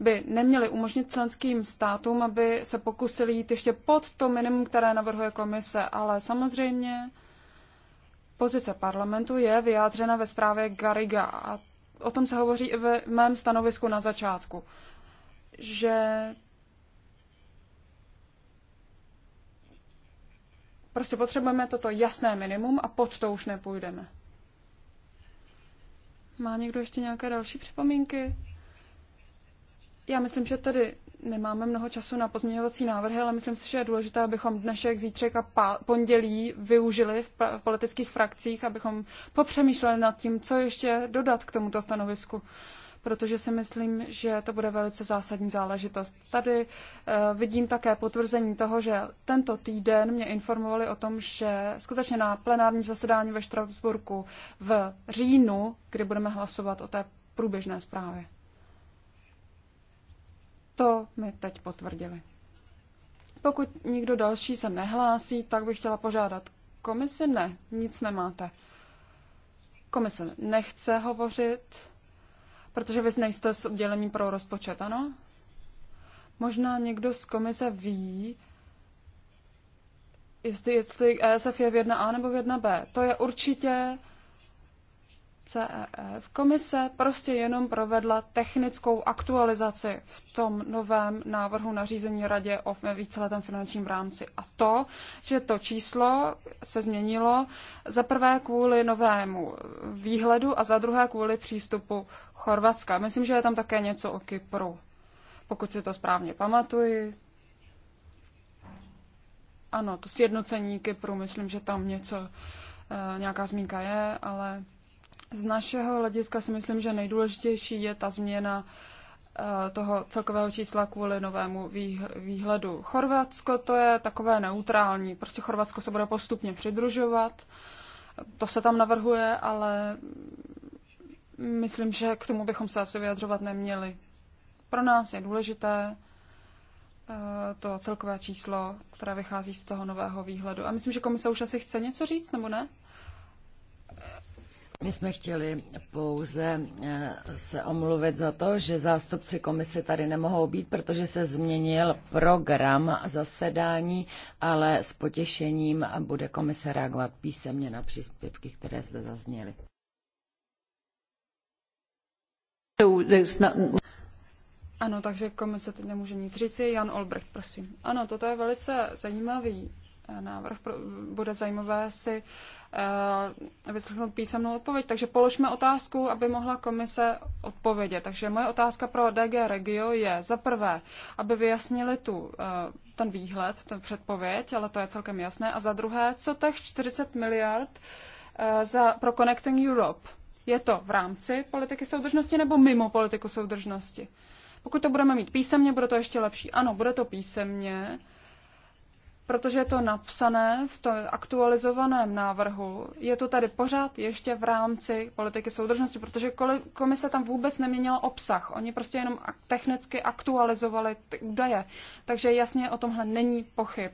by neměli umožnit členským státům, aby se pokusili jít ještě pod to minimum, které navrhuje komise. Ale samozřejmě Pozice parlamentu je vyjádřena ve zprávě Gariga a o tom se hovoří i ve mém stanovisku na začátku, že prostě potřebujeme toto jasné minimum a pod to už nepůjdeme. Má někdo ještě nějaké další připomínky? Já myslím, že tady nemáme mnoho času na pozměňovací návrhy, ale myslím si, že je důležité, abychom dnešek, zítřek a pondělí využili v, politických frakcích, abychom popřemýšleli nad tím, co ještě dodat k tomuto stanovisku protože si myslím, že to bude velice zásadní záležitost. Tady eh, vidím také potvrzení toho, že tento týden mě informovali o tom, že skutečně na plenární zasedání ve Štrasburku v říjnu, kdy budeme hlasovat o té průběžné zprávě. To mi teď potvrdili. Pokud nikdo další se nehlásí, tak bych chtěla požádat komisi. Ne, nic nemáte. Komise nechce hovořit, protože vy nejste s oddělením pro rozpočet, ano? Možná někdo z komise ví, jestli, jestli ESF je v 1A nebo v 1B. To je určitě CEF. E. Komise prostě jenom provedla technickou aktualizaci v tom novém návrhu nařízení radě o víceletém finančním rámci. A to, že to číslo se změnilo za prvé kvůli novému výhledu a za druhé kvůli přístupu Chorvatska. Myslím, že je tam také něco o Kypru, pokud si to správně pamatuji. Ano, to sjednocení Kypru, myslím, že tam něco, eh, nějaká zmínka je, ale z našeho hlediska si myslím, že nejdůležitější je ta změna eh, toho celkového čísla kvůli novému výhledu. Chorvatsko to je takové neutrální, prostě Chorvatsko se bude postupně přidružovat, to se tam navrhuje, ale myslím, že k tomu bychom se asi vyjadřovat neměli. Pro nás je důležité eh, to celkové číslo, které vychází z toho nového výhledu. A myslím, že komise už asi chce něco říct, nebo ne? My jsme chtěli pouze eh, se omluvit za to, že zástupci komise tady nemohou být, protože se změnil program zasedání, ale s potěšením bude komise reagovat písemně na příspěvky, které zde zazněly. Ano, takže komise teď nemůže nic říci. Jan Olbrecht, prosím. Ano, toto je velice zajímavý Eh, návrh. Bude zajímavé si eh, vyslechnout písemnou odpověď. Takže položme otázku, aby mohla komise odpovědět. Takže moje otázka pro DG Regio je za prvé, aby vyjasnili tu, eh, ten výhled, ten předpověď, ale to je celkem jasné. A za druhé, co těch 40 miliard za, pro Connecting Europe? Je to v rámci politiky soudržnosti nebo mimo politiku soudržnosti? Pokud to budeme mít písemně, bude to ještě lepší. Ano, bude to písemně protože je to napsané v tom aktualizovaném návrhu, je to tady pořád ještě v rámci politiky soudržnosti, protože komise tam vůbec neměnila obsah. Oni prostě jenom technicky aktualizovali ty údaje. Takže jasně o tomhle není pochyb.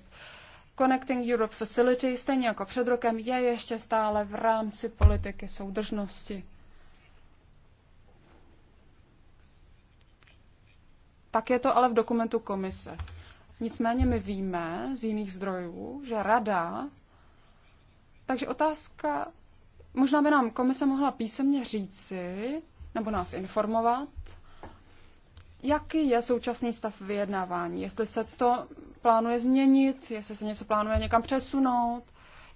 Connecting Europe Facility, stejně jako před rokem, je ještě stále v rámci politiky soudržnosti. Tak je to ale v dokumentu komise. Nicméně my víme z jiných zdrojů, že rada. Takže otázka, možná by nám komise mohla písemně říci, nebo nás informovat, jaký je současný stav vyjednávání, jestli se to plánuje změnit, jestli se něco plánuje někam přesunout,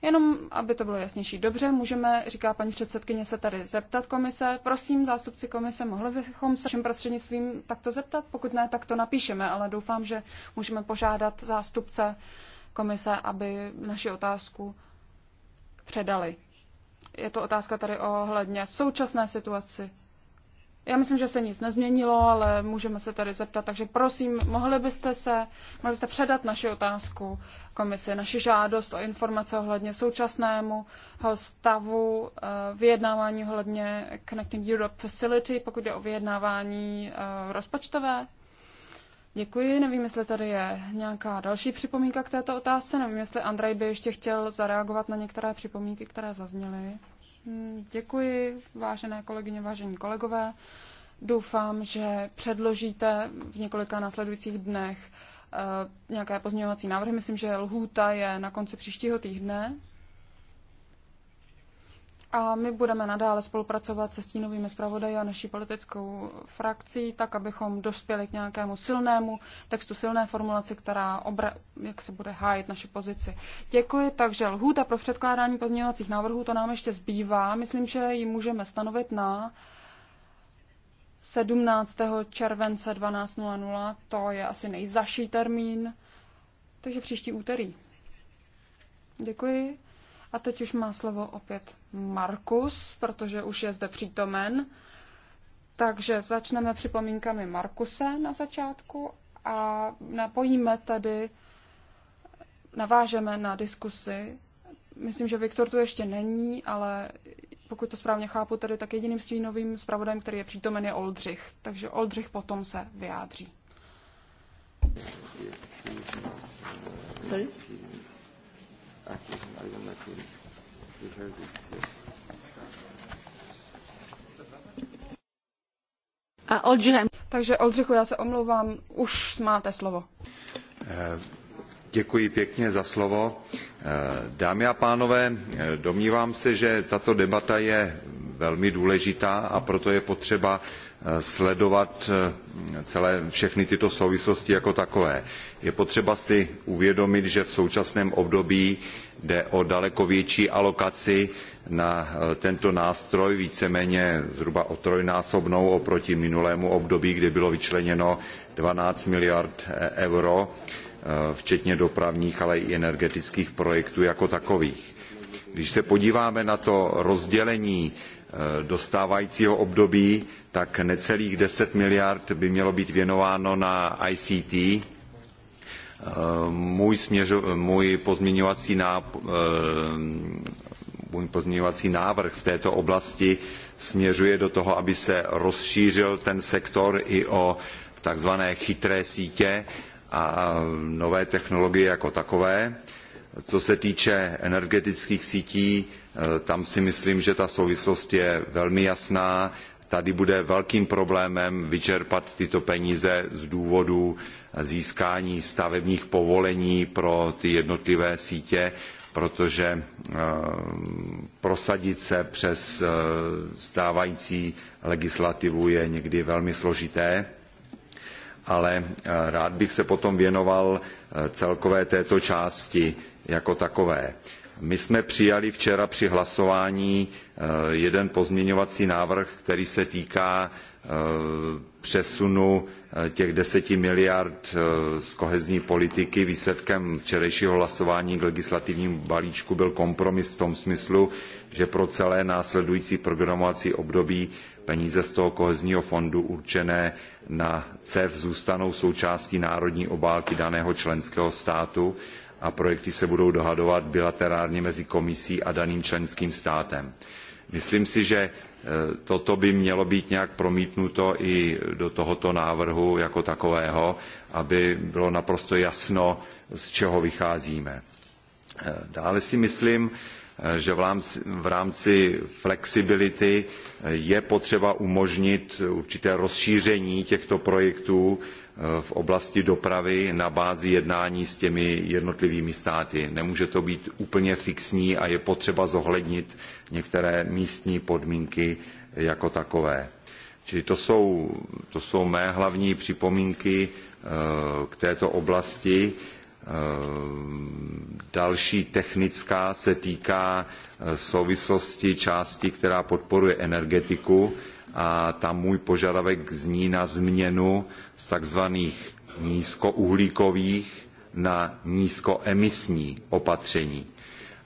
Jenom, aby to bylo jasnější. Dobře, můžeme, říká paní předsedkyně, se tady zeptat komise. Prosím, zástupci komise, mohli bychom se všem prostřednictvím takto zeptat? Pokud ne, tak to napíšeme, ale doufám, že můžeme požádat zástupce komise, aby naši otázku předali. Je to otázka tady ohledně současné situaci já myslím, že se nic nezměnilo, ale můžeme se tady zeptat. Takže prosím, mohli byste se, mohli byste předat naši otázku komisi, naši žádost o informace ohledně současnému stavu eh, vyjednávání ohledně Connecting Europe Facility, pokud je o vyjednávání eh, rozpočtové. Děkuji. Nevím, jestli tady je nějaká další připomínka k této otázce. Nevím, jestli Andrej by ještě chtěl zareagovat na některé připomínky, které zazněly. Hmm, děkuji, vážené kolegyně, vážení kolegové. Doufám, že předložíte v několika následujících dnech eh, nějaké pozměňovací návrhy. Myslím, že lhůta je na konci příštího týdne a my budeme nadále spolupracovat se stínovými zpravodaji a naší politickou frakcí, tak abychom dospěli k nějakému silnému textu, silné formulaci, která obra, jak se bude hájit naši pozici. Děkuji, takže lhůta pro předkládání pozměňovacích návrhů, to nám ještě zbývá. Myslím, že ji můžeme stanovit na 17. července 12.00, to je asi nejzaší termín, takže příští úterý. Děkuji. A teď už má slovo opět Markus, protože už je zde přítomen. Takže začneme připomínkami Markuse na začátku a napojíme tady, navážeme na diskusi. Myslím, že Viktor tu ještě není, ale pokud to správně chápu, tady tak jediným stínovým zpravodajem, který je přítomen, je Oldřich. Takže Oldřich potom se vyjádří. Sorry? activism. I don't know if you, heard it. Yes. A Oldřichem. Takže Oldřichu, já se omlouvám, už máte slovo. Eh, děkuji pěkně za slovo. Eh, dámy a pánové, eh, domnívám se, že tato debata je velmi důležitá a proto je potřeba sledovat eh, celé, všechny tyto souvislosti jako takové. Je potřeba si uvědomit, že v současném období jde o daleko větší alokaci na eh, tento nástroj, víceméně zhruba o trojnásobnou oproti minulému období, kdy bylo vyčleněno 12 miliard eh, euro, včetně dopravních, ale i energetických projektů jako takových. Když se podíváme na to rozdělení dostávajícího období, tak necelých 10 miliard by mělo být věnováno na ICT. Eh, můj, směřu, můj pozměňovací eh, můj pozměňovací návrh v této oblasti směřuje do toho, aby se rozšířil ten sektor i o takzvané chytré sítě a nové technologie jako takové. Co se týče energetických sítí, eh, tam si myslím, že ta souvislost je velmi jasná tady bude velkým problémem vyčerpat tyto peníze z důvodu získání stavebních povolení pro ty jednotlivé sítě, protože eh, prosadit se přes eh, stávající legislativu je někdy velmi složité. Ale eh, rád bych se potom věnoval celkové této části jako takové. My jsme přijali včera při hlasování Eh, jeden pozměňovací návrh, který se týká eh, přesunu eh, těch 10 miliard z kohezní politiky. Výsledkem včerejšího hlasování k legislativnímu balíčku byl kompromis v tom smyslu, že pro celé následující programovací období peníze z toho kohezního fondu určené na CEF zůstanou součástí národní obálky daného členského státu a projekty se budou dohadovat bilaterálně mezi komisí a daným členským státem. Myslím si, že eh, toto by mělo být nějak promítnuto i do tohoto návrhu jako takového, aby bylo naprosto jasno, z čeho vycházíme. Eh, dále si myslím, eh, že v rámci flexibility je potřeba umožnit určité rozšíření těchto projektů v oblasti dopravy na bázi jednání s těmi jednotlivými státy. Nemůže to být úplně fixní a je potřeba zohlednit některé místní podmínky jako takové. Čili to jsou, to jsou mé hlavní připomínky eh, k této oblasti. Eh, další technická se týká eh, souvislosti části, která podporuje energetiku a tam můj požadavek zní na změnu z takzvaných nízkouhlíkových na nízkoemisní opatření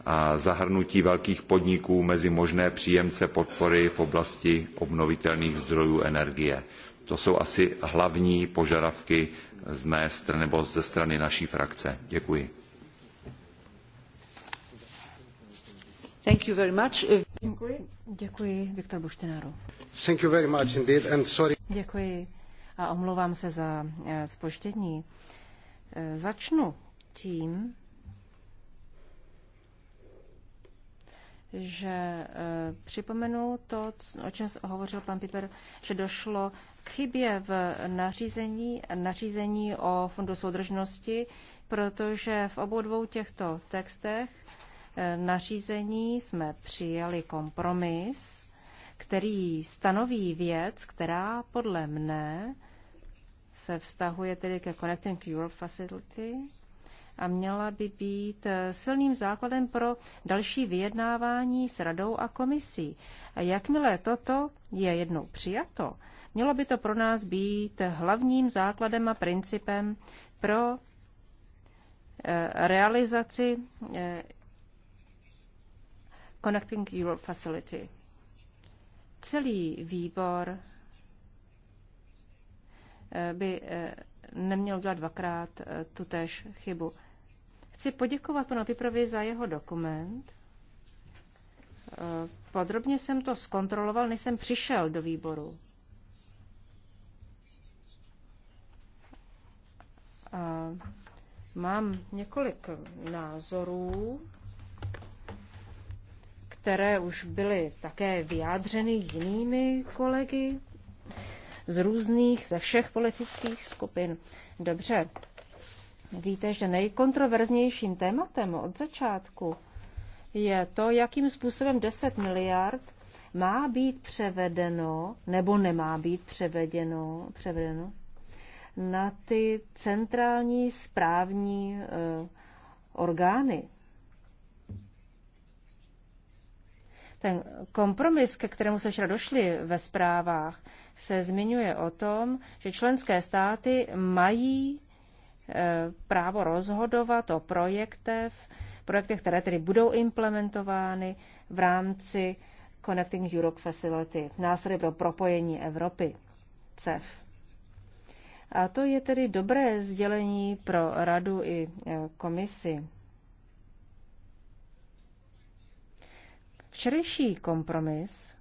a zahrnutí velkých podniků mezi možné příjemce podpory v oblasti obnovitelných zdrojů energie. To jsou asi hlavní požadavky z mé strany nebo ze strany naší frakce. Děkuji. Thank you very much. Děkuji. Děkuji, Viktor Buštenáru. Thank you very much indeed and sorry. Děkuji a omlouvám se za spoštění. Eh, eh, začnu tím, že eh, připomenu to, o čem hovořil pan Piper, že došlo k chybě v nařízení, nařízení o fondu soudržnosti, protože v obou dvou těchto textech Eh, nařízení jsme přijali kompromis, který stanoví věc, která podle mne se vztahuje tedy ke Connecting Europe Facility a měla by být eh, silným základem pro další vyjednávání s radou a komisí. A jakmile toto je jednou přijato, mělo by to pro nás být hlavním základem a principem pro eh, realizaci Connecting Europe Facility. Celý výbor eh, by eh, neměl dělat dvakrát eh, tutéž chybu. Chci poděkovat panu Piprovi za jeho dokument. Podrobně jsem to zkontroloval, než jsem přišel do výboru. A mám několik názorů které už byly také vyjádřeny jinými kolegy z různých, ze všech politických skupin. Dobře, víte, že nejkontroverznějším tématem od začátku je to, jakým způsobem 10 miliard má být převedeno nebo nemá být převedeno, převedeno na ty centrální správní e, orgány Ten kompromis, ke kterému se včera došli ve zprávách, se zmiňuje o tom, že členské státy mají e, právo rozhodovat o projektech, projektech, které tedy budou implementovány v rámci Connecting Europe Facility, nástroj pro propojení Evropy, CEF. A to je tedy dobré sdělení pro radu i e, komisi. Včerejší kompromis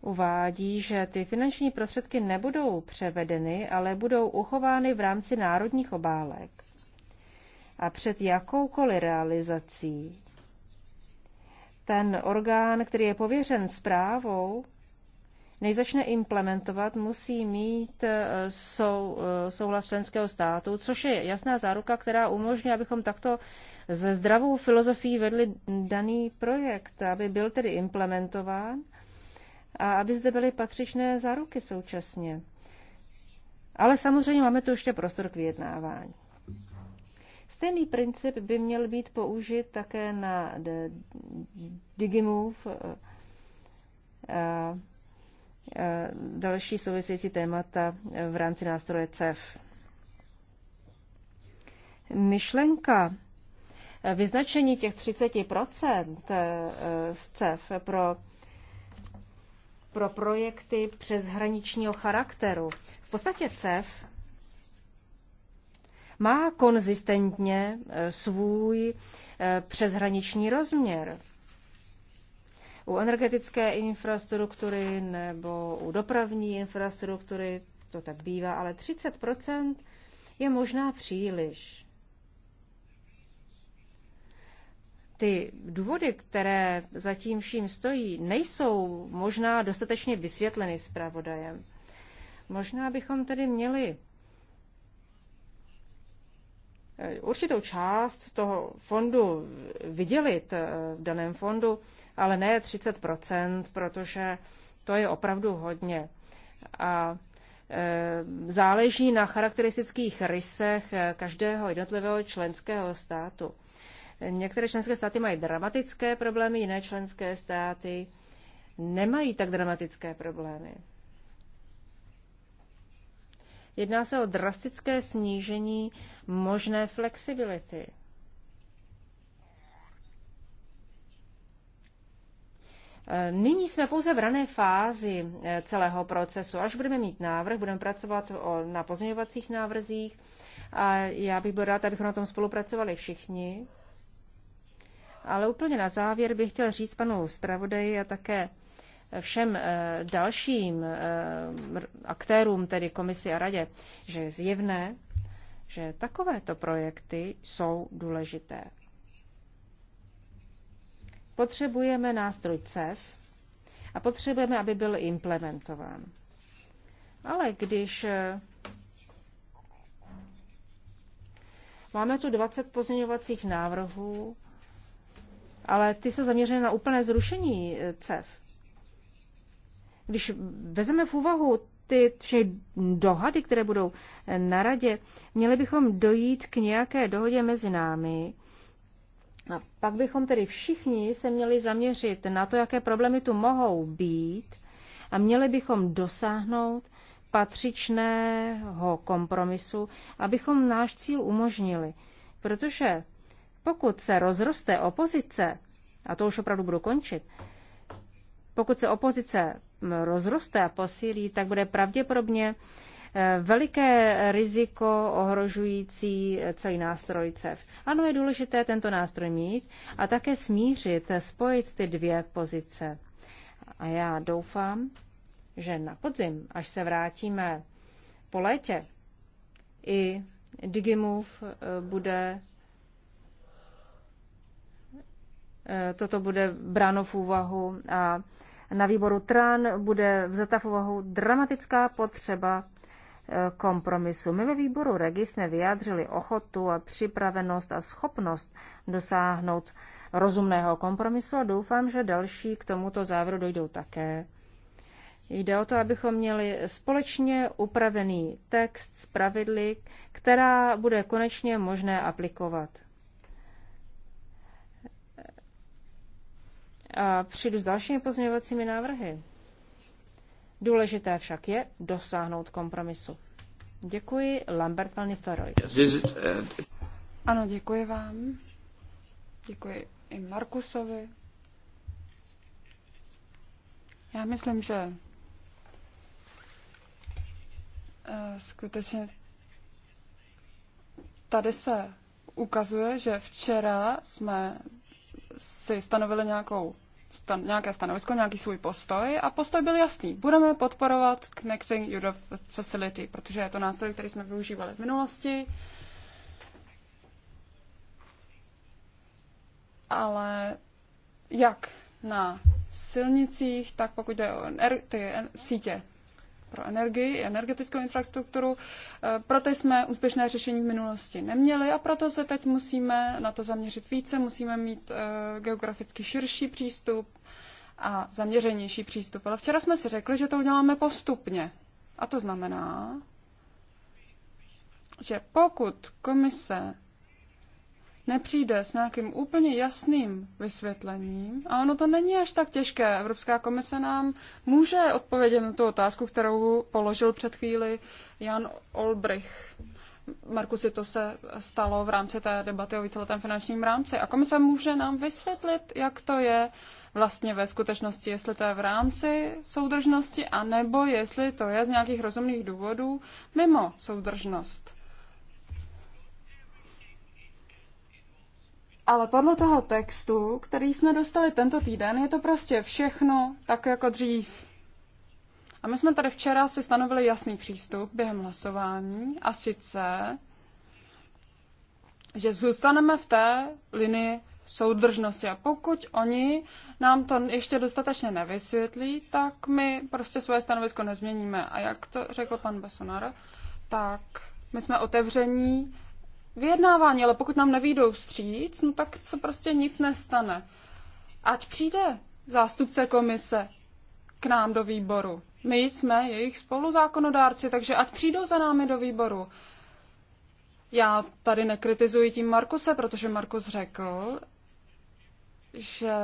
uvádí, že ty finanční prostředky nebudou převedeny, ale budou uchovány v rámci národních obálek. A před jakoukoliv realizací ten orgán, který je pověřen zprávou, než začne implementovat, musí mít eh, sou, eh, souhlas členského státu, což je jasná záruka, která umožňuje, abychom takto ze zdravou filozofií vedli daný projekt, aby byl tedy implementován a aby zde byly patřičné záruky současně. Ale samozřejmě máme tu ještě prostor k vyjednávání. Stejný princip by měl být použit také na Digimove a eh, eh, další související témata v rámci nástroje CEF. Myšlenka Vyznačení těch 30 eh, z CEF pro, pro projekty přeshraničního charakteru. V podstatě CEF má konzistentně eh, svůj eh, přeshraniční rozměr. U energetické infrastruktury nebo u dopravní infrastruktury to tak bývá, ale 30 je možná příliš. ty důvody, které zatím vším stojí, nejsou možná dostatečně vysvětleny zpravodajem. Možná bychom tedy měli eh, určitou část toho fondu vydělit eh, v daném fondu, ale ne 30%, protože to je opravdu hodně. A eh, záleží na charakteristických rysech každého jednotlivého členského státu. Některé členské státy mají dramatické problémy, jiné členské státy nemají tak dramatické problémy. Jedná se o drastické snížení možné flexibility. Nyní jsme pouze v rané fázi eh, celého procesu. Až budeme mít návrh, budeme pracovat o, na pozměňovacích návrzích a já bych byl rád, abychom na tom spolupracovali všichni. Ale úplně na závěr bych chtěl říct panu zpravodaji a také všem eh, dalším eh, aktérům, tedy komisi a radě, že je zjevné, že takovéto projekty jsou důležité. Potřebujeme nástroj CEF a potřebujeme, aby byl implementován. Ale když eh, máme tu 20 pozměňovacích návrhů, ale ty jsou zaměřené na úplné zrušení eh, CEF. Když vezmeme v úvahu ty tři dohady, které budou eh, na radě, měli bychom dojít k nějaké dohodě mezi námi. A pak bychom tedy všichni se měli zaměřit na to, jaké problémy tu mohou být a měli bychom dosáhnout patřičného kompromisu, abychom náš cíl umožnili. Protože pokud se rozroste opozice, a to už opravdu budu končit, pokud se opozice mm, rozroste a posílí, tak bude pravděpodobně e, veliké riziko ohrožující e, celý nástroj CEF. Ano, je důležité tento nástroj mít a také smířit, e, spojit ty dvě pozice. A já doufám, že na podzim, až se vrátíme po létě, i Digimove bude Eh, toto bude bráno v úvahu a na výboru TRAN bude vzata v úvahu dramatická potřeba eh, kompromisu. My ve výboru REGI jsme vyjádřili ochotu a připravenost a schopnost dosáhnout rozumného kompromisu a doufám, že další k tomuto závěru dojdou také. Jde o to, abychom měli společně upravený text z pravidly, která bude konečně možné aplikovat. a přijdu s dalšími pozměňovacími návrhy. Důležité však je dosáhnout kompromisu. Děkuji, Lambert van Nistelrooy. Uh, ano, děkuji vám. Děkuji i Markusovi. Já myslím, že eh, skutečně tady se ukazuje, že včera jsme si stanovili nějakou stan- nějaké stanovisko, nějaký svůj postoj a postoj byl jasný. Budeme podporovat Connecting Europe Facility, protože je to nástroj, který jsme využívali v minulosti. Ale jak na silnicích, tak pokud jde o er-, ty er-, sítě pro energii i energetickou infrastrukturu. Eh, proto jsme úspěšné řešení v minulosti neměli a proto se teď musíme na to zaměřit více, musíme mít eh, geograficky širší přístup a zaměřenější přístup. Ale včera jsme si řekli, že to uděláme postupně. A to znamená, že pokud komise nepřijde s nějakým úplně jasným vysvětlením, a ono to není až tak těžké. Evropská komise nám může odpovědět na tu otázku, kterou položil před chvíli Jan Olbrich. Markusi, to se stalo v rámci té debaty o víceletém finančním rámci. A komise může nám vysvětlit, jak to je vlastně ve skutečnosti, jestli to je v rámci soudržnosti, anebo jestli to je z nějakých rozumných důvodů mimo soudržnost. Ale podle toho textu, který jsme dostali tento týden, je to prostě všechno tak jako dřív. A my jsme tady včera si stanovili jasný přístup během hlasování a sice, že zůstaneme v té linii soudržnosti a pokud oni nám to ještě dostatečně nevysvětlí, tak my prostě svoje stanovisko nezměníme. A jak to řekl pan Besonar, tak my jsme otevření vyjednávání, ale pokud nám nevídou vstříc, no tak se prostě nic nestane. Ať přijde zástupce komise k nám do výboru. My jsme jejich spoluzákonodárci, takže ať přijdou za námi do výboru. Já tady nekritizuji tím Markuse, protože Markus řekl, že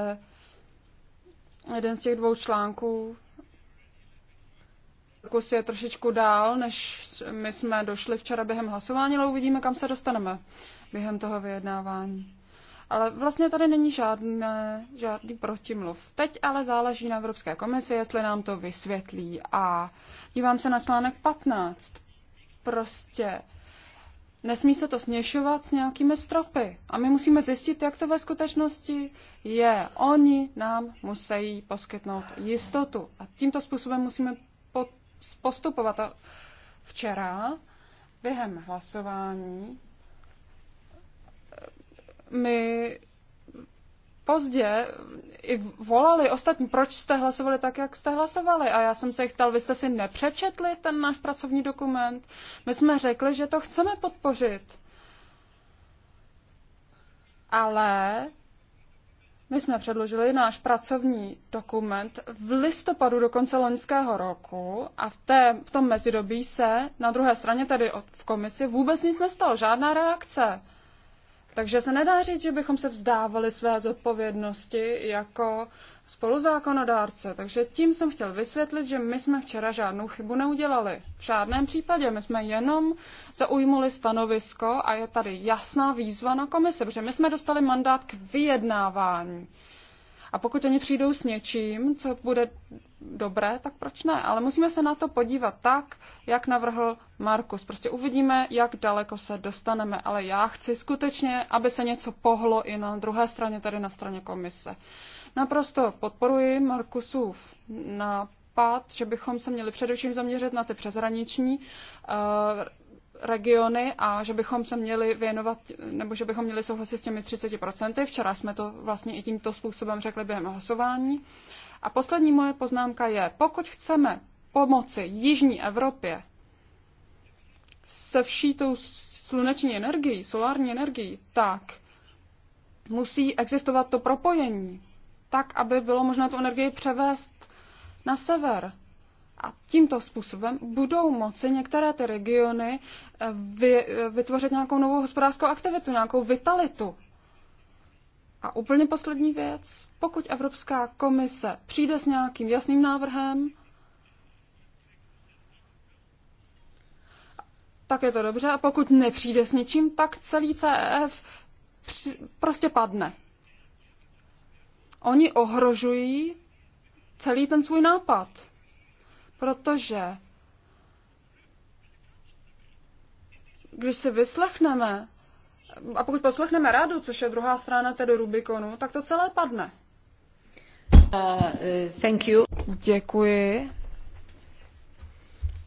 jeden z těch dvou článků Kus je trošičku dál, než my jsme došli včera během hlasování, ale uvidíme, kam se dostaneme během toho vyjednávání. Ale vlastně tady není žádné, žádný protimluv. Teď ale záleží na Evropské komisi, jestli nám to vysvětlí. A dívám se na článek 15. Prostě nesmí se to směšovat s nějakými stropy. A my musíme zjistit, jak to ve skutečnosti je. Oni nám musí poskytnout jistotu. A tímto způsobem musíme postupovat. A včera během hlasování eh, mi pozdě i volali ostatní, proč jste hlasovali tak, jak jste hlasovali. A já jsem se jich ptal, vy jste si nepřečetli ten náš pracovní dokument? My jsme řekli, že to chceme podpořit. Ale my jsme předložili náš pracovní dokument v listopadu do konce loňského roku a v, té, v tom mezidobí se na druhé straně, tedy v komisi, vůbec nic nestalo, žádná reakce. Takže se nedá říct, že bychom se vzdávali své zodpovědnosti jako spoluzákonodárce. Takže tím jsem chtěl vysvětlit, že my jsme včera žádnou chybu neudělali. V žádném případě. My jsme jenom zaujmuli stanovisko a je tady jasná výzva na komise, protože my jsme dostali mandát k vyjednávání. A pokud oni přijdou s něčím, co bude dobré, tak proč ne? Ale musíme se na to podívat tak, jak navrhl Markus. Prostě uvidíme, jak daleko se dostaneme. Ale já chci skutečně, aby se něco pohlo i na druhé straně, tedy na straně komise. Naprosto podporuji Markusův nápad, že bychom se měli především zaměřit na ty přeshraniční eh, regiony a že bychom se měli věnovat, nebo že bychom měli souhlasit s těmi 30%. Včera jsme to vlastně i tímto způsobem řekli během hlasování. A poslední moje poznámka je, pokud chceme pomoci Jižní Evropě se vší tou sluneční energií, solární energií, tak musí existovat to propojení tak, aby bylo možné tu energii převést na sever. A tímto způsobem budou moci některé ty regiony eh, eh, vytvořit nějakou novou hospodářskou aktivitu, nějakou vitalitu. A úplně poslední věc, pokud Evropská komise přijde s nějakým jasným návrhem, tak je to dobře. A pokud nepřijde s ničím, tak celý CEF prostě padne oni ohrožují celý ten svůj nápad. Protože když si vyslechneme, a pokud poslechneme radu, což je druhá strana tedy Rubikonu, tak to celé padne. Uh, thank you. Děkuji.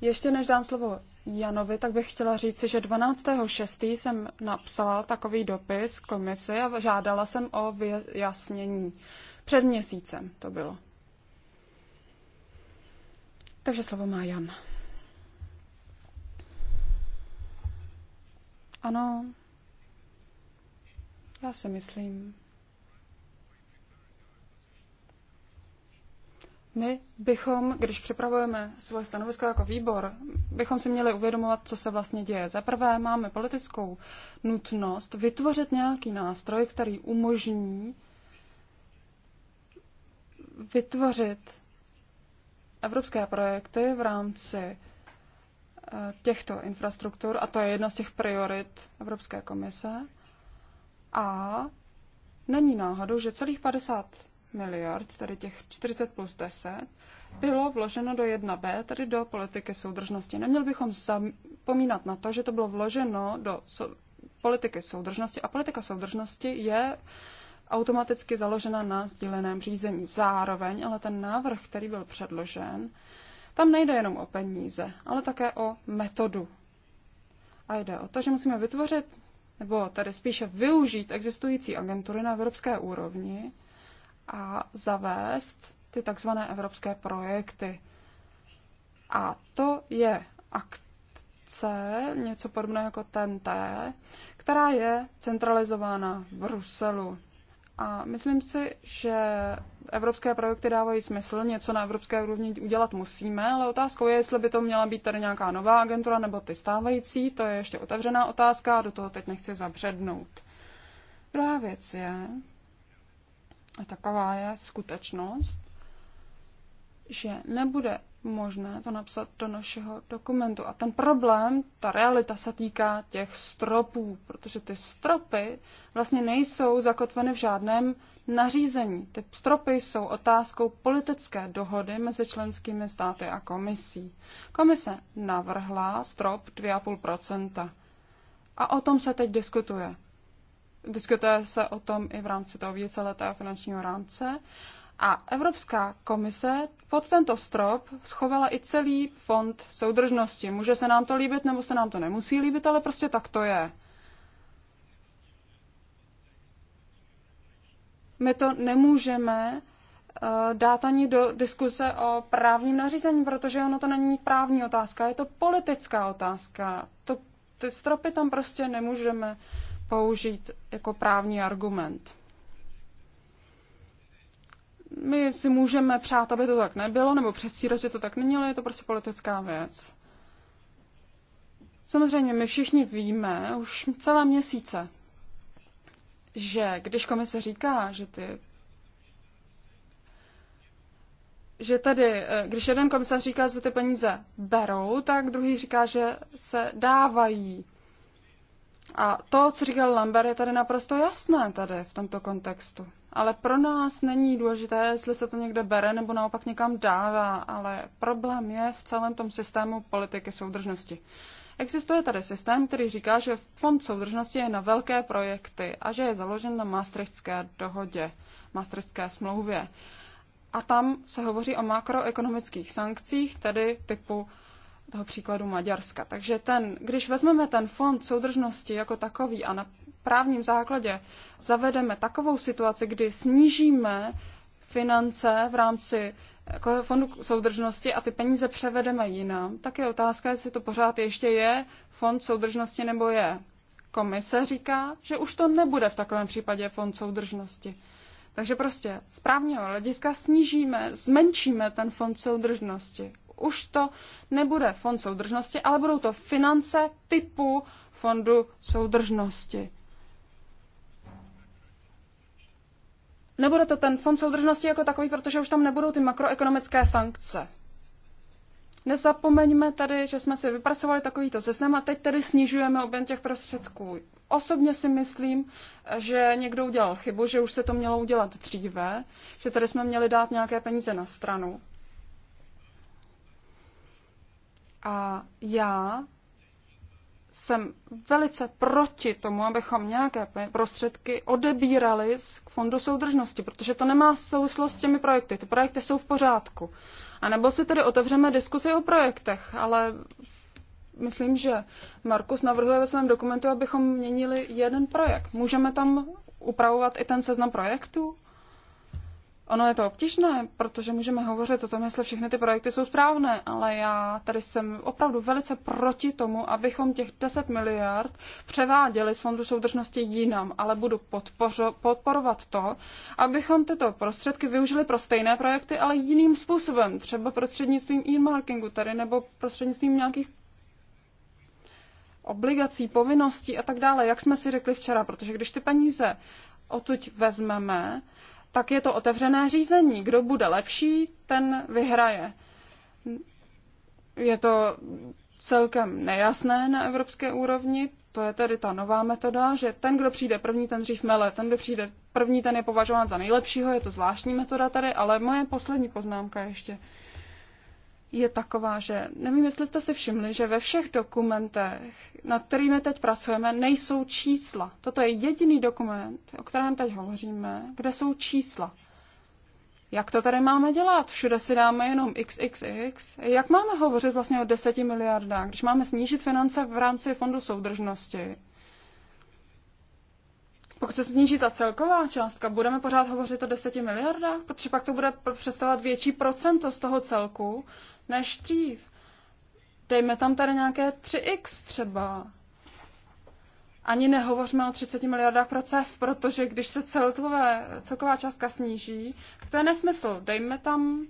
Ještě než dám slovo Janovi, tak bych chtěla říci, že 12.6. jsem napsala takový dopis komisi a žádala jsem o vyjasnění. Před měsícem to bylo. Takže slovo má Jan. Ano, já si myslím, My bychom, když připravujeme svoje stanovisko jako výbor, bychom si měli uvědomovat, co se vlastně děje. Za prvé máme politickou nutnost vytvořit nějaký nástroj, který umožní vytvořit evropské projekty v rámci eh, těchto infrastruktur, a to je jedna z těch priorit Evropské komise. A není náhodou, že celých 50 miliard, tedy těch 40 plus 10, bylo vloženo do 1B, tedy do politiky soudržnosti. Neměl bychom zapomínat na to, že to bylo vloženo do so- politiky soudržnosti a politika soudržnosti je automaticky založena na sdíleném řízení. Zároveň, ale ten návrh, který byl předložen, tam nejde jenom o peníze, ale také o metodu. A jde o to, že musíme vytvořit, nebo tady spíše využít existující agentury na evropské úrovni, a zavést ty takzvané evropské projekty. A to je akce, něco podobného jako TNT, která je centralizována v Bruselu. A myslím si, že evropské projekty dávají smysl, něco na evropské úrovni udělat musíme, ale otázkou je, jestli by to měla být tady nějaká nová agentura nebo ty stávající, to je ještě otevřená otázka a do toho teď nechci zabřednout. Druhá věc je, a taková je skutečnost, že nebude možné to napsat do našeho dokumentu. A ten problém, ta realita se týká těch stropů, protože ty stropy vlastně nejsou zakotveny v žádném nařízení. Ty stropy jsou otázkou politické dohody mezi členskými státy a komisí. Komise navrhla strop 2,5 a o tom se teď diskutuje. Diskutuje se o tom i v rámci toho víceletého finančního rámce. A Evropská komise pod tento strop schovala i celý fond soudržnosti. Může se nám to líbit, nebo se nám to nemusí líbit, ale prostě tak to je. My to nemůžeme eh, dát ani do diskuse o právním nařízení, protože ono to není právní otázka, je to politická otázka. To, ty stropy tam prostě nemůžeme uh, použít jako právní argument. My si můžeme přát, aby to tak nebylo, nebo předstírat, že to tak není, ale je to prostě politická věc. Samozřejmě my všichni víme už celé měsíce, že když komise říká, že ty že tedy, eh, když jeden komisař říká, že ty peníze berou, tak druhý říká, že se dávají. A to, co říkal Lambert, je tady naprosto jasné tady v tomto kontextu. Ale pro nás není důležité, jestli se to někde bere nebo naopak někam dává, ale problém je v celém tom systému politiky soudržnosti. Existuje tady systém, který říká, že fond soudržnosti je na velké projekty a že je založen na Maastrichtské dohodě, Maastrichtské smlouvě. A tam se hovoří o makroekonomických sankcích, tedy typu toho příkladu Maďarska. Takže ten, když vezmeme ten fond soudržnosti jako takový a na právním základě zavedeme takovou situaci, kdy snížíme finance v rámci jako fondu soudržnosti a ty peníze převedeme jinam, tak je otázka, jestli to pořád ještě je fond soudržnosti nebo je. Komise říká, že už to nebude v takovém případě fond soudržnosti. Takže prostě z právního hlediska snížíme, zmenšíme ten fond soudržnosti. Už to nebude fond soudržnosti, ale budou to finance typu fondu soudržnosti. Nebude to ten fond soudržnosti jako takový, protože už tam nebudou ty makroekonomické sankce. Nezapomeňme tady, že jsme si vypracovali takovýto seznam a teď tedy snižujeme objem těch prostředků. Osobně si myslím, že někdo udělal chybu, že už se to mělo udělat dříve, že tady jsme měli dát nějaké peníze na stranu. A já jsem velice proti tomu, abychom nějaké prostředky odebírali z Fondu soudržnosti, protože to nemá souvislost s těmi projekty. Ty projekty jsou v pořádku. A nebo si tedy otevřeme diskusi o projektech, ale myslím, že Markus navrhuje ve svém dokumentu, abychom měnili jeden projekt. Můžeme tam upravovat i ten seznam projektů? Ono je to obtížné, protože můžeme hovořit o tom, jestli všechny ty projekty jsou správné, ale já tady jsem opravdu velice proti tomu, abychom těch 10 miliard převáděli z Fondu soudržnosti jinam, ale budu podpořo, podporovat to, abychom tyto prostředky využili pro stejné projekty, ale jiným způsobem, třeba prostřednictvím e-markingu tady nebo prostřednictvím nějakých obligací, povinností a tak dále, jak jsme si řekli včera, protože když ty peníze odtud vezmeme, tak je to otevřené řízení. Kdo bude lepší, ten vyhraje. Je to celkem nejasné na evropské úrovni, to je tedy ta nová metoda, že ten, kdo přijde první, ten dřív mele, ten, kdo přijde první, ten je považován za nejlepšího, je to zvláštní metoda tady, ale moje poslední poznámka ještě. Uh, je taková, že nevím, jestli jste si všimli, že ve všech dokumentech, nad kterými teď pracujeme, nejsou čísla. Toto je jediný dokument, o kterém teď hovoříme, kde jsou čísla. Jak to tady máme dělat? Všude si dáme jenom XXX. Jak máme hovořit vlastně o 10 miliardách, když máme snížit finance v rámci fondu soudržnosti? Pokud se sníží ta celková částka, budeme pořád hovořit o 10 miliardách, protože pak to bude představovat větší procento z toho celku než dřív. Dejme tam tady nějaké 3x třeba. Ani nehovořme o 30 miliardách pro CEF, protože když se celkové, celková částka sníží, tak to je nesmysl. Dejme tam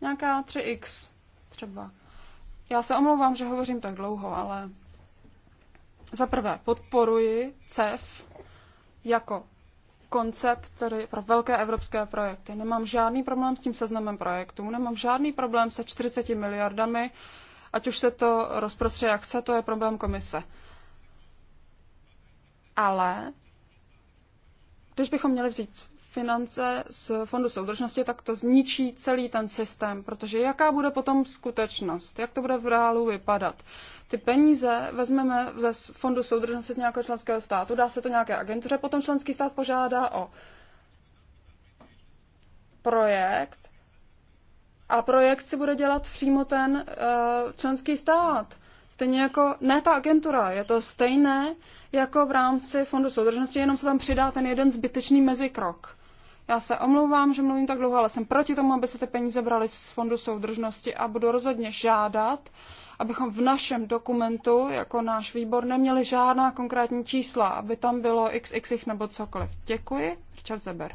nějaká 3x třeba. Já se omlouvám, že hovořím tak dlouho, ale za prvé podporuji CEF jako koncept tedy pro velké evropské projekty. Nemám žádný problém s tím seznamem projektů, nemám žádný problém se 40 miliardami, ať už se to rozprostře jak chce, to je problém komise. Ale když bychom měli vzít finance z Fondu soudržnosti, tak to zničí celý ten systém, protože jaká bude potom skutečnost, jak to bude v reálu vypadat. Ty peníze vezmeme ze Fondu soudržnosti z nějakého členského státu, dá se to nějaké agentuře, potom členský stát požádá o projekt a projekt si bude dělat přímo ten uh, členský stát. Stejně jako, ne ta agentura, je to stejné jako v rámci Fondu soudržnosti, jenom se tam přidá ten jeden zbytečný mezikrok. Já se omlouvám, že mluvím tak dlouho, ale jsem proti tomu, aby se ty peníze braly z fondu soudržnosti a budu rozhodně žádat, abychom v našem dokumentu, jako náš výbor, neměli žádná konkrétní čísla, aby tam bylo xx nebo cokoliv. Děkuji. Richard Zeber.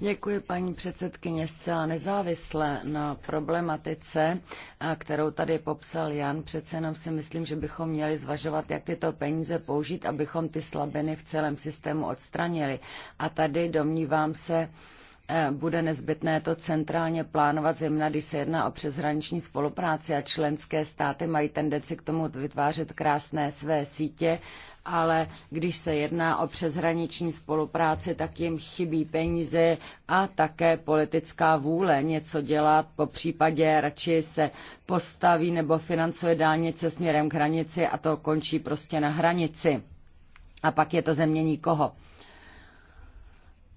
Děkuji, paní předsedkyně. Zcela nezávisle na problematice, kterou tady popsal Jan, přece jenom si myslím, že bychom měli zvažovat, jak tyto peníze použít, abychom ty slabiny v celém systému odstranili. A tady domnívám se, Eh, bude nezbytné to centrálně plánovat, zejména když se jedná o přeshraniční spolupráci a členské státy mají tendenci k tomu vytvářet krásné své sítě, ale když se jedná o přeshraniční spolupráci, tak jim chybí peníze a také politická vůle něco dělat, po případě radši se postaví nebo financuje dálnice směrem k hranici a to končí prostě na hranici. A pak je to země nikoho.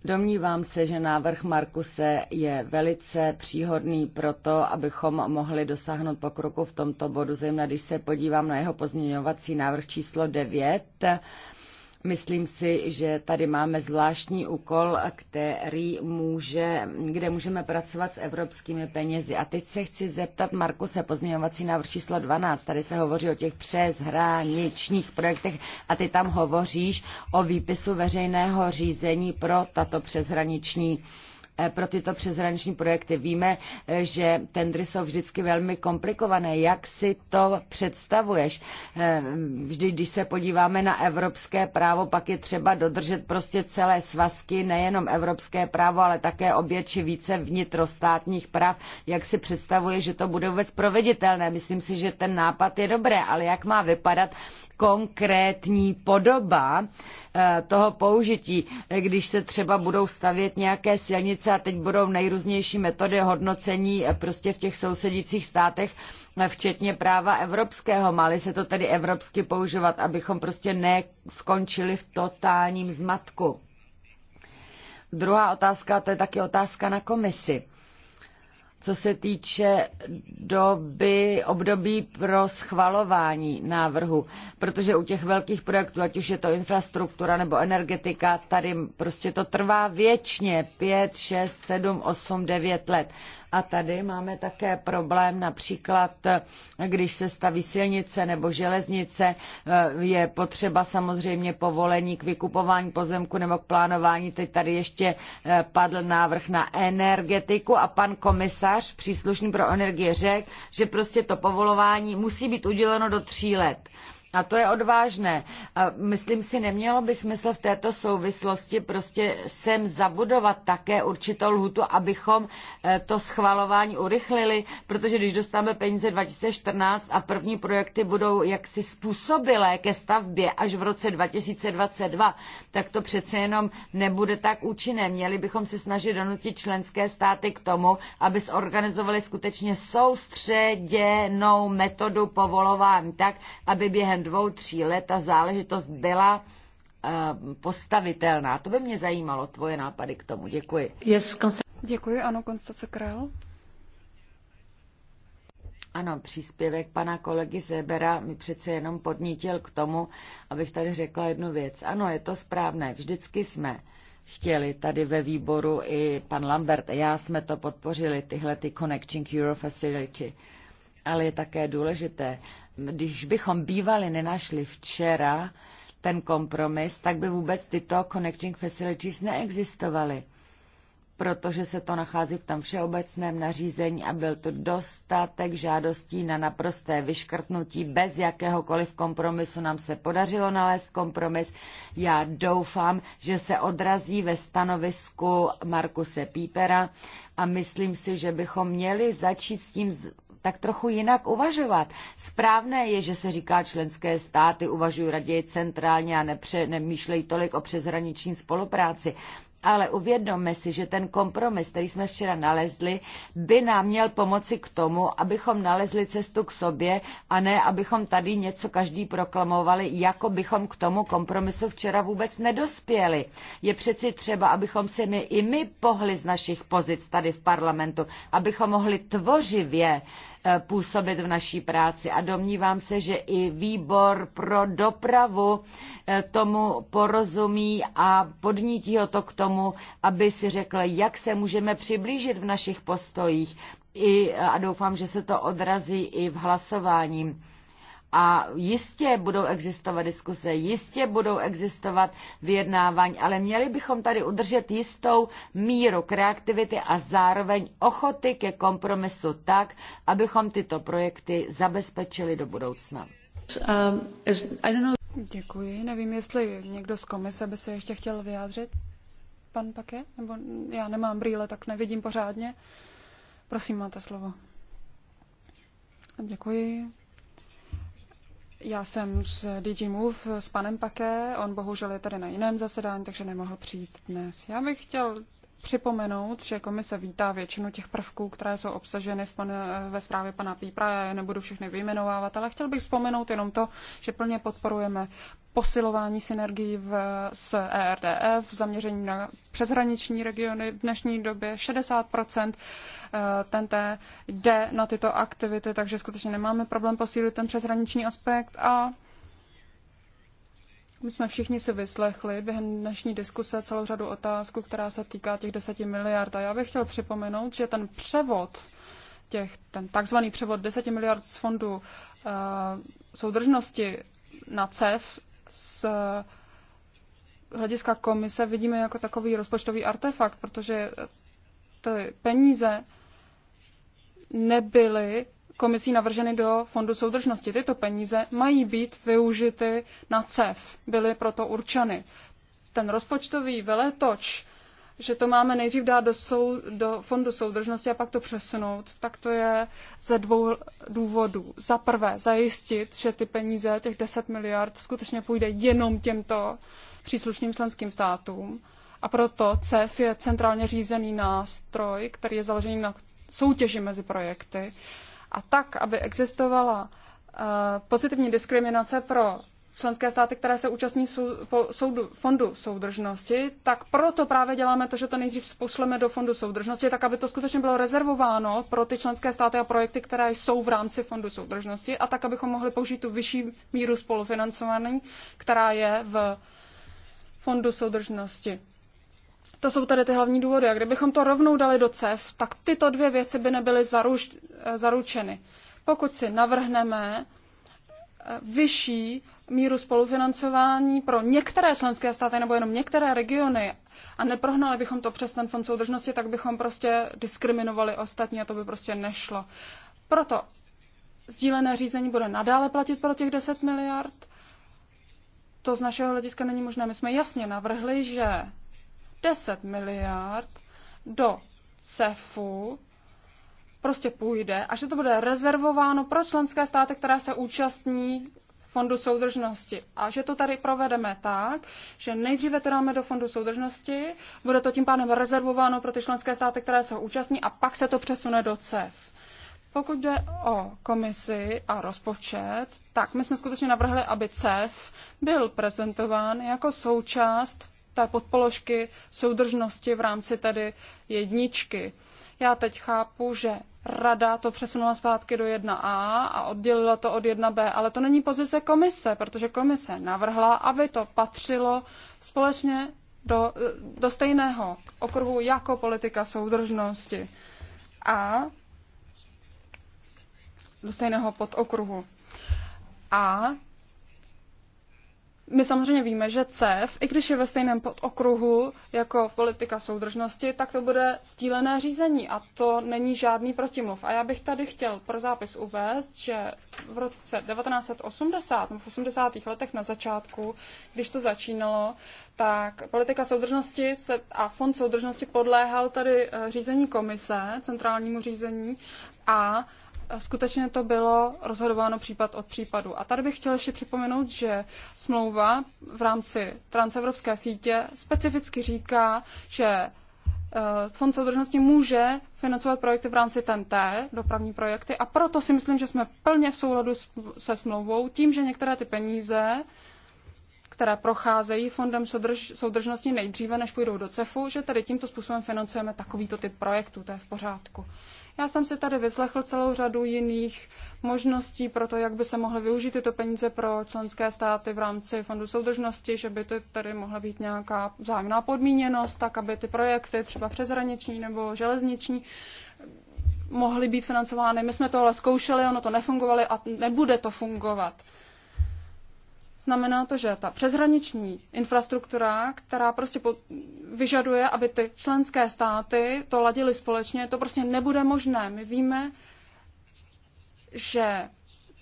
Domnívám se, že návrh Markuse je velice příhodný pro to, abychom mohli dosáhnout pokroku v tomto bodu, zejména když se podívám na jeho pozměňovací návrh číslo 9, Myslím si, že tady máme zvláštní úkol, který může, kde můžeme pracovat s evropskými penězi. A teď se chci zeptat Markuse, pozměňovací návrh číslo 12. Tady se hovoří o těch přeshraničních projektech a ty tam hovoříš o výpisu veřejného řízení pro tato přeshraniční E, pro tyto přeshraniční projekty. Víme, e, že tendry jsou vždycky velmi komplikované. Jak si to představuješ? E, vždy, když se podíváme na evropské právo, pak je třeba dodržet prostě celé svazky, nejenom evropské právo, ale také obě či více vnitrostátních práv. Jak si představuješ, že to bude vůbec proveditelné? Myslím si, že ten nápad je dobré, ale jak má vypadat konkrétní podoba toho použití, když se třeba budou stavět nějaké silnice práce a teď budou nejrůznější metody hodnocení eh, prostě v těch sousedících státech, eh, včetně práva evropského. mali se to tedy evropsky používat, abychom prostě neskončili v totálním zmatku. Druhá otázka, to je taky otázka na komisi co se týče doby, období pro schvalování návrhu, protože u těch velkých projektů, ať už je to infrastruktura nebo energetika, tady prostě to trvá věčně 5, 6, 7, 8, 9 let. A tady máme také problém například, když se staví silnice nebo železnice, eh, je potřeba samozřejmě povolení k vykupování pozemku nebo k plánování. Teď tady ještě eh, padl návrh na energetiku a pan komisar komisař příslušný pro energie řekl, že prostě to povolování musí být uděleno do tří let. A to je odvážné. A myslím si, nemělo by smysl v této souvislosti prostě sem zabudovat také určitou lhutu, abychom eh, to schvalování urychlili, protože když dostaneme peníze 2014 a první projekty budou jaksi způsobilé ke stavbě až v roce 2022, tak to přece jenom nebude tak účinné. Měli bychom se snažit donutit členské státy k tomu, aby zorganizovali skutečně soustředěnou metodu povolování tak, aby během dvou, tří let ta záležitost byla eh, postavitelná. To by mě zajímalo, tvoje nápady k tomu. Děkuji. Yes, Děkuji, ano, Konstance Král. Ano, příspěvek pana kolegy Zebera mi přece jenom podnítil k tomu, abych tady řekla jednu věc. Ano, je to správné, vždycky jsme chtěli tady ve výboru i pan Lambert a já jsme to podpořili, tyhle ty Connecting Euro Facility ale je také důležité, když bychom bývali nenašli včera ten kompromis, tak by vůbec tyto connecting facilities neexistovaly protože se to nachází v tom všeobecném nařízení a byl to dostatek žádostí na naprosté vyškrtnutí. Bez jakéhokoliv kompromisu nám se podařilo nalézt kompromis. Já doufám, že se odrazí ve stanovisku Markuse Pípera a myslím si, že bychom měli začít s tím tak trochu jinak uvažovat. Správné je, že se říká členské státy uvažují raději centrálně a nepře, nemýšlejí tolik o přeshraniční spolupráci. Ale uvědomme si, že ten kompromis, který jsme včera nalezli, by nám měl pomoci k tomu, abychom nalezli cestu k sobě a ne, abychom tady něco každý proklamovali, jako bychom k tomu kompromisu včera vůbec nedospěli. Je přeci třeba, abychom se my i my pohli z našich pozic tady v parlamentu, abychom mohli tvořivě Eh, působit v naší práci. A domnívám se, že i výbor pro dopravu eh, tomu porozumí a podnítí ho to k tomu, aby si řekl, jak se můžeme přiblížit v našich postojích. I, a doufám, že se to odrazí i v hlasování a jistě budou existovat diskuse, jistě budou existovat vyjednávání, ale měli bychom tady udržet jistou míru kreativity a zároveň ochoty ke kompromisu tak, abychom tyto projekty zabezpečili do budoucna. Um, Děkuji. Nevím, jestli někdo z komise by se ještě chtěl vyjádřit. Pan Pake? Nebo já nemám brýle, tak nevidím pořádně. Prosím, máte slovo. Děkuji, já jsem z DG Move s panem Paké, on bohužel je tady na jiném zasedání, takže nemohl přijít dnes. Já bych chtěl připomenout, že komise vítá většinu těch prvků, které jsou obsaženy v pan, ve zprávě pana Pípra. Já je nebudu všechny vyjmenovávat, ale chtěl bych vzpomenout jenom to, že plně podporujeme posilování synergií v, s ERDF, zaměření na přeshraniční regiony. V dnešní době 60 TNT eh, jde na tyto aktivity, takže skutečně nemáme problém posílit ten přeshraniční aspekt a my jsme všichni si vyslechli během dnešní diskuse celou řadu otázků, která se týká těch 10 miliard. A já bych chtěl připomenout, že ten převod těch, ten takzvaný převod 10 miliard z fondu uh, soudržnosti na CEF z hlediska komise vidíme jako takový rozpočtový artefakt, protože ty peníze nebyly komisí navrženy do Fondu soudržnosti. Tyto peníze mají být využity na CEF, byly proto určeny. Ten rozpočtový veletoč že to máme nejdřív dát do, sou, do fondu soudržnosti a pak to přesunout, tak to je ze dvou důvodů. Za prvé zajistit, že ty peníze, těch 10 miliard, skutečně půjde jenom těmto příslušným členským státům. A proto CEF je centrálně řízený nástroj, který je založený na soutěži mezi projekty. A tak, aby existovala eh, pozitivní diskriminace pro členské státy, které se účastní soudu, fondu soudržnosti, tak proto právě děláme to, že to nejdřív pošleme do fondu soudržnosti, tak aby to skutečně bylo rezervováno pro ty členské státy a projekty, které jsou v rámci fondu soudržnosti a tak, abychom mohli použít tu vyšší míru spolufinancování, která je v fondu soudržnosti. To jsou tady ty hlavní důvody. A kdybychom to rovnou dali do CEF, tak tyto dvě věci by nebyly zaruč, zaručeny. Pokud si navrhneme eh, vyšší míru spolufinancování pro některé členské státy nebo jenom některé regiony a neprohnali bychom to přes ten fond soudržnosti, tak bychom prostě diskriminovali ostatní a to by prostě nešlo. Proto sdílené řízení bude nadále platit pro těch 10 miliard. To z našeho hlediska není možné. My jsme jasně navrhli, že 10 miliard do CEFu prostě půjde a že to bude rezervováno pro členské státy, které se účastní fondu soudržnosti. A že to tady provedeme tak, že nejdříve to dáme do fondu soudržnosti, bude to tím pádem rezervováno pro ty členské státy, které jsou účastní, a pak se to přesune do CEF. Pokud jde o komisi a rozpočet, tak my jsme skutečně navrhli, aby CEF byl prezentován jako součást té podpoložky soudržnosti v rámci tedy jedničky. Já teď chápu, že rada to přesunula zpátky do 1A a oddělila to od 1B, ale to není pozice komise, protože komise navrhla, aby to patřilo společně do, do stejného okruhu jako politika soudržnosti a do stejného podokruhu. A my samozřejmě víme, že CEF, i když je ve stejném podokruhu jako v politika soudržnosti, tak to bude stílené řízení a to není žádný protimluv. A já bych tady chtěl pro zápis uvést, že v roce 1980, v 80. letech na začátku, když to začínalo, tak politika soudržnosti se, a fond soudržnosti podléhal tady eh, řízení komise, centrálnímu řízení a skutečně to bylo rozhodováno případ od případu. A tady bych chtěl ještě připomenout, že smlouva v rámci transevropské sítě specificky říká, že e, Fond soudržnosti může financovat projekty v rámci TNT, dopravní projekty, a proto si myslím, že jsme plně v souladu se smlouvou tím, že některé ty peníze které procházejí fondem soudrž, soudržnosti nejdříve, než půjdou do CEFu, že tady tímto způsobem financujeme takovýto typ projektů, to je v pořádku. Já jsem si tady vyslechl celou řadu jiných možností pro to, jak by se mohly využít tyto peníze pro členské státy v rámci Fondu soudržnosti, že by to tady mohla být nějaká vzájemná podmíněnost, tak aby ty projekty třeba přeshraniční nebo železniční mohly být financovány. My jsme tohle zkoušeli, ono to nefungovalo a nebude to fungovat. Znamená to, že ta přeshraniční infrastruktura, která prostě vyžaduje, aby ty členské státy to ladily společně, to prostě nebude možné. My víme, že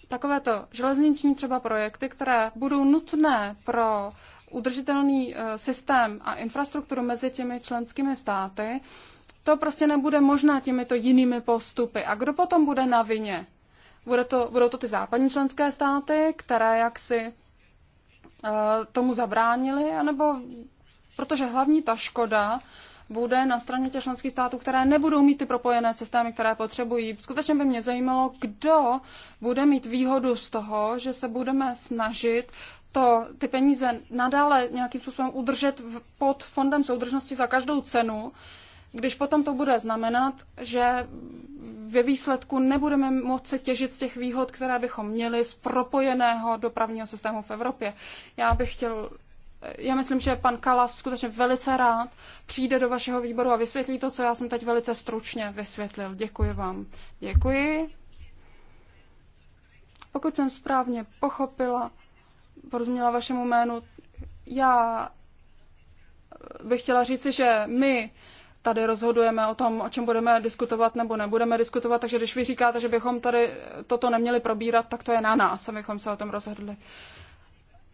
takovéto železniční třeba projekty, které budou nutné pro udržitelný eh, systém a infrastrukturu mezi těmi členskými státy, to prostě nebude možné těmito jinými postupy. A kdo potom bude na vině? Bude to, budou to ty západní členské státy, které jaksi Eh, tomu zabránili, anebo protože hlavní ta škoda bude na straně těch členských států, které nebudou mít ty propojené systémy, které potřebují. Skutečně by mě zajímalo, kdo bude mít výhodu z toho, že se budeme snažit to, ty peníze nadále nějakým způsobem udržet pod fondem soudržnosti za každou cenu, když potom to bude znamenat, že ve výsledku nebudeme moci těžit z těch výhod, které bychom měli z propojeného dopravního systému v Evropě. Já bych chtěl já myslím, že pan Kalas skutečně velice rád přijde do vašeho výboru a vysvětlí to, co já jsem teď velice stručně vysvětlil. Děkuji vám. Děkuji. Pokud jsem správně pochopila, porozuměla vašemu jménu, já bych chtěla říci, že my tady rozhodujeme o tom, o čem budeme diskutovat nebo nebudeme diskutovat, takže když vy říkáte, že bychom tady toto neměli probírat, tak to je na nás, abychom se o tom rozhodli.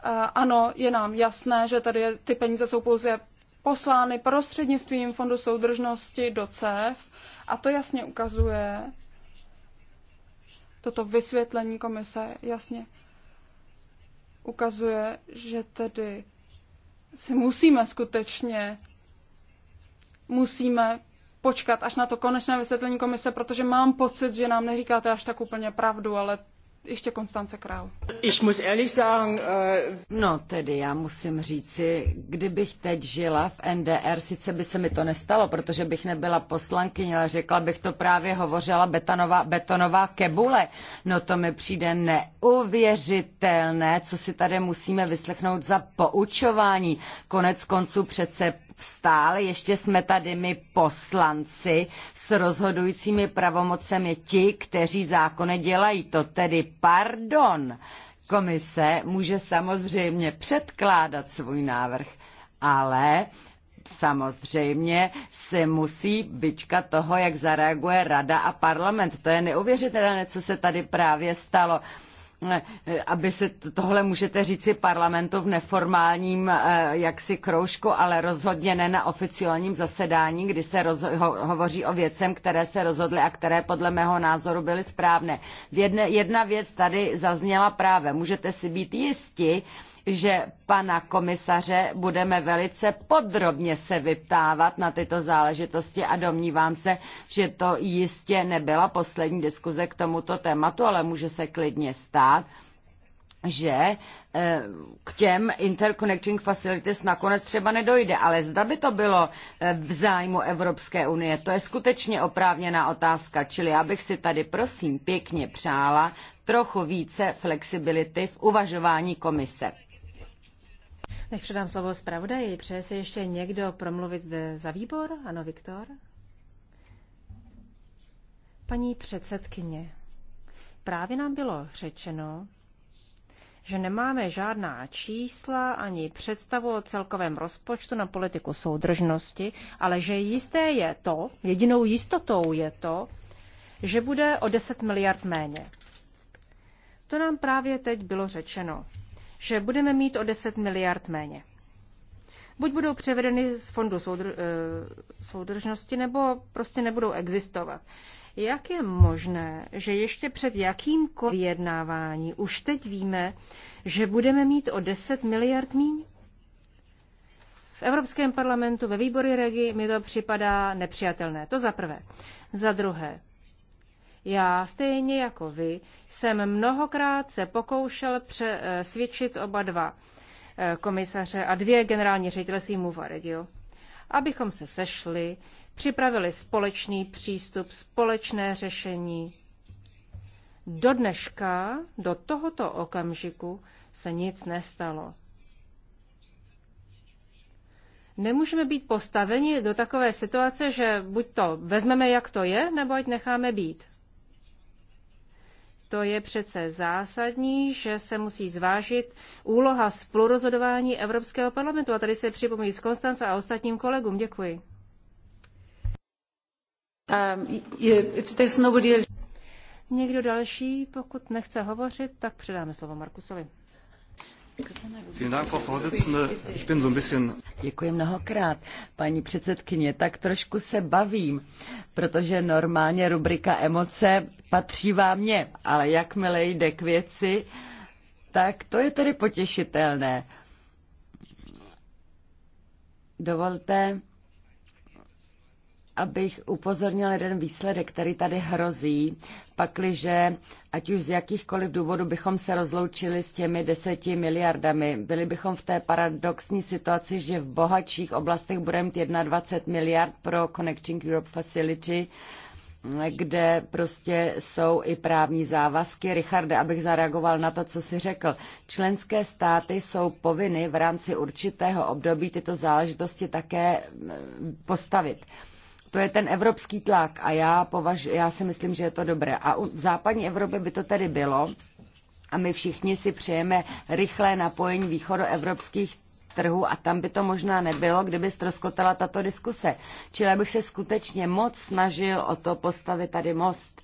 Eh, ano, je nám jasné, že tady ty peníze jsou pouze poslány prostřednictvím Fondu soudržnosti do CEF a to jasně ukazuje, toto vysvětlení komise jasně ukazuje, že tedy si musíme skutečně musíme počkat až na to konečné vysvětlení komise, protože mám pocit, že nám neříkáte až tak úplně pravdu, ale ještě Konstance Král. Äh, no tedy já musím říci, kdybych teď žila v NDR, sice by se mi to nestalo, protože bych nebyla poslankyně, ale řekla bych to právě hovořila betanová, betonová kebule. No to mi přijde neuvěřitelné, co si tady musíme vyslechnout za poučování. Konec konců přece vstál, Ještě jsme tady my poslanci s rozhodujícími pravomocemi ti, kteří zákony dělají. To tedy pardon. Komise může samozřejmě předkládat svůj návrh, ale samozřejmě se musí vyčkat toho, jak zareaguje rada a parlament. To je neuvěřitelné, co se tady právě stalo aby se tohle můžete říci parlamentu v neformálním eh, jaksi kroužku, ale rozhodně ne na oficiálním zasedání, kdy se ho- hovoří o věcem, které se rozhodly a které podle mého názoru byly správné. Jedne, jedna věc tady zazněla právě. Můžete si být jisti, že pana komisaře budeme velice podrobně se vyptávat na tyto záležitosti a domnívám se, že to jistě nebyla poslední diskuze k tomuto tématu, ale může se klidně stát, že eh, k těm interconnecting facilities nakonec třeba nedojde, ale zda by to bylo eh, v zájmu Evropské unie, to je skutečně oprávněná otázka, čili já bych si tady prosím pěkně přála trochu více flexibility v uvažování komise. Nech předám slovo zpravodaji, přeje se ještě někdo promluvit zde za výbor? Ano, Viktor? Paní předsedkyně, právě nám bylo řečeno, že nemáme žádná čísla ani představu o celkovém rozpočtu na politiku soudržnosti, ale že jisté je to, jedinou jistotou je to, že bude o 10 miliard méně. To nám právě teď bylo řečeno že budeme mít o 10 miliard méně. Buď budou převedeny z fondu soudr- eh, soudržnosti, nebo prostě nebudou existovat. Jak je možné, že ještě před jakýmkoliv vyjednávání už teď víme, že budeme mít o 10 miliard míň? V Evropském parlamentu ve výbory regi mi to připadá nepřijatelné. To za prvé. Za druhé, já stejně jako vy jsem mnohokrát se pokoušel přesvědčit eh, oba dva eh, komisaře a dvě generální ředitelství MUV a Regio, abychom se sešli, připravili společný přístup, společné řešení. Do dneška, do tohoto okamžiku se nic nestalo. Nemůžeme být postaveni do takové situace, že buď to vezmeme, jak to je, nebo ať necháme být. To je přece zásadní, že se musí zvážit úloha spolurozhodování Evropského parlamentu. A tady se připomíní s Konstance a ostatním kolegům. Děkuji. Um, Někdo další, pokud nechce hovořit, tak předáme slovo Markusovi. Děkuji mnohokrát. Paní předsedkyně, tak trošku se bavím, protože normálně rubrika emoce patří vám mě, ale jakmile jde k věci, tak to je tedy potěšitelné. Dovolte, abych upozornil jeden výsledek, který tady hrozí pakliže ať už z jakýchkoliv důvodů bychom se rozloučili s těmi deseti miliardami. Byli bychom v té paradoxní situaci, že v bohatších oblastech budeme mít 21 miliard pro Connecting Europe Facility, kde prostě jsou i právní závazky. Richarde, abych zareagoval na to, co jsi řekl. Členské státy jsou povinny v rámci určitého období tyto záležitosti také eh, postavit. To je ten evropský tlak a já, považ, já si myslím, že je to dobré. A v západní Evropě by to tedy bylo a my všichni si přejeme rychlé napojení východoevropských trhu a tam by to možná nebylo, kdyby ztroskotala tato diskuse. Čili bych se skutečně moc snažil o to postavit tady most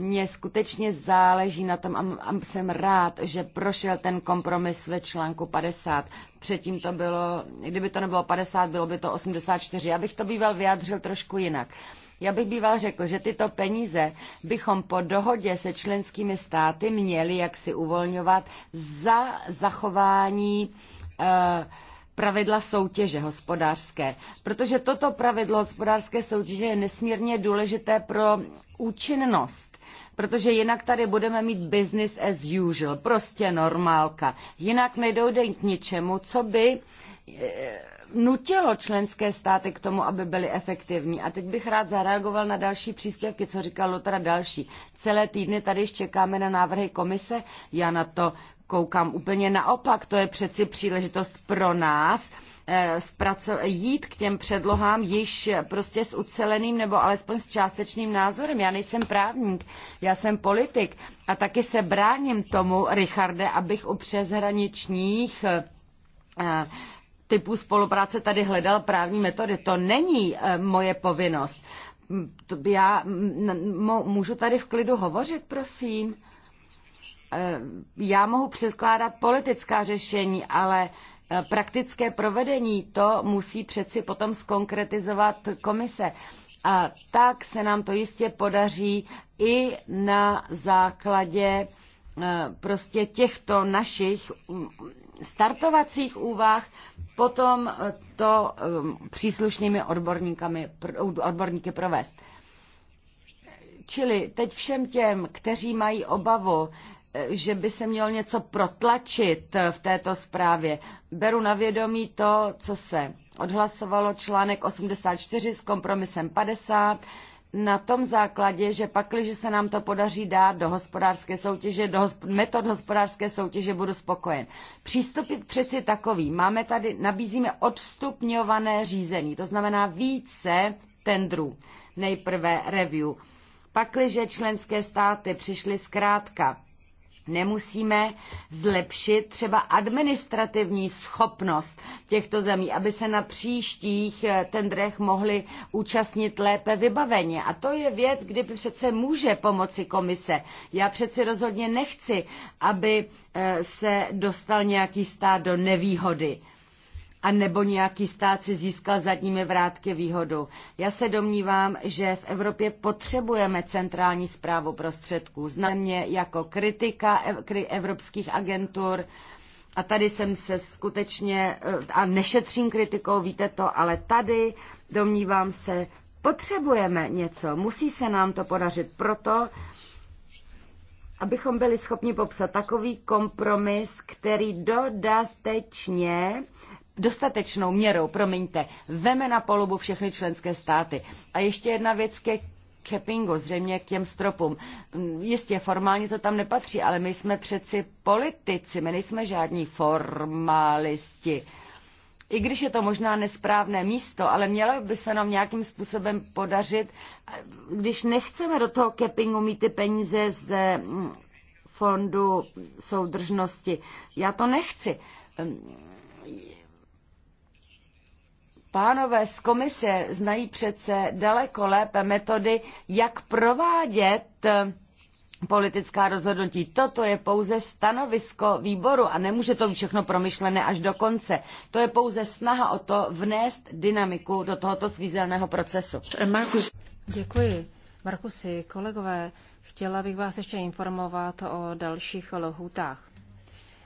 mně skutečně záleží na tom a jsem rád, že prošel ten kompromis ve článku 50. Předtím to bylo, kdyby to nebylo 50, bylo by to 84. Já bych to býval vyjádřil trošku jinak. Já bych býval řekl, že tyto peníze bychom po dohodě se členskými státy měli jaksi uvolňovat za zachování eh, pravidla soutěže hospodářské, protože toto pravidlo hospodářské soutěže je nesmírně důležité pro účinnost protože jinak tady budeme mít business as usual, prostě normálka. Jinak nedojde k ničemu, co by e, nutilo členské státy k tomu, aby byly efektivní. A teď bych rád zareagoval na další příspěvky, co říkal Lotra další. Celé týdny tady ještě čekáme na návrhy komise. Já na to koukám úplně naopak. To je přeci příležitost pro nás, Eh, jít k těm předlohám již prostě s uceleným nebo alespoň s částečným názorem. Já nejsem právník, já jsem politik a taky se bráním tomu, Richarde, abych u přeshraničních eh, typů spolupráce tady hledal právní metody. To není eh, moje povinnost. Já můžu tady v klidu hovořit, prosím. Já mohu předkládat politická řešení, ale praktické provedení, to musí přeci potom skonkretizovat komise. A tak se nám to jistě podaří i na základě e, prostě těchto našich mm, startovacích úvah, potom e, to e, příslušnými odborníkami, odborníky provést. Čili teď všem těm, kteří mají obavu, Eh, že by se mělo něco protlačit eh, v této zprávě. Beru na vědomí to, co se odhlasovalo článek 84 s kompromisem 50, na tom základě, že pakliže se nám to podaří dát do hospodářské soutěže, do hosp- metod hospodářské soutěže, budu spokojen. Přístup je přeci takový. Máme tady, nabízíme odstupňované řízení, to znamená více tendrů. Nejprve review. Pakliže členské státy přišly zkrátka nemusíme zlepšit třeba administrativní schopnost těchto zemí, aby se na příštích eh, tendrech mohli účastnit lépe vybaveně. A to je věc, kdy přece může pomoci komise. Já přeci rozhodně nechci, aby eh, se dostal nějaký stát do nevýhody a nebo nějaký stát si získal zadními vrátky výhodu. Já se domnívám, že v Evropě potřebujeme centrální zprávu prostředků. Znameně jako kritika evropských agentur, a tady jsem se skutečně, eh, a nešetřím kritikou, víte to, ale tady domnívám se, potřebujeme něco, musí se nám to podařit proto, abychom byli schopni popsat takový kompromis, který dodatečně dostatečnou měrou, promiňte, veme na polubu všechny členské státy. A ještě jedna věc ke kepingu, zřejmě k těm stropům. Jistě, formálně to tam nepatří, ale my jsme přeci politici, my nejsme žádní formalisti. I když je to možná nesprávné místo, ale mělo by se nám nějakým způsobem podařit, když nechceme do toho kepingu mít ty peníze z mm, fondu soudržnosti. Já to nechci Pánové z komise znají přece daleko lépe metody, jak provádět eh, politická rozhodnutí. Toto je pouze stanovisko výboru a nemůže to být všechno promyšlené až do konce. To je pouze snaha o to vnést dynamiku do tohoto svízelného procesu. Markus. Děkuji. Markusi, kolegové, chtěla bych vás ještě informovat o dalších lhůtách.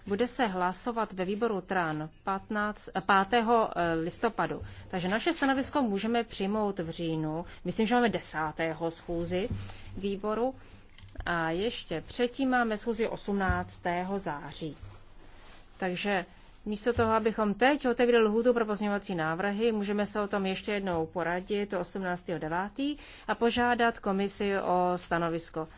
Bude se hlasovat ve výboru TRAN 15, 5. Eh, eh, listopadu. Takže naše stanovisko můžeme přijmout v říjnu. Myslím, že máme 10. schůzi výboru. A ještě předtím máme schůzi 18. září. Takže místo toho, abychom teď otevřeli lhůtu pro pozměňovací návrhy, můžeme se o tom ještě jednou poradit 18.9. a požádat komisi o stanovisko.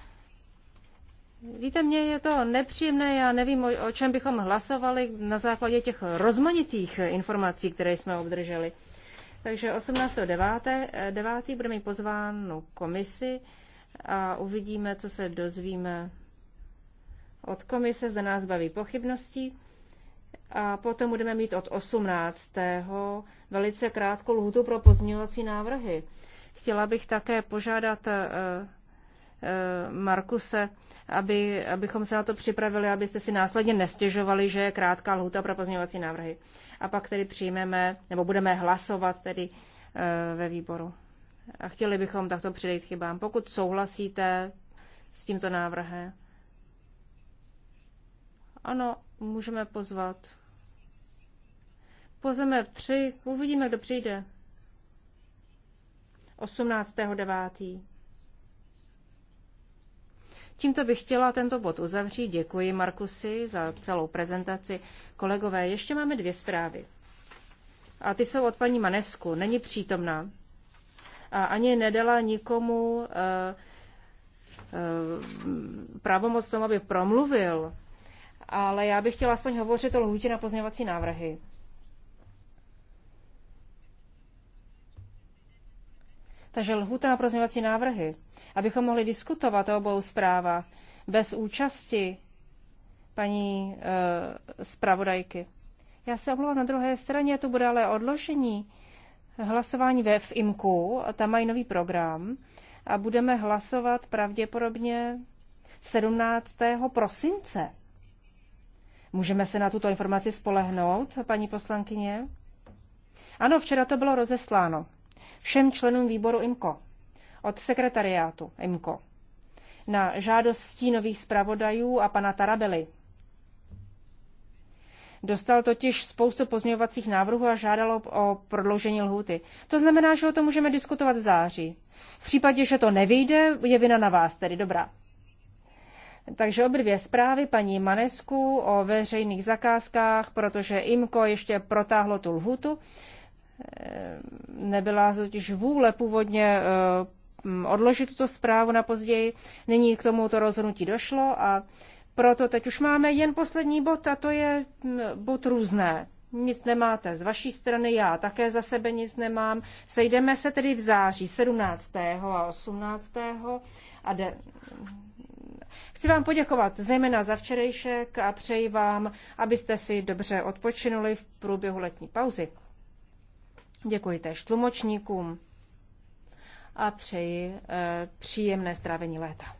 Víte, mně je to nepříjemné, já nevím, o čem bychom hlasovali na základě těch rozmanitých informací, které jsme obdrželi. Takže 18.9. budeme mít pozvánu komisi a uvidíme, co se dozvíme od komise, za nás baví pochybnosti. A potom budeme mít od 18. velice krátkou lhutu pro pozměňovací návrhy. Chtěla bych také požádat eh, Eh, Markuse, aby, abychom se na to připravili, abyste si následně nestěžovali, že je krátká lhuta pro pozměňovací návrhy. A pak tedy přijmeme, nebo budeme hlasovat tedy eh, ve výboru. A chtěli bychom takto přidejt chybám. Pokud souhlasíte s tímto návrhem, ano, můžeme pozvat. Pozveme tři, uvidíme, kdo přijde. 18.9. Tímto bych chtěla tento bod uzavřít. Děkuji Markusi za celou prezentaci. Kolegové, ještě máme dvě zprávy. A ty jsou od paní Manesku. Není přítomná. A ani nedala nikomu uh, uh, pravomoc tomu, aby promluvil. Ale já bych chtěla aspoň hovořit o lhůtě na pozměňovací návrhy. Takže lhůta na prozněvací návrhy, abychom mohli diskutovat o obou zprávách bez účasti paní e, zpravodajky. Já se omlouvám, na druhé straně to bude ale odložení hlasování ve v IMKU, tam mají nový program a budeme hlasovat pravděpodobně 17. prosince. Můžeme se na tuto informaci spolehnout, paní poslankyně? Ano, včera to bylo rozesláno všem členům výboru IMCO od sekretariátu IMCO na žádost stínových zpravodajů a pana Tarabely. Dostal totiž spoustu pozměňovacích návrhů a žádal o prodloužení lhuty. To znamená, že o tom můžeme diskutovat v září. V případě, že to nevyjde, je vina na vás tedy, dobrá. Takže obě dvě zprávy paní Manesku o veřejných zakázkách, protože IMKO ještě protáhlo tu lhutu, Eh, nebyla totiž vůle původně eh, odložit tuto zprávu na později. Nyní k tomuto rozhodnutí došlo a proto teď už máme jen poslední bod a to je mm, bod různé. Nic nemáte z vaší strany, já také za sebe nic nemám. Sejdeme se tedy v září 17. a 18. a de... Chci vám poděkovat zejména za včerejšek a přeji vám, abyste si dobře odpočinuli v průběhu letní pauzy. Děkuji též tlumočníkům a přeji eh, příjemné strávení léta.